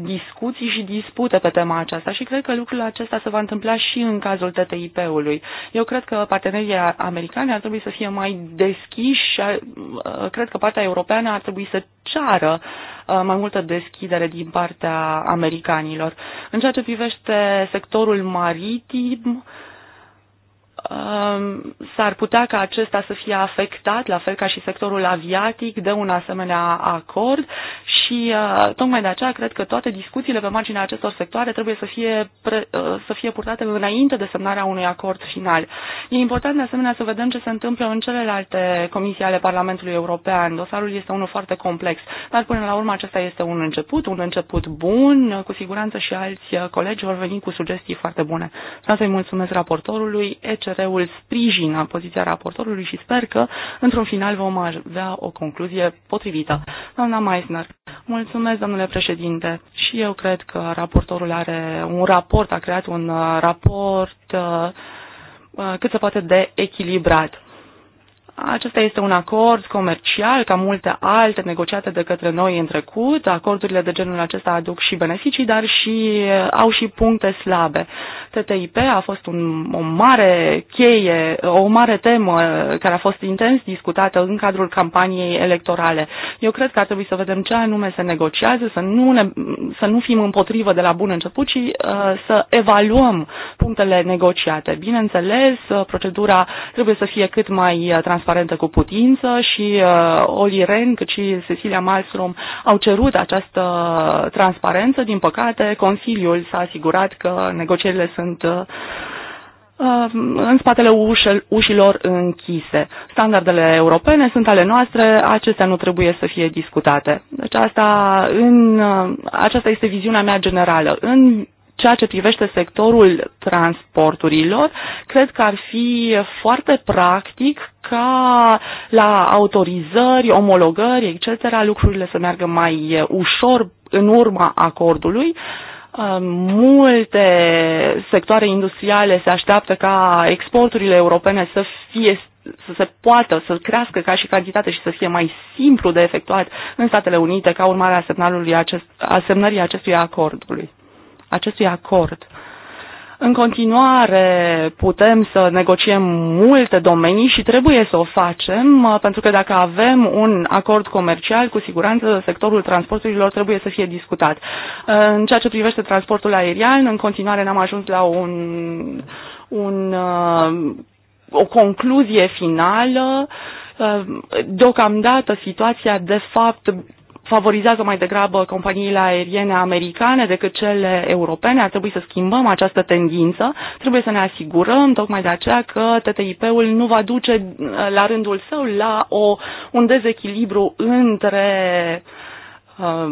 discuții și dispute pe tema aceasta și cred că lucrul acesta se va întâmpla și în cazul TTIP-ului. Eu cred că partenerii americani ar trebui să fie mai deschiși și uh, cred că partea europeană ar trebui să ceară uh, mai multă deschidere din partea americanilor. În ceea ce privește sectorul maritim, Um, s-ar putea ca acesta să fie afectat, la fel ca și sectorul aviatic, de un asemenea acord și uh, tocmai de aceea cred că toate discuțiile pe marginea acestor sectoare trebuie să fie, pre, uh, să fie purtate înainte de semnarea unui acord final. E important de asemenea să vedem ce se întâmplă în celelalte comisii ale Parlamentului European. Dosarul este unul foarte complex, dar până la urmă acesta este un început, un început bun. Cu siguranță și alți uh, colegi vor veni cu sugestii foarte bune. Vreau să-i mulțumesc raportorului. ECR-ul sprijină poziția raportorului și sper că într-un final vom avea o concluzie potrivită. Doamna Meisner. Mulțumesc, domnule președinte. Și eu cred că raportorul are un raport, a creat un uh, raport uh, uh, cât se poate de echilibrat. Acesta este un acord comercial, ca multe alte negociate de către noi în trecut. Acordurile de genul acesta aduc și beneficii, dar și eh, au și puncte slabe. TTIP a fost un, o mare cheie, o mare temă eh, care a fost intens discutată în cadrul campaniei electorale. Eu cred că ar trebui să vedem ce anume se negociază, să nu, ne, să nu fim împotrivă de la bun început, ci uh, să evaluăm punctele negociate. Bineînțeles, procedura trebuie să fie cât mai transparentă transparentă cu putință și uh, Oli Ren, cât și Cecilia Malmström au cerut această transparență. Din păcate, Consiliul s-a asigurat că negocierile sunt uh, uh în spatele ușilor închise. Standardele europene sunt ale noastre, acestea nu trebuie să fie discutate. Deci asta, în, uh, aceasta este viziunea mea generală. În ceea ce privește sectorul transporturilor, cred că ar fi foarte practic ca la autorizări, omologări, etc., lucrurile să meargă mai ușor în urma acordului. Uh, multe sectoare industriale se așteaptă ca exporturile europene să fie să se poată să crească ca și cantitate și să fie mai simplu de efectuat în Statele Unite ca urmare a semnalului acest, a semnării acestui acordului acestui acord. În continuare putem să negociem multe domenii și trebuie să o facem, uh, pentru că dacă avem un acord comercial, cu siguranță sectorul transporturilor trebuie să fie discutat. Uh, în ceea ce privește transportul aerian, în continuare n-am ajuns la un, un, uh, o concluzie finală. Deocamdată situația, de fapt, favorizează mai degrabă companiile aeriene americane decât cele europene. Ar trebui să schimbăm această tendință. Trebuie să ne asigurăm tocmai de aceea că TTIP-ul nu va duce eh, la rândul său la o, un dezechilibru între uh,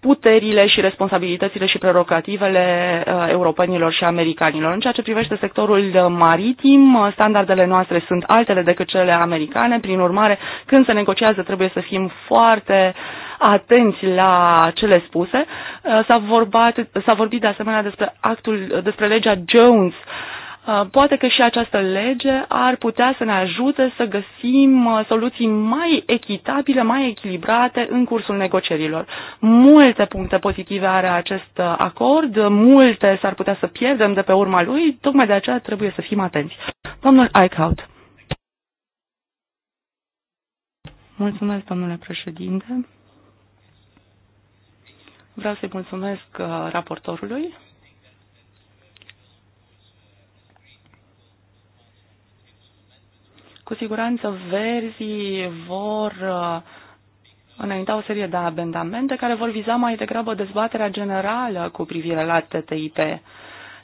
puterile și responsabilitățile și prerogativele eh, europenilor și americanilor. În ceea ce privește sectorul maritim, standardele noastre sunt altele decât cele americane, prin urmare, când se negociază trebuie să fim foarte uh, atenți la cele spuse. Uh, s-a, vorbat, s-a vorbit de asemenea despre actul, despre legea Jones. Uh, poate că și această lege ar putea să ne ajute să găsim uh, soluții mai echitabile, mai echilibrate în cursul negocierilor. Multe puncte pozitive are acest acord, multe s-ar putea să pierdem de pe urma lui, tocmai de aceea trebuie să fim atenți. Domnul Eichhout. Mulțumesc, domnule președinte. Vreau să-i mulțumesc uh, raportorului. Cu siguranță verzii vor uh, înainta o serie de amendamente care vor viza mai degrabă dezbaterea generală cu privire la TTIP.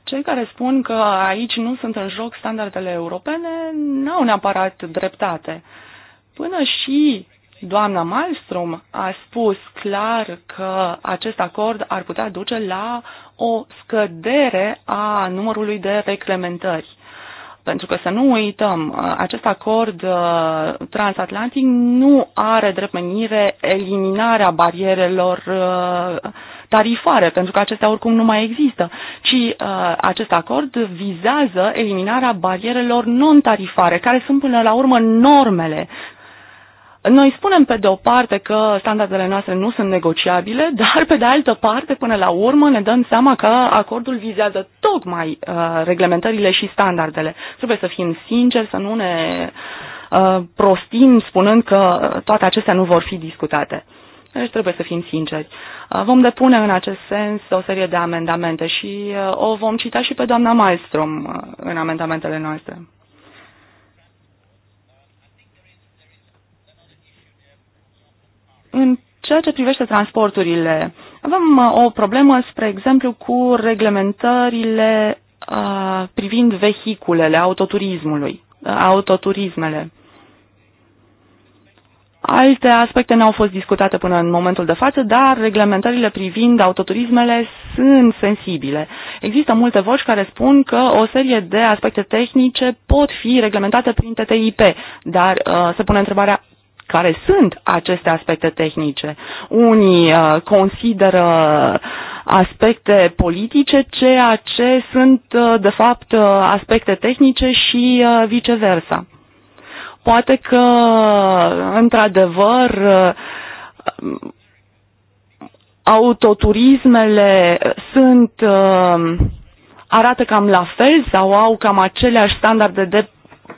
Cei care spun că aici nu sunt în joc standardele europene n-au neapărat dreptate. Până și Doamna Malmström a spus clar că acest acord ar putea duce la o scădere a numărului de reclementări. Pentru că să nu uităm, acest acord uh, transatlantic nu are drept menire eliminarea barierelor uh, tarifare, pentru că acestea oricum nu mai există, ci uh, acest acord vizează eliminarea barierelor non-tarifare, care sunt până la urmă normele noi spunem pe de o parte că standardele noastre nu sunt negociabile, <laughs> dar pe de altă parte, până la urmă, ne dăm seama că acordul vizează tocmai uh, reglementările și standardele. Trebuie să fim sinceri, să nu ne uh, prostim spunând că toate acestea nu vor fi discutate. Deci trebuie să fim sinceri. Uh, vom depune în acest sens o serie de amendamente și uh, o vom cita și pe doamna Malmström uh, în amendamentele noastre. În ceea ce privește transporturile, avem uh, o problemă, spre exemplu, cu reglementările uh, privind vehiculele, autoturismului, uh, autoturismele. Alte aspecte n-au fost discutate până în momentul de față, dar reglementările privind autoturismele sunt sensibile. Există multe voci care spun că o serie de aspecte tehnice pot fi reglementate prin TTIP, dar uh, se pune întrebarea care sunt aceste aspecte tehnice. Unii uh, consideră aspecte politice, ceea ce sunt, uh, de fapt, uh, aspecte tehnice și viceversa. Poate că, într-adevăr, autoturismele sunt arată cam la fel sau au cam aceleași standarde de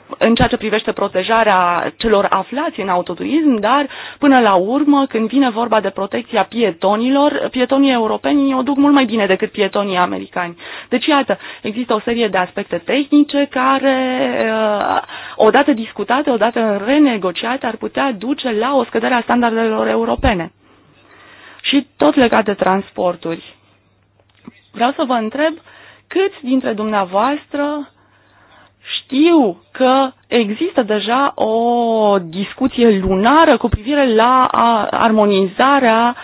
în ceea ce privește protejarea celor aflați în autoturism, dar până la urmă, când vine vorba de protecția pietonilor, pietonii europeni o duc mult mai bine decât pietonii americani. Deci, iată, există o serie de aspecte tehnice care, uh, odată discutate, odată renegociate, ar putea duce la o scădere a standardelor europene. Și tot legat de transporturi. Vreau să vă întreb câți dintre dumneavoastră știu că există deja o discuție lunară cu privire la armonizarea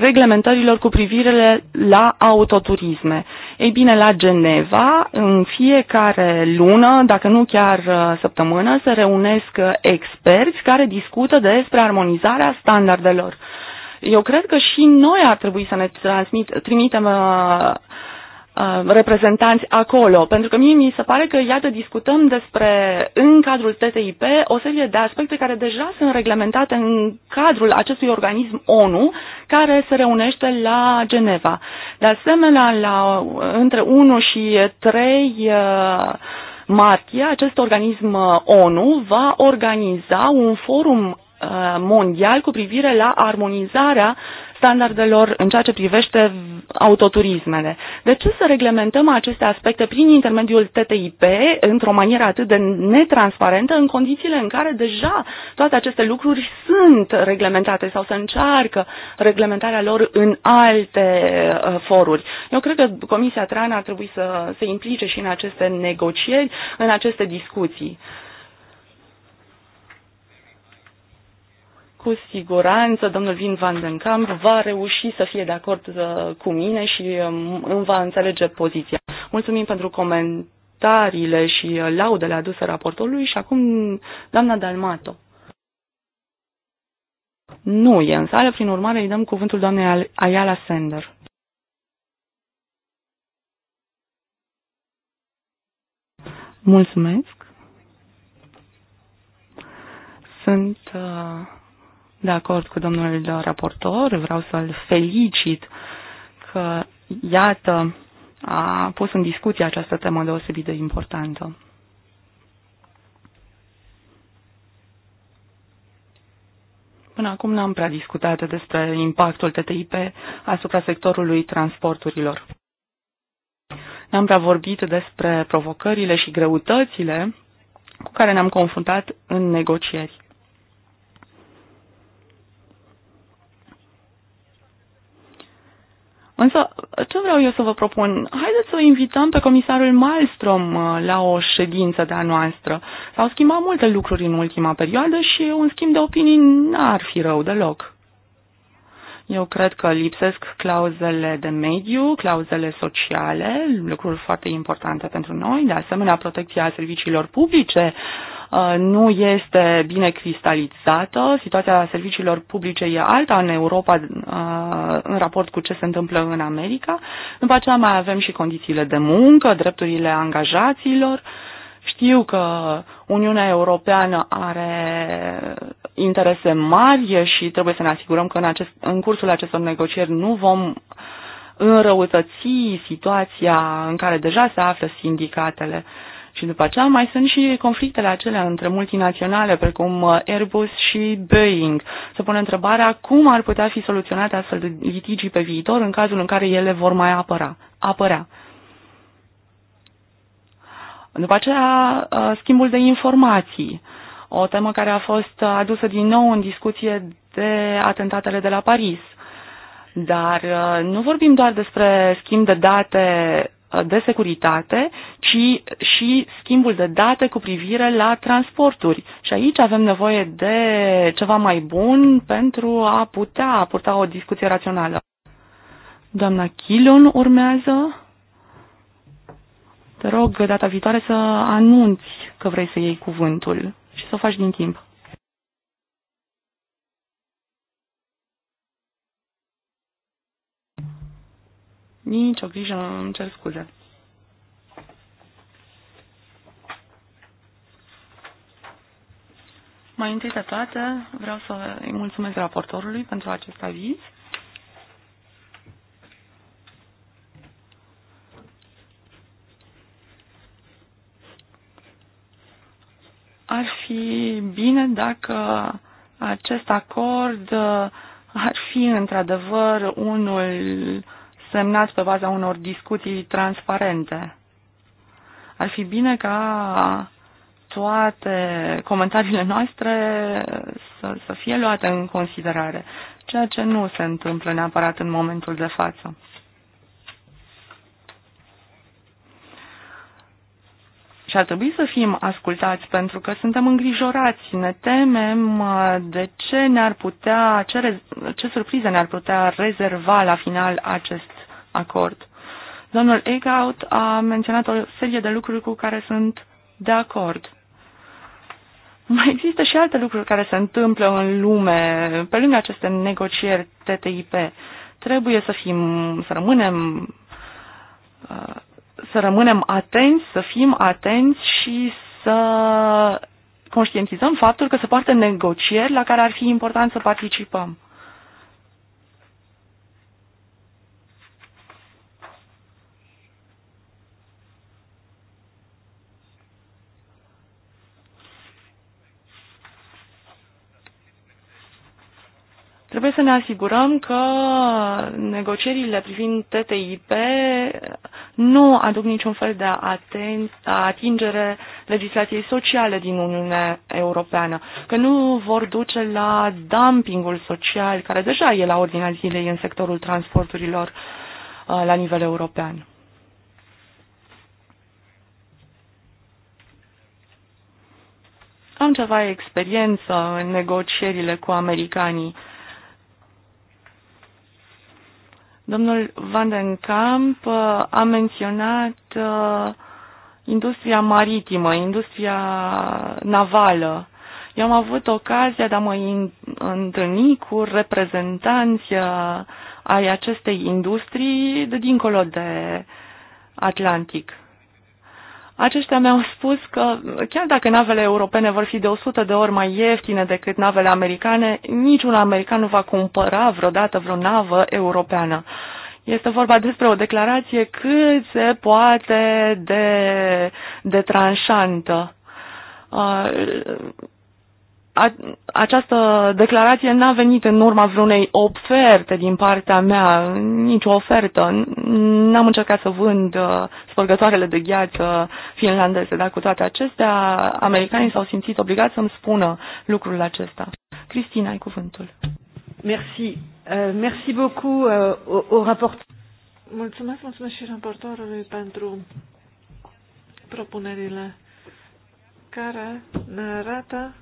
reglementărilor cu privire la autoturisme. Ei bine, la Geneva, în fiecare lună, dacă nu chiar săptămână, se reunesc experți care discută despre armonizarea standardelor. Eu cred că și noi ar trebui să ne transmit, trimitem Uh, reprezentanți acolo, pentru că mie mi se pare că, iată, discutăm despre, în cadrul TTIP, o serie de aspecte care deja sunt reglementate în cadrul acestui organism ONU, care se reunește la Geneva. De asemenea, la, între 1 și 3 uh, martie, acest organism uh, ONU va organiza un forum mondial cu privire la armonizarea standardelor în ceea ce privește autoturismele. De ce să reglementăm aceste aspecte prin intermediul TTIP într-o manieră atât de netransparentă în condițiile în care deja toate aceste lucruri sunt reglementate sau se încearcă reglementarea lor în alte uh, foruri? Eu cred că Comisia Trana ar trebui să se implice și în aceste negocieri, în aceste discuții. cu siguranță domnul Vin van den Kamp va reuși să fie de acord uh, cu mine și um, îmi va înțelege poziția. Mulțumim pentru comentariile și uh, laudele aduse raportorului și acum doamna Dalmato. Nu e în sală, prin urmare îi dăm cuvântul doamnei Ayala Sender. Mulțumesc. Sunt uh, de acord cu domnul raportor, vreau să-l felicit că, iată, a pus în discuție această temă deosebit de importantă. Până acum n-am prea discutat despre impactul TTIP asupra sectorului transporturilor. N-am prea vorbit despre provocările și greutățile cu care ne-am confruntat în negocieri. Însă, ce vreau eu să vă propun? Haideți să o invităm pe comisarul Malmström uh, la o ședință de-a noastră. S-au schimbat multe lucruri în ultima perioadă și un schimb de opinii n-ar fi rău deloc. Eu cred că lipsesc clauzele de mediu, clauzele sociale, lucruri foarte importante pentru noi, de asemenea protecția serviciilor publice, uh, nu este bine cristalizată. Situația serviciilor publice e alta în Europa uh, în raport cu ce se întâmplă în America. După aceea mai avem și condițiile de muncă, drepturile angajaților. Știu că Uniunea Europeană are interese mari și trebuie să ne asigurăm că în, acest, în cursul acestor negocieri nu vom înrăutăți situația în care deja se află sindicatele. Și după aceea mai sunt și conflictele acelea între multinaționale, precum Airbus și Boeing. Se pune întrebarea cum ar putea fi soluționate astfel de litigii pe viitor în cazul în care ele vor mai apăra, apărea. După aceea, uh, schimbul de informații, o temă care a fost uh, adusă din nou în discuție de atentatele de la Paris. Dar uh, nu vorbim doar despre schimb de date de securitate, ci și schimbul de date cu privire la transporturi. Și aici avem nevoie de ceva mai bun pentru a putea purta o discuție rațională. Doamna Chilon urmează. Te rog, data viitoare, să anunți că vrei să iei cuvântul și să o faci din timp. Nici o grijă, îmi cer scuze. Mai întâi de toate, vreau să îi mulțumesc raportorului pentru acest aviz. ar fi bine dacă acest acord uh, ar fi într-adevăr unul semnat pe baza unor discuții transparente. Ar fi bine ca toate comentariile noastre să, să fie luate în considerare, ceea ce nu se întâmplă neapărat în momentul de față. Și ar trebui să fim ascultați pentru că suntem îngrijorați, ne temem uh, de ce ne-ar putea, ce, ce surprize ne-ar putea rezerva la final acest acord. Domnul Egaut a menționat o serie de lucruri cu care sunt de acord. Mai există și alte lucruri care se întâmplă în lume, pe lângă aceste negocieri TTIP. Trebuie să fim, să rămânem uh, să rămânem atenți, să fim atenți și să conștientizăm faptul că se poartă negocieri la care ar fi important să participăm. Trebuie să ne asigurăm că negocierile privind TTIP nu aduc niciun fel de atingere legislației sociale din Uniunea Europeană, că nu vor duce la dumpingul social care deja e la ordinea zilei în sectorul transporturilor uh, la nivel european. Am ceva experiență în negocierile cu americanii Domnul Van den Kamp uh, a menționat uh, industria maritimă, industria navală. Eu am avut ocazia de a mă întâlni cu reprezentanți uh, ai acestei industrii de dincolo de Atlantic aceștia mi-au spus că chiar dacă navele europene vor fi de 100 de ori mai ieftine decât navele americane, niciun american nu va cumpăra vreodată vreo navă europeană. Este vorba despre o declarație cât se poate de, de tranșantă. Uh, a, această declarație n-a venit în urma vreunei oferte din partea mea, nicio ofertă. N-am încercat să vând uh, spărgătoarele de gheață finlandeze, dar cu toate acestea, americanii s-au simțit obligați să-mi spună lucrul acesta. Cristina, ai cuvântul. Merci. Uh, merci beaucoup uh, au, au raport. Mulțumesc, mulțumesc și raportorului pentru propunerile care ne arată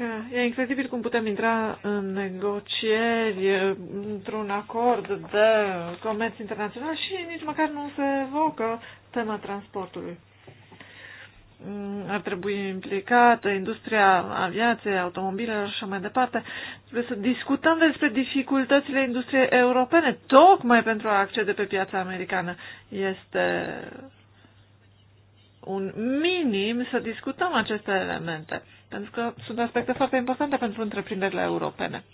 că e incredibil cum putem intra în negocieri, într-un acord de comerț internațional și nici măcar nu se evocă tema transportului. Mm, ar trebui implicată industria aviației, automobilelor și mai departe. Trebuie să discutăm despre dificultățile industriei europene, tocmai pentru a accede pe piața americană. Este un minim să discutăm aceste elemente pentru că sunt aspecte foarte importante pentru întreprinderile europene.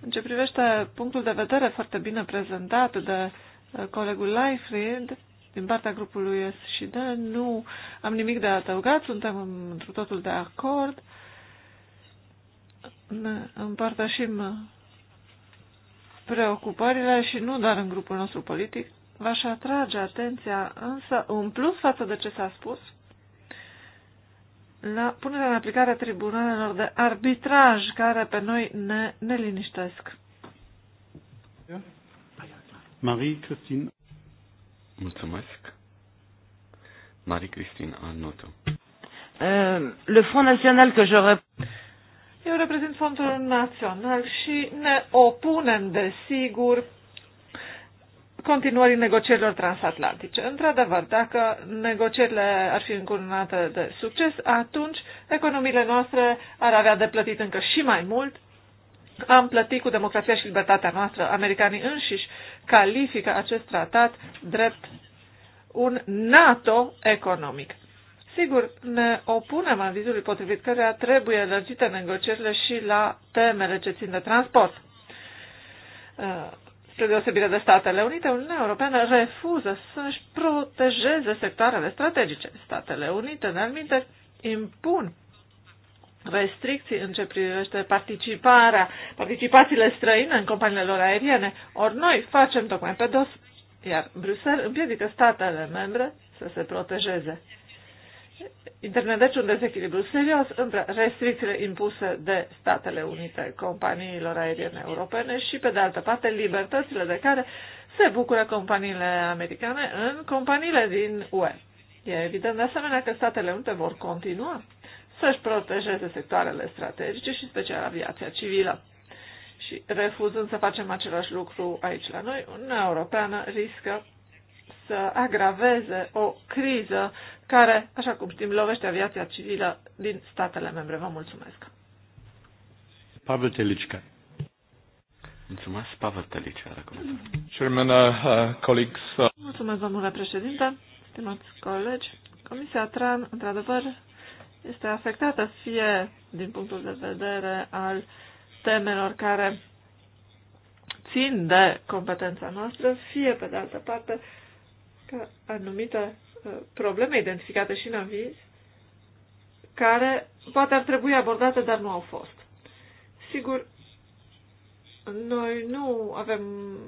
În ce privește punctul de vedere foarte bine prezentat de uh, colegul Leifried, din partea grupului S&D, nu am nimic de adăugat, suntem într totul de acord. Ne împărtășim uh, preocupările și nu doar în grupul nostru politic. V-aș atrage atenția însă, un plus față de ce s-a spus, la punerea în aplicare a tribunalelor de arbitraj care pe noi ne, ne liniștesc. Marie Christine. Mulțumesc. Marie Christine Arnotu. Euh, le Front National că je Eu reprezint Fondul Național și ne opunem, desigur, continuării negocierilor transatlantice. Într-adevăr, dacă negocierile ar fi încurunate de succes, atunci economiile noastre ar avea de plătit încă și mai mult. Am plătit cu democrația și libertatea noastră. Americanii înșiși califică acest tratat drept un NATO economic. Sigur, ne opunem avizului potrivit căreia trebuie lărgite negocierile și la temele ce țin de transport uh, spre deosebire de Statele Unite, Uniunea Europeană refuză să-și protejeze sectoarele strategice. Statele Unite, în anumite, impun restricții în ce privește participarea, participațiile străine în companiile lor aeriene, ori noi facem tocmai pe dos, iar Bruxelles împiedică statele membre să se protejeze. Internetul deci un dezechilibru serios între restricțiile impuse de Statele Unite companiilor aeriene europene și, pe de altă parte, libertățile de care se bucură companiile americane în companiile din UE. E evident de asemenea că Statele Unite vor continua să-și protejeze sectoarele strategice și special aviația civilă. Și refuzând să facem același lucru aici la noi, Uniunea Europeană riscă să agraveze o criză care, așa cum știm, lovește aviația civilă din statele membre. Vă mulțumesc. Pavel Telicca. Mulțumesc, Pavel Telicca. Chairman, uh, uh colleagues. Uh, mulțumesc, domnule președinte, stimați colegi. Comisia TRAN, într-adevăr, este afectată fie din punctul de vedere al temelor care țin de competența noastră, fie, pe de altă parte, că anumite Uh, probleme identificate și în aviz, care poate ar trebui abordate, dar nu au fost. Sigur, noi nu avem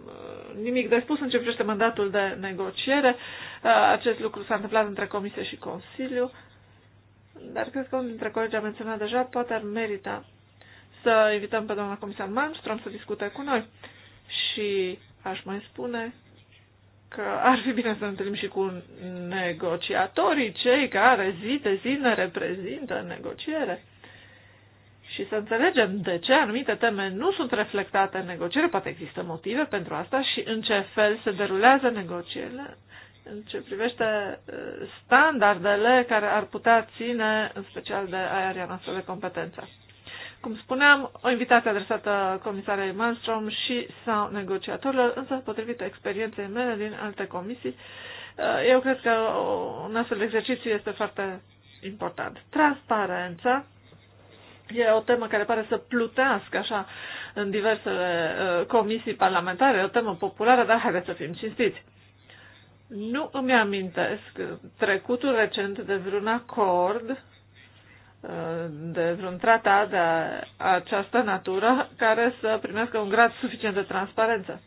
uh, nimic de spus în ce privește mandatul de negociere. Uh, acest lucru s-a întâmplat între Comisie și Consiliu, dar cred că unul dintre colegi a menționat deja, poate ar merita să invităm pe doamna comisar Malmström să discute cu noi. Și aș mai spune că ar fi bine să ne întâlnim și cu negociatorii, cei care zi de zi ne reprezintă în negociere și să înțelegem de ce anumite teme nu sunt reflectate în negociere, poate există motive pentru asta și în ce fel se derulează negocierile, în ce privește uh, standardele care ar putea ține în special de aerea noastră de competență. Cum spuneam, o invitație adresată comisarei Malmström și sau negociatorilor, însă potrivit experienței mele din alte comisii, eh, eu cred că un astfel de exercițiu este foarte important. Transparența e o temă care pare să plutească așa în diversele eh, comisii parlamentare, e o temă populară, dar haideți să fim cinstiți. Nu îmi amintesc trecutul recent de vreun acord de vreun tratat de această natură care să primească un grad suficient de transparență.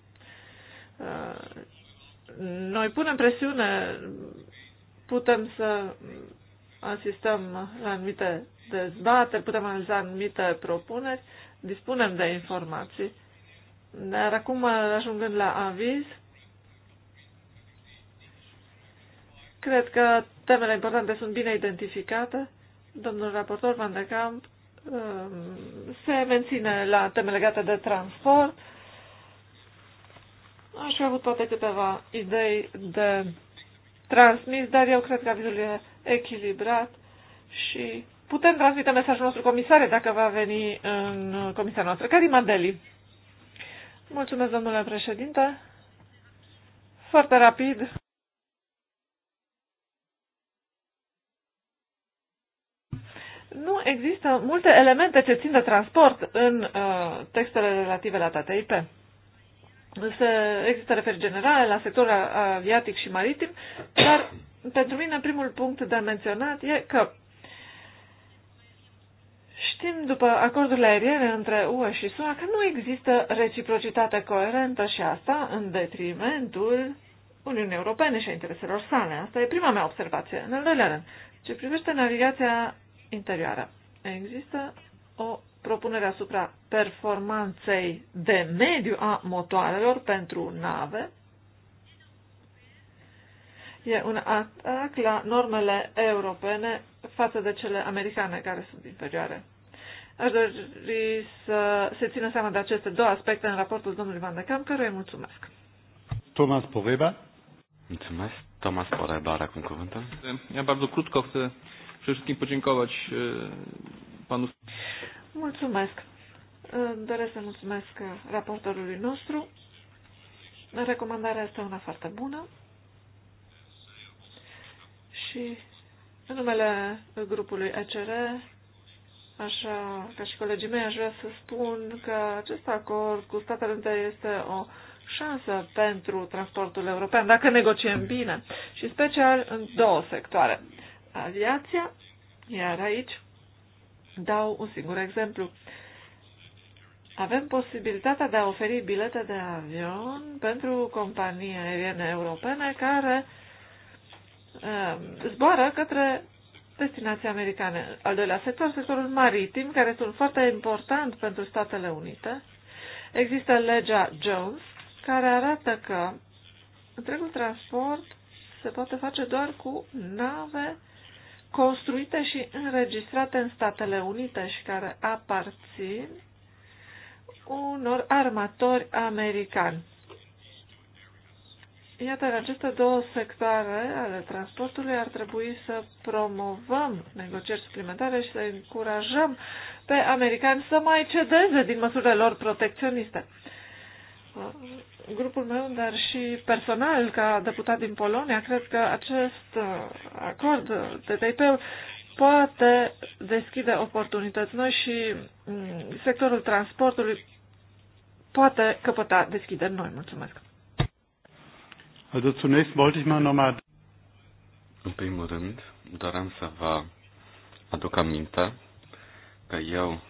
Noi punem presiune, putem să asistăm la anumite dezbateri, putem analiza anumite propuneri, dispunem de informații. Dar acum, ajungând la aviz, cred că temele importante sunt bine identificate Domnul raportor Van de Camp um, se menține la teme legate de transport. Aș fi avut poate câteva idei de transmis, dar eu cred că avizul e echilibrat și putem transmite mesajul nostru comisare dacă va veni în comisia noastră. Karima Deli. Mulțumesc, domnule președinte. Foarte rapid, Nu există multe elemente ce țin de transport în uh, textele relative la TTIP. Se, există referi generale la sectorul aviatic și maritim, dar pentru mine primul punct de menționat e că știm după acordurile aeriene între UE și SUA că nu există reciprocitate coerentă și asta în detrimentul Uniunii Europene și a intereselor sale. Asta e prima mea observație. În al doilea rând, ce privește navigația interioară. Există o propunere asupra performanței de mediu a motoarelor pentru nave. E un atac la normele europene față de cele americane, care sunt inferioare. Aș dori să se țină seama de aceste două aspecte în raportul domnului Van de Cam, căruia îi mulțumesc. Thomas Poveba. Mulțumesc. Thomas Poveba, are acum cuvântul. Ja bardzo krótko chcę przede wszystkim podziękować panu. Mulțumesc. Doresc să mulțumesc raportorului nostru. Recomandarea este una foarte bună și în numele grupului ECR, așa ca și colegii mei, aș vrea să spun că acest acord cu Statele Unite este o șansă pentru transportul european, dacă negociem bine, și special în două sectoare aviația, iar aici dau un singur exemplu. Avem posibilitatea de a oferi bilete de avion pentru companii aeriene europene care um, zboară către destinații americane. Al doilea sector, sectorul maritim, care este un foarte important pentru Statele Unite. Există legea Jones, care arată că întregul transport se poate face doar cu nave construite și înregistrate în Statele Unite și care aparțin unor armatori americani. Iată, în aceste două sectoare ale transportului ar trebui să promovăm negocieri suplimentare și să încurajăm pe americani să mai cedeze din măsurile lor protecționiste grupul meu, dar și personal, ca deputat din Polonia, cred că acest uh, acord de TTIP poate deschide oportunități noi și mm, sectorul transportului poate căpăta deschideri noi. Mulțumesc! Also zunächst wollte ich mal nochmal... În primul rând, doream să vă aduc aminte că eu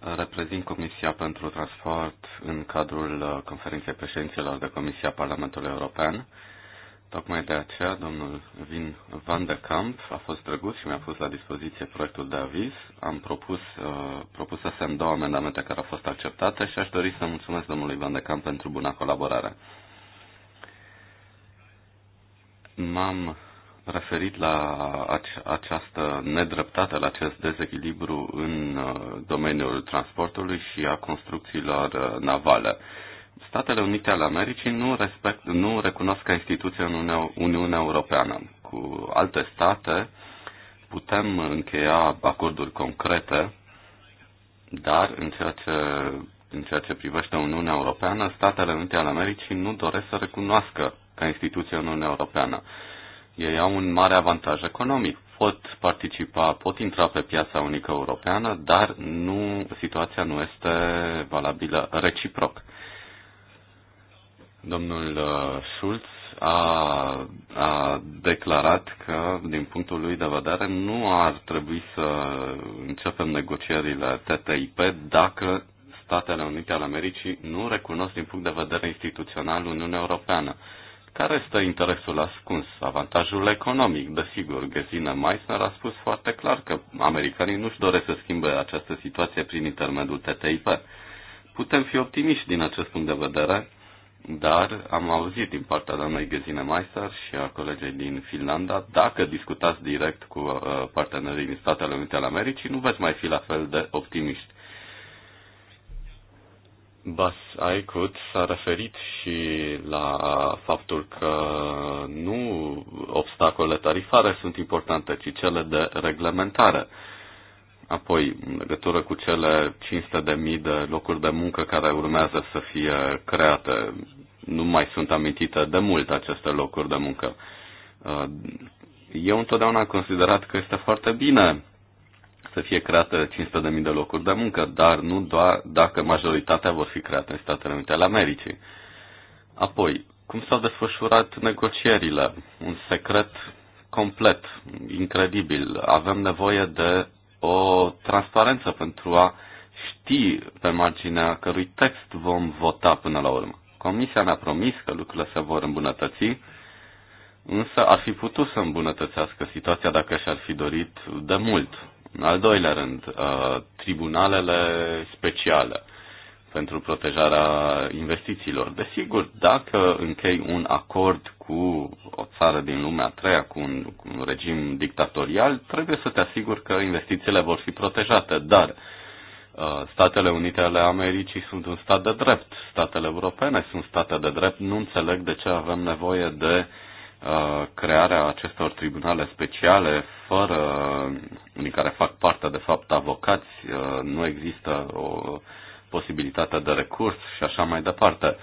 reprezint Comisia pentru Transport în cadrul uh, conferinței președinților de Comisia Parlamentului European. Tocmai de aceea, domnul Vin Van de Camp a fost drăguț și mi-a pus la dispoziție proiectul de aviz. Am propus, uh, semn două amendamente care au fost acceptate și aș dori să mulțumesc domnului Van de Camp pentru buna colaborare. M-am referit la această nedreptate, la acest dezechilibru în uh, domeniul transportului și a construcțiilor uh, navale. Statele Unite ale Americii nu, respect, nu recunosc ca instituție în Uniunea, Europeană. Cu alte state putem încheia acorduri concrete, dar în ceea ce, în ceea ce privește Uniunea Europeană, Statele Unite ale Americii nu doresc să recunoască ca instituție în Uniunea Europeană. Ei au un mare avantaj economic. Pot participa, pot intra pe piața unică europeană, dar nu, situația nu este valabilă reciproc. Domnul uh, Schulz a, a declarat că, din punctul lui de vedere, nu ar trebui să începem negocierile TTIP dacă Statele Unite ale Americii nu recunosc din punct de vedere instituțional Uniunea Europeană. Care este interesul ascuns? Avantajul economic, desigur. Gesine Meissner a spus foarte clar că americanii nu-și doresc să schimbe această situație prin intermediul TTIP. Putem fi optimiști din acest punct de vedere, dar am auzit din partea doamnei Gesine Meissner și a colegei din Finlanda, dacă discutați direct cu uh, partenerii din Statele Unite ale Americii, nu veți mai fi la fel de optimiști. Bas Aikut s-a referit și la faptul că nu obstacole tarifare sunt importante, ci cele de reglementare. Apoi, în legătură cu cele 500.000 de locuri de muncă care urmează să fie create, nu mai sunt amintite de mult aceste locuri de muncă. Uh, eu întotdeauna am considerat că este foarte bine să fie creată 500.000 de locuri de muncă, dar nu doar dacă majoritatea vor fi create în Statele Unite ale Americii. Apoi, cum s-au desfășurat negocierile? Un secret complet, incredibil. Avem nevoie de o transparență pentru a ști pe marginea cărui text vom vota până la urmă. Comisia ne-a promis că lucrurile se vor îmbunătăți, însă ar fi putut să îmbunătățească situația dacă și-ar fi dorit de mult. În al doilea rând, uh, tribunalele speciale pentru protejarea investițiilor. Desigur, dacă închei un acord cu o țară din lumea a treia, cu un, cu un regim dictatorial, trebuie să te asiguri că investițiile vor fi protejate, dar uh, Statele Unite ale Americii sunt un stat de drept, statele europene sunt state de drept, nu înțeleg de ce avem nevoie de uh, Uh, crearea acestor tribunale speciale fără din care fac parte de fapt avocați, uh, nu există o posibilitate de recurs și așa mai departe.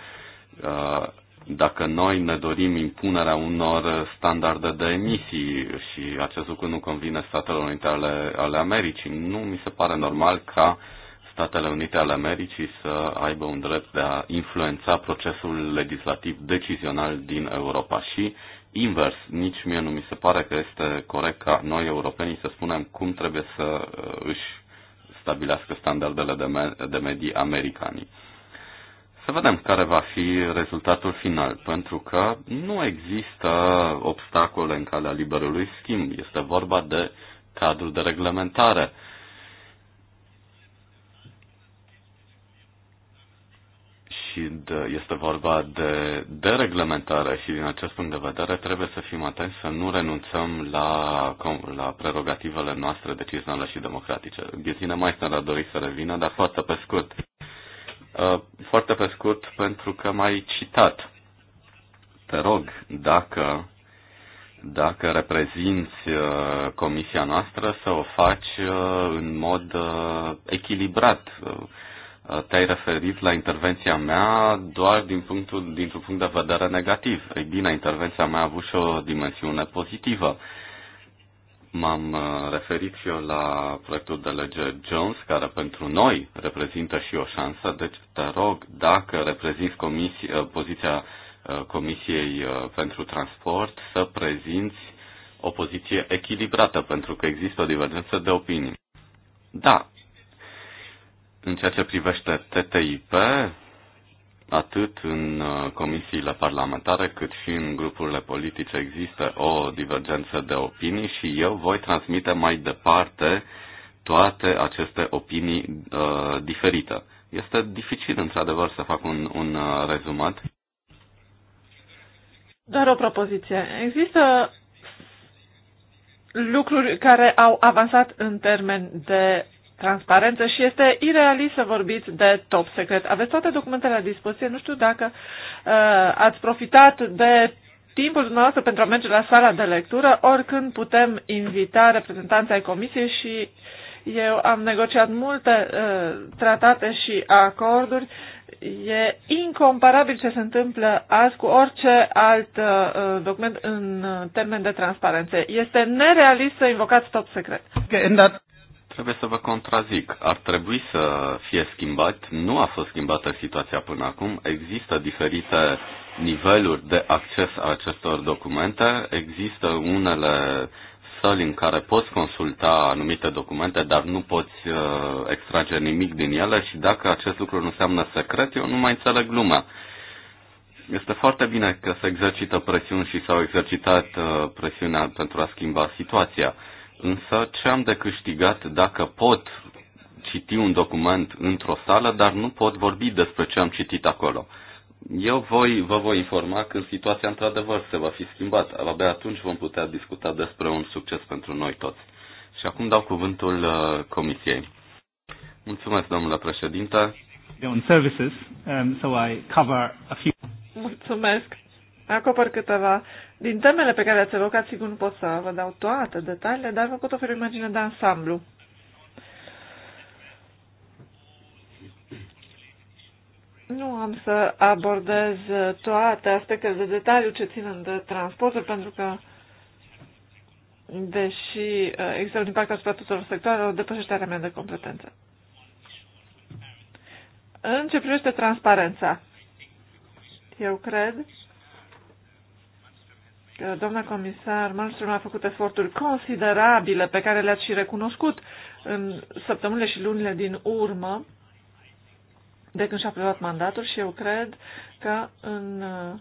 Uh, dacă noi ne dorim impunerea unor standarde de emisii și acest lucru nu convine Statelor Unite ale, ale Americii, nu mi se pare normal ca Statele Unite ale Americii să aibă un drept de a influența procesul legislativ decizional din Europa și invers. Nici mie nu mi se pare că este corect ca noi europenii să spunem cum trebuie să uh, își stabilească standardele de, me- de medii americanii. Să vedem care va fi rezultatul final, pentru că nu există obstacole în calea liberului schimb. Este vorba de cadru de reglementare și de, este vorba de dereglementare și din acest punct de vedere trebuie să fim atenți să nu renunțăm la, la prerogativele noastre decizionale și democratice. Ghezine Meissner a dorit să revină, dar foarte pe scurt. Uh, foarte pe scurt, pentru că m-ai citat. Te rog, dacă dacă reprezinți uh, comisia noastră, să o faci uh, în mod echilibrat. Uh, te-ai referit la intervenția mea doar din punctul, dintr-un punct de vedere negativ. Ei bine, intervenția mea a avut și o dimensiune pozitivă. M-am uh, referit și eu la proiectul de lege Jones, care pentru noi reprezintă și o șansă, deci te rog, dacă reprezinți comisie, uh, poziția Comisiei pentru Transport, să prezinți o poziție echilibrată, pentru că există o divergență de opinii. Da, în ceea ce privește TTIP, atât în uh, comisiile parlamentare cât și în grupurile politice există o divergență de opinii și eu voi transmite mai departe toate aceste opinii uh, diferite. Este dificil, într-adevăr, să fac un, un uh, rezumat. Doar o propoziție. Există lucruri care au avansat în termen de transparență și este irealist să vorbiți de top secret. Aveți toate documentele la dispoziție, nu știu dacă uh, ați profitat de timpul dumneavoastră pentru a merge la sala de lectură, oricând putem invita reprezentanții ai comisiei și eu am negociat multe uh, tratate și acorduri. E incomparabil ce se întâmplă azi cu orice alt uh, document în uh, termen de transparență. Este nerealist să invocați top secret. Okay, Trebuie să vă contrazic. Ar trebui să fie schimbat. Nu a fost schimbată situația până acum. Există diferite niveluri de acces a acestor documente. Există unele săli în care poți consulta anumite documente, dar nu poți uh, extrage nimic din ele și dacă acest lucru nu înseamnă secret, eu nu mai înțeleg lumea. Este foarte bine că se exercită presiuni și s-au exercitat uh, presiunea pentru a schimba situația. Uh, Însă ce am de câștigat dacă pot citi un document într-o sală, dar nu pot vorbi despre ce am citit acolo? Eu voi, vă voi informa când situația într-adevăr se va fi schimbat. Abia atunci vom putea discuta despre un succes pentru noi toți. Și acum dau cuvântul uh, Comisiei. Mulțumesc, domnule președinte. Services, um, so I cover a few... Mulțumesc. Acopăr câteva din temele pe care le-ați evocat, sigur nu pot să vă dau toate detaliile, dar vă pot oferi o imagine de ansamblu. Nu am să abordez toate aspectele de detaliu ce țin de transportul, pentru că, deși uh, există un impact asupra tuturor sectoarelor, depășește are mea de competență. În ce privește transparența, eu cred doamna comisar Malmström a făcut eforturi considerabile pe care le-ați și recunoscut în săptămânile și lunile din urmă de când și-a preluat mandatul și eu cred că în uh,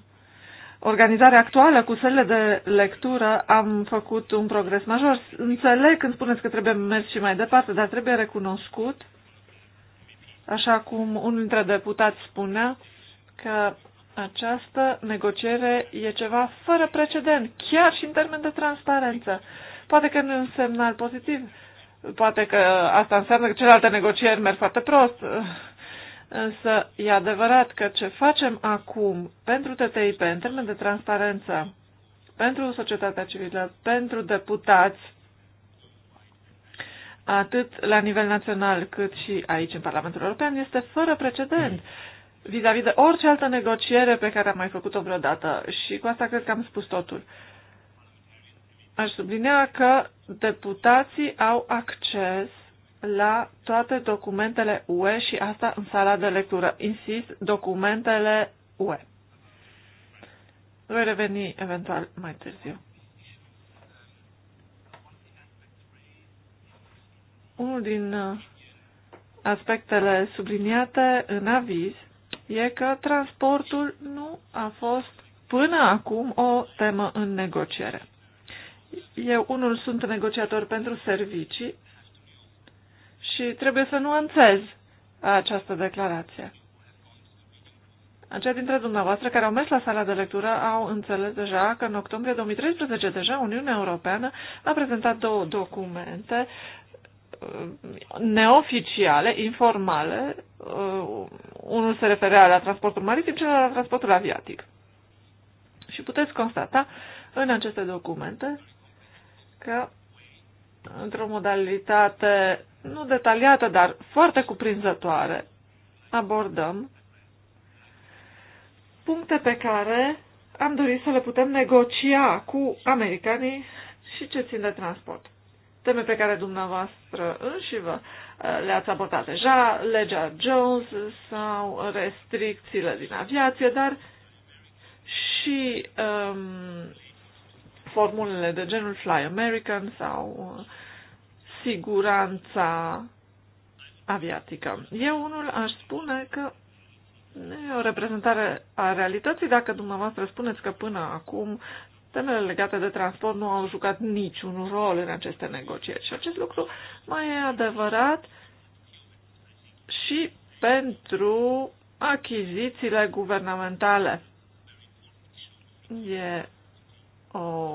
organizarea actuală cu sălile de lectură am făcut un progres major. Înțeleg când spuneți că trebuie mers și mai departe, dar trebuie recunoscut, așa cum unul dintre deputați spunea, că această negociere e ceva fără precedent, chiar și în termen de transparență. Poate că nu e un semnal pozitiv, poate că asta înseamnă că celelalte negocieri merg foarte prost, însă e adevărat că ce facem acum pentru TTIP, în termen de transparență, pentru societatea civilă, pentru deputați, atât la nivel național cât și aici în Parlamentul European, este fără precedent vis-a-vis -vis de orice altă negociere pe care am mai făcut-o vreodată. Și cu asta cred că am spus totul. Aș sublinea că deputații au acces la toate documentele UE și asta în sala de lectură. Insist, documentele UE. Voi reveni eventual mai târziu. Unul din uh, aspectele subliniate în aviz e că transportul nu a fost până acum o temă în negociere. Eu unul sunt negociator pentru servicii și trebuie să nuanțez această declarație. Aceia dintre dumneavoastră care au mers la sala de lectură au înțeles deja că în octombrie 2013 deja Uniunea Europeană a prezentat două documente neoficiale, informale. Uh, unul se referea la transportul maritim, celălalt la transportul aviatic. Și puteți constata în aceste documente că într-o modalitate nu detaliată, dar foarte cuprinzătoare, abordăm puncte pe care am dorit să le putem negocia cu americanii și ce țin de transport teme pe care dumneavoastră înși vă uh, le-ați abordat deja, legea Jones sau restricțiile din aviație, dar și um, formulele de genul Fly American sau uh, siguranța aviatică. Eu unul aș spune că nu e o reprezentare a realității dacă dumneavoastră spuneți că până acum Temele legate de transport nu au jucat niciun rol în aceste negocieri și acest lucru mai e adevărat și pentru achizițiile guvernamentale. E o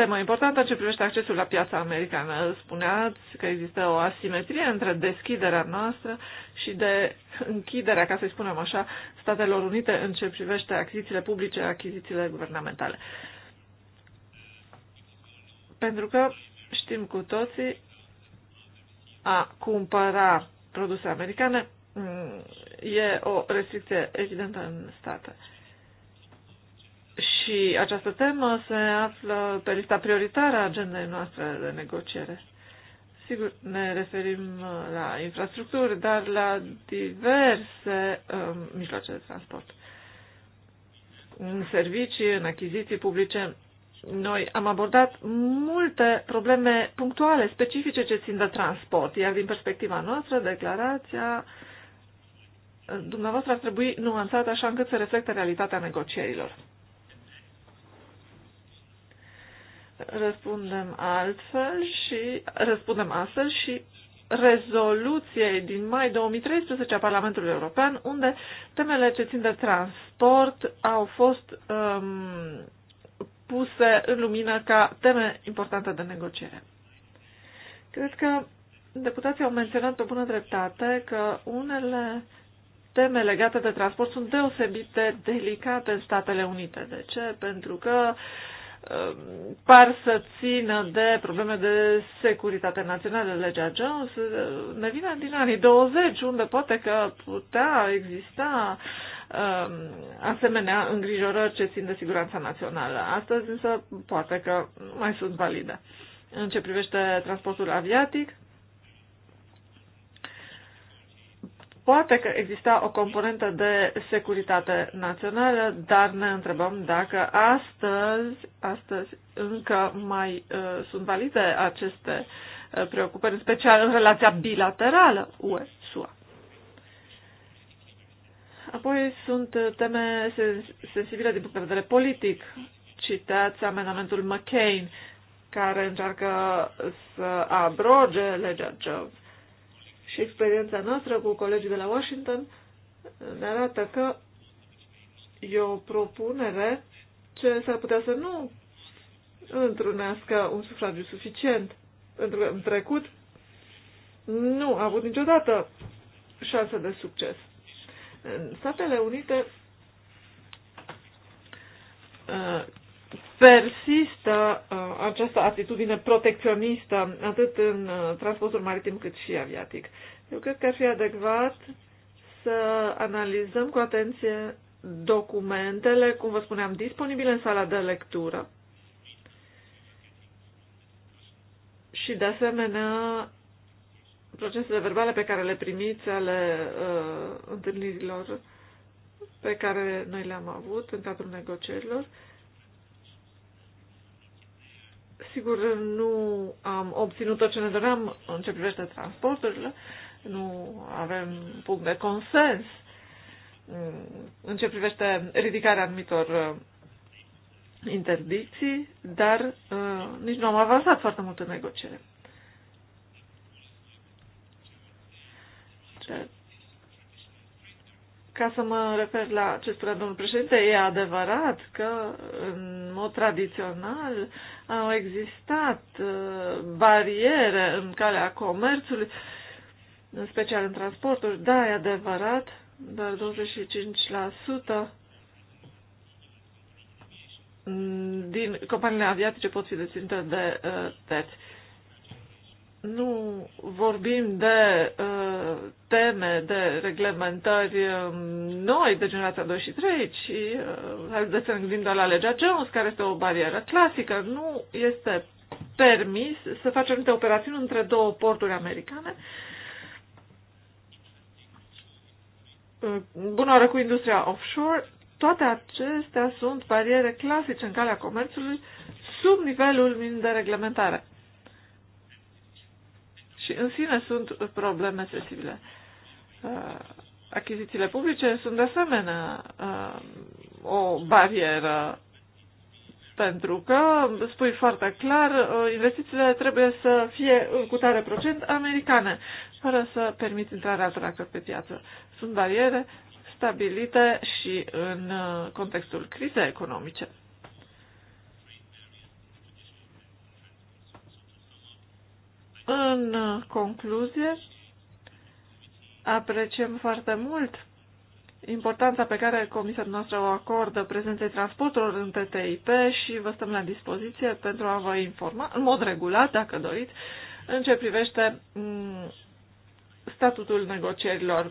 tema importantă ce privește accesul la piața americană. Spuneați că există o asimetrie între deschiderea noastră și de închiderea, ca să spunem așa, Statelor Unite în ce privește achizițiile publice, achizițiile guvernamentale. Pentru că știm cu toții a cumpăra produse americane mm, e o restricție evidentă în state. Uh, și această temă se află pe lista prioritară a agendei noastre de negociere. Sigur, ne referim uh, la infrastructuri, dar la diverse um, mijloace de transport. În servicii, în achiziții publice, noi am abordat multe probleme punctuale, specifice ce țin de transport, iar din perspectiva noastră, declarația uh, dumneavoastră ar trebui nuanțată așa încât să reflecte realitatea negocierilor. răspundem altfel și răspundem astfel și rezoluției din mai 2013 a Parlamentului European, unde temele ce țin de transport au fost um, puse în lumină ca teme importante de negociere. Cred că deputații au menționat pe bună dreptate că unele teme legate de transport sunt deosebit de delicate în Statele Unite. De ce? Pentru că uh, Um, par să țină de probleme de securitate națională. Legea Jones uh, ne vine din anii 20, unde poate că putea exista um, asemenea îngrijorări ce țin de siguranța națională. Astăzi însă poate că nu mai sunt valide. În ce privește transportul aviatic, Poate că exista o componentă de securitate națională, dar ne întrebăm dacă astăzi, astăzi încă mai uh, sunt valide aceste uh, preocupări, în special în relația bilaterală UE-SUA. Apoi sunt teme sensibile din punct de vedere politic. Citați amendamentul McCain, care încearcă să abroge legea Jones și experiența noastră cu colegii de la Washington ne arată că e o propunere ce s-ar putea să nu întrunească un sufragiu suficient. Pentru că în trecut nu a avut niciodată șansă de succes. În Statele Unite uh, persistă uh, această atitudine protecționistă, atât în uh, transportul maritim cât și aviatic. Eu cred că ar fi adecvat să analizăm cu atenție documentele, cum vă spuneam, disponibile în sala de lectură și, de asemenea, procesele verbale pe care le primiți ale uh, întâlnirilor pe care noi le-am avut în cadrul negocierilor Sigur, nu am obținut tot ce ne doream în ce privește transporturile, nu avem punct de consens mm, în ce privește ridicarea anumitor uh, interdicții, dar uh, nici nu am avansat foarte mult în negociere. Ca să mă refer la ce spunea domnul președinte, e adevărat că în mod tradițional au existat uh, bariere în calea comerțului, în special în transporturi. Da, e adevărat, dar 25% din companiile aviatice pot fi deținute de uh, terți nu vorbim de uh, teme, de reglementări uh, noi de generația 2 și 3, ci uh, să ne gândim doar la legea Jones, care este o barieră clasică. Nu este permis să facem anumite operațiuni între două porturi americane. Uh, bună oară cu industria offshore. Toate acestea sunt bariere clasice în calea comerțului sub nivelul minim de reglementare și în sine sunt probleme sensibile. Uh, achizițiile publice sunt de asemenea uh, o barieră pentru că, spui foarte clar, uh, investițiile trebuie să fie cu tare procent americane, fără să permiți intrarea altor actori pe piață. Sunt bariere stabilite și în contextul crizei economice. În concluzie, apreciem foarte mult importanța pe care comisia noastră o acordă prezenței transporturilor în TTIP și vă stăm la dispoziție pentru a vă informa în mod regulat, dacă doriți, în ce privește mm, statutul negocierilor.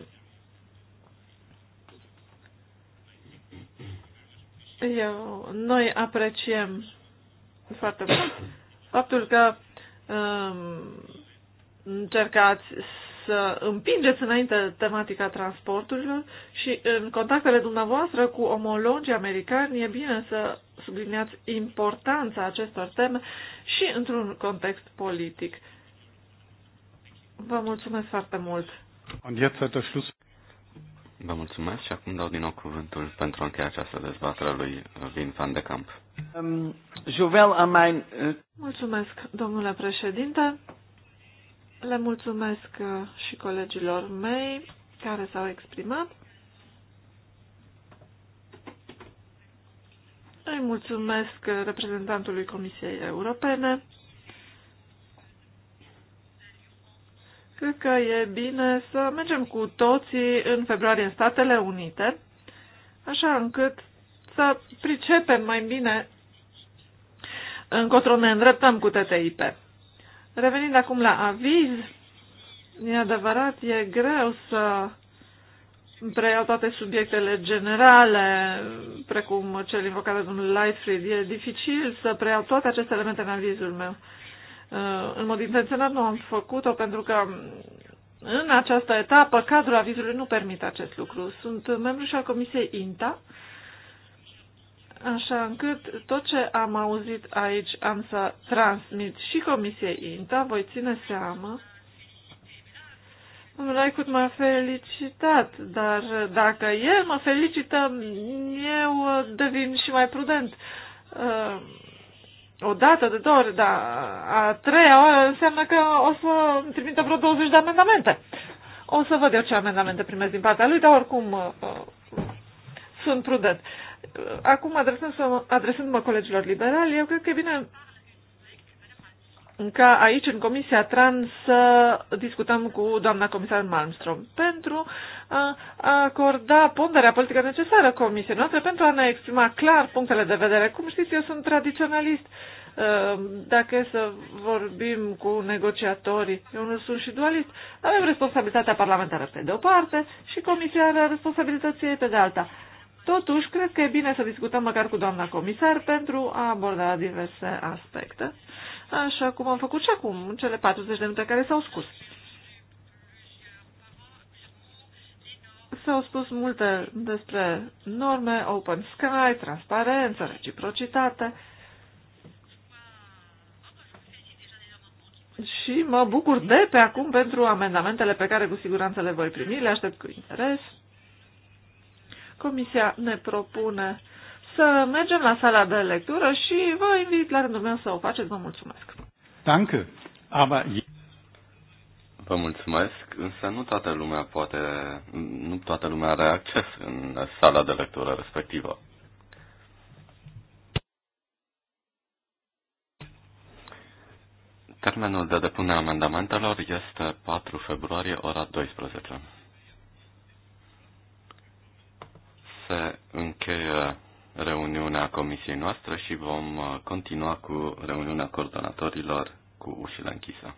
Eu, noi apreciem foarte mult faptul că încercați să împingeți înainte tematica transporturilor și în contactele dumneavoastră cu omologii americani e bine să subliniați importanța acestor teme și într-un context politic. Vă mulțumesc foarte mult! Vă mulțumesc și acum dau din nou cuvântul pentru a încheia această dezbatere lui Vin van de Camp. Ehm, eh, mulțumesc, domnule președinte. Le mulțumesc eh, și colegilor mei care s-au exprimat. Îi mulțumesc eh, reprezentantului Comisiei Europene Cred că e bine să mergem cu toții în februarie în Statele Unite, așa încât să pricepem mai bine încotro ne îndreptăm cu TTIP. Revenind acum la aviz, e adevărat, e greu să preiau toate subiectele generale, precum cel invocat de domnul Lightfried. E dificil să preiau toate aceste elemente în avizul meu. În mod intenționat nu am făcut-o pentru că în această etapă cadrul avizului nu permite acest lucru. Sunt membru și al Comisiei INTA, așa încât tot ce am auzit aici am să transmit și Comisiei INTA, voi ține seama. Un Raicut m-a felicitat, dar dacă el mă felicită, eu devin și mai prudent. Uh, o dată, de două ori, dar a treia oară înseamnă că o să trimită vreo 20 de amendamente. O să văd eu ce amendamente primesc din partea lui, dar oricum uh, sunt prudent. Acum, adresând-mă colegilor liberali, eu cred că e bine ca aici, în Comisia Trans, să discutăm cu doamna comisar Malmström pentru a acorda ponderea politică necesară Comisiei noastre, pentru a ne exprima clar punctele de vedere. Cum știți, eu sunt tradiționalist. Ehm, dacă e să vorbim cu negociatorii, eu nu sunt și dualist, avem responsabilitatea parlamentară pe de o parte și Comisia are responsabilitatea pe de alta. Totuși, cred că e bine să discutăm măcar cu doamna comisar pentru a aborda diverse aspecte așa cum am făcut și acum, cele 40 de minute care s-au scurs. S-au spus multe despre norme, open sky, transparență, reciprocitate. Și mă bucur de pe acum pentru amendamentele pe care cu siguranță le voi primi, le aștept cu interes. Comisia ne propune uh, să mergem la sala de lectură și vă invit la rândul meu să o faceți. Vă mulțumesc. Danke. Aber... Vă mulțumesc, însă nu toată lumea poate, nu toată lumea are acces în sala de lectură respectivă. Termenul de depunere a amendamentelor este 4 februarie, ora 12. Se încheie reuniunea comisiei noastre și vom uh, continua cu reuniunea coordonatorilor cu ușile închise.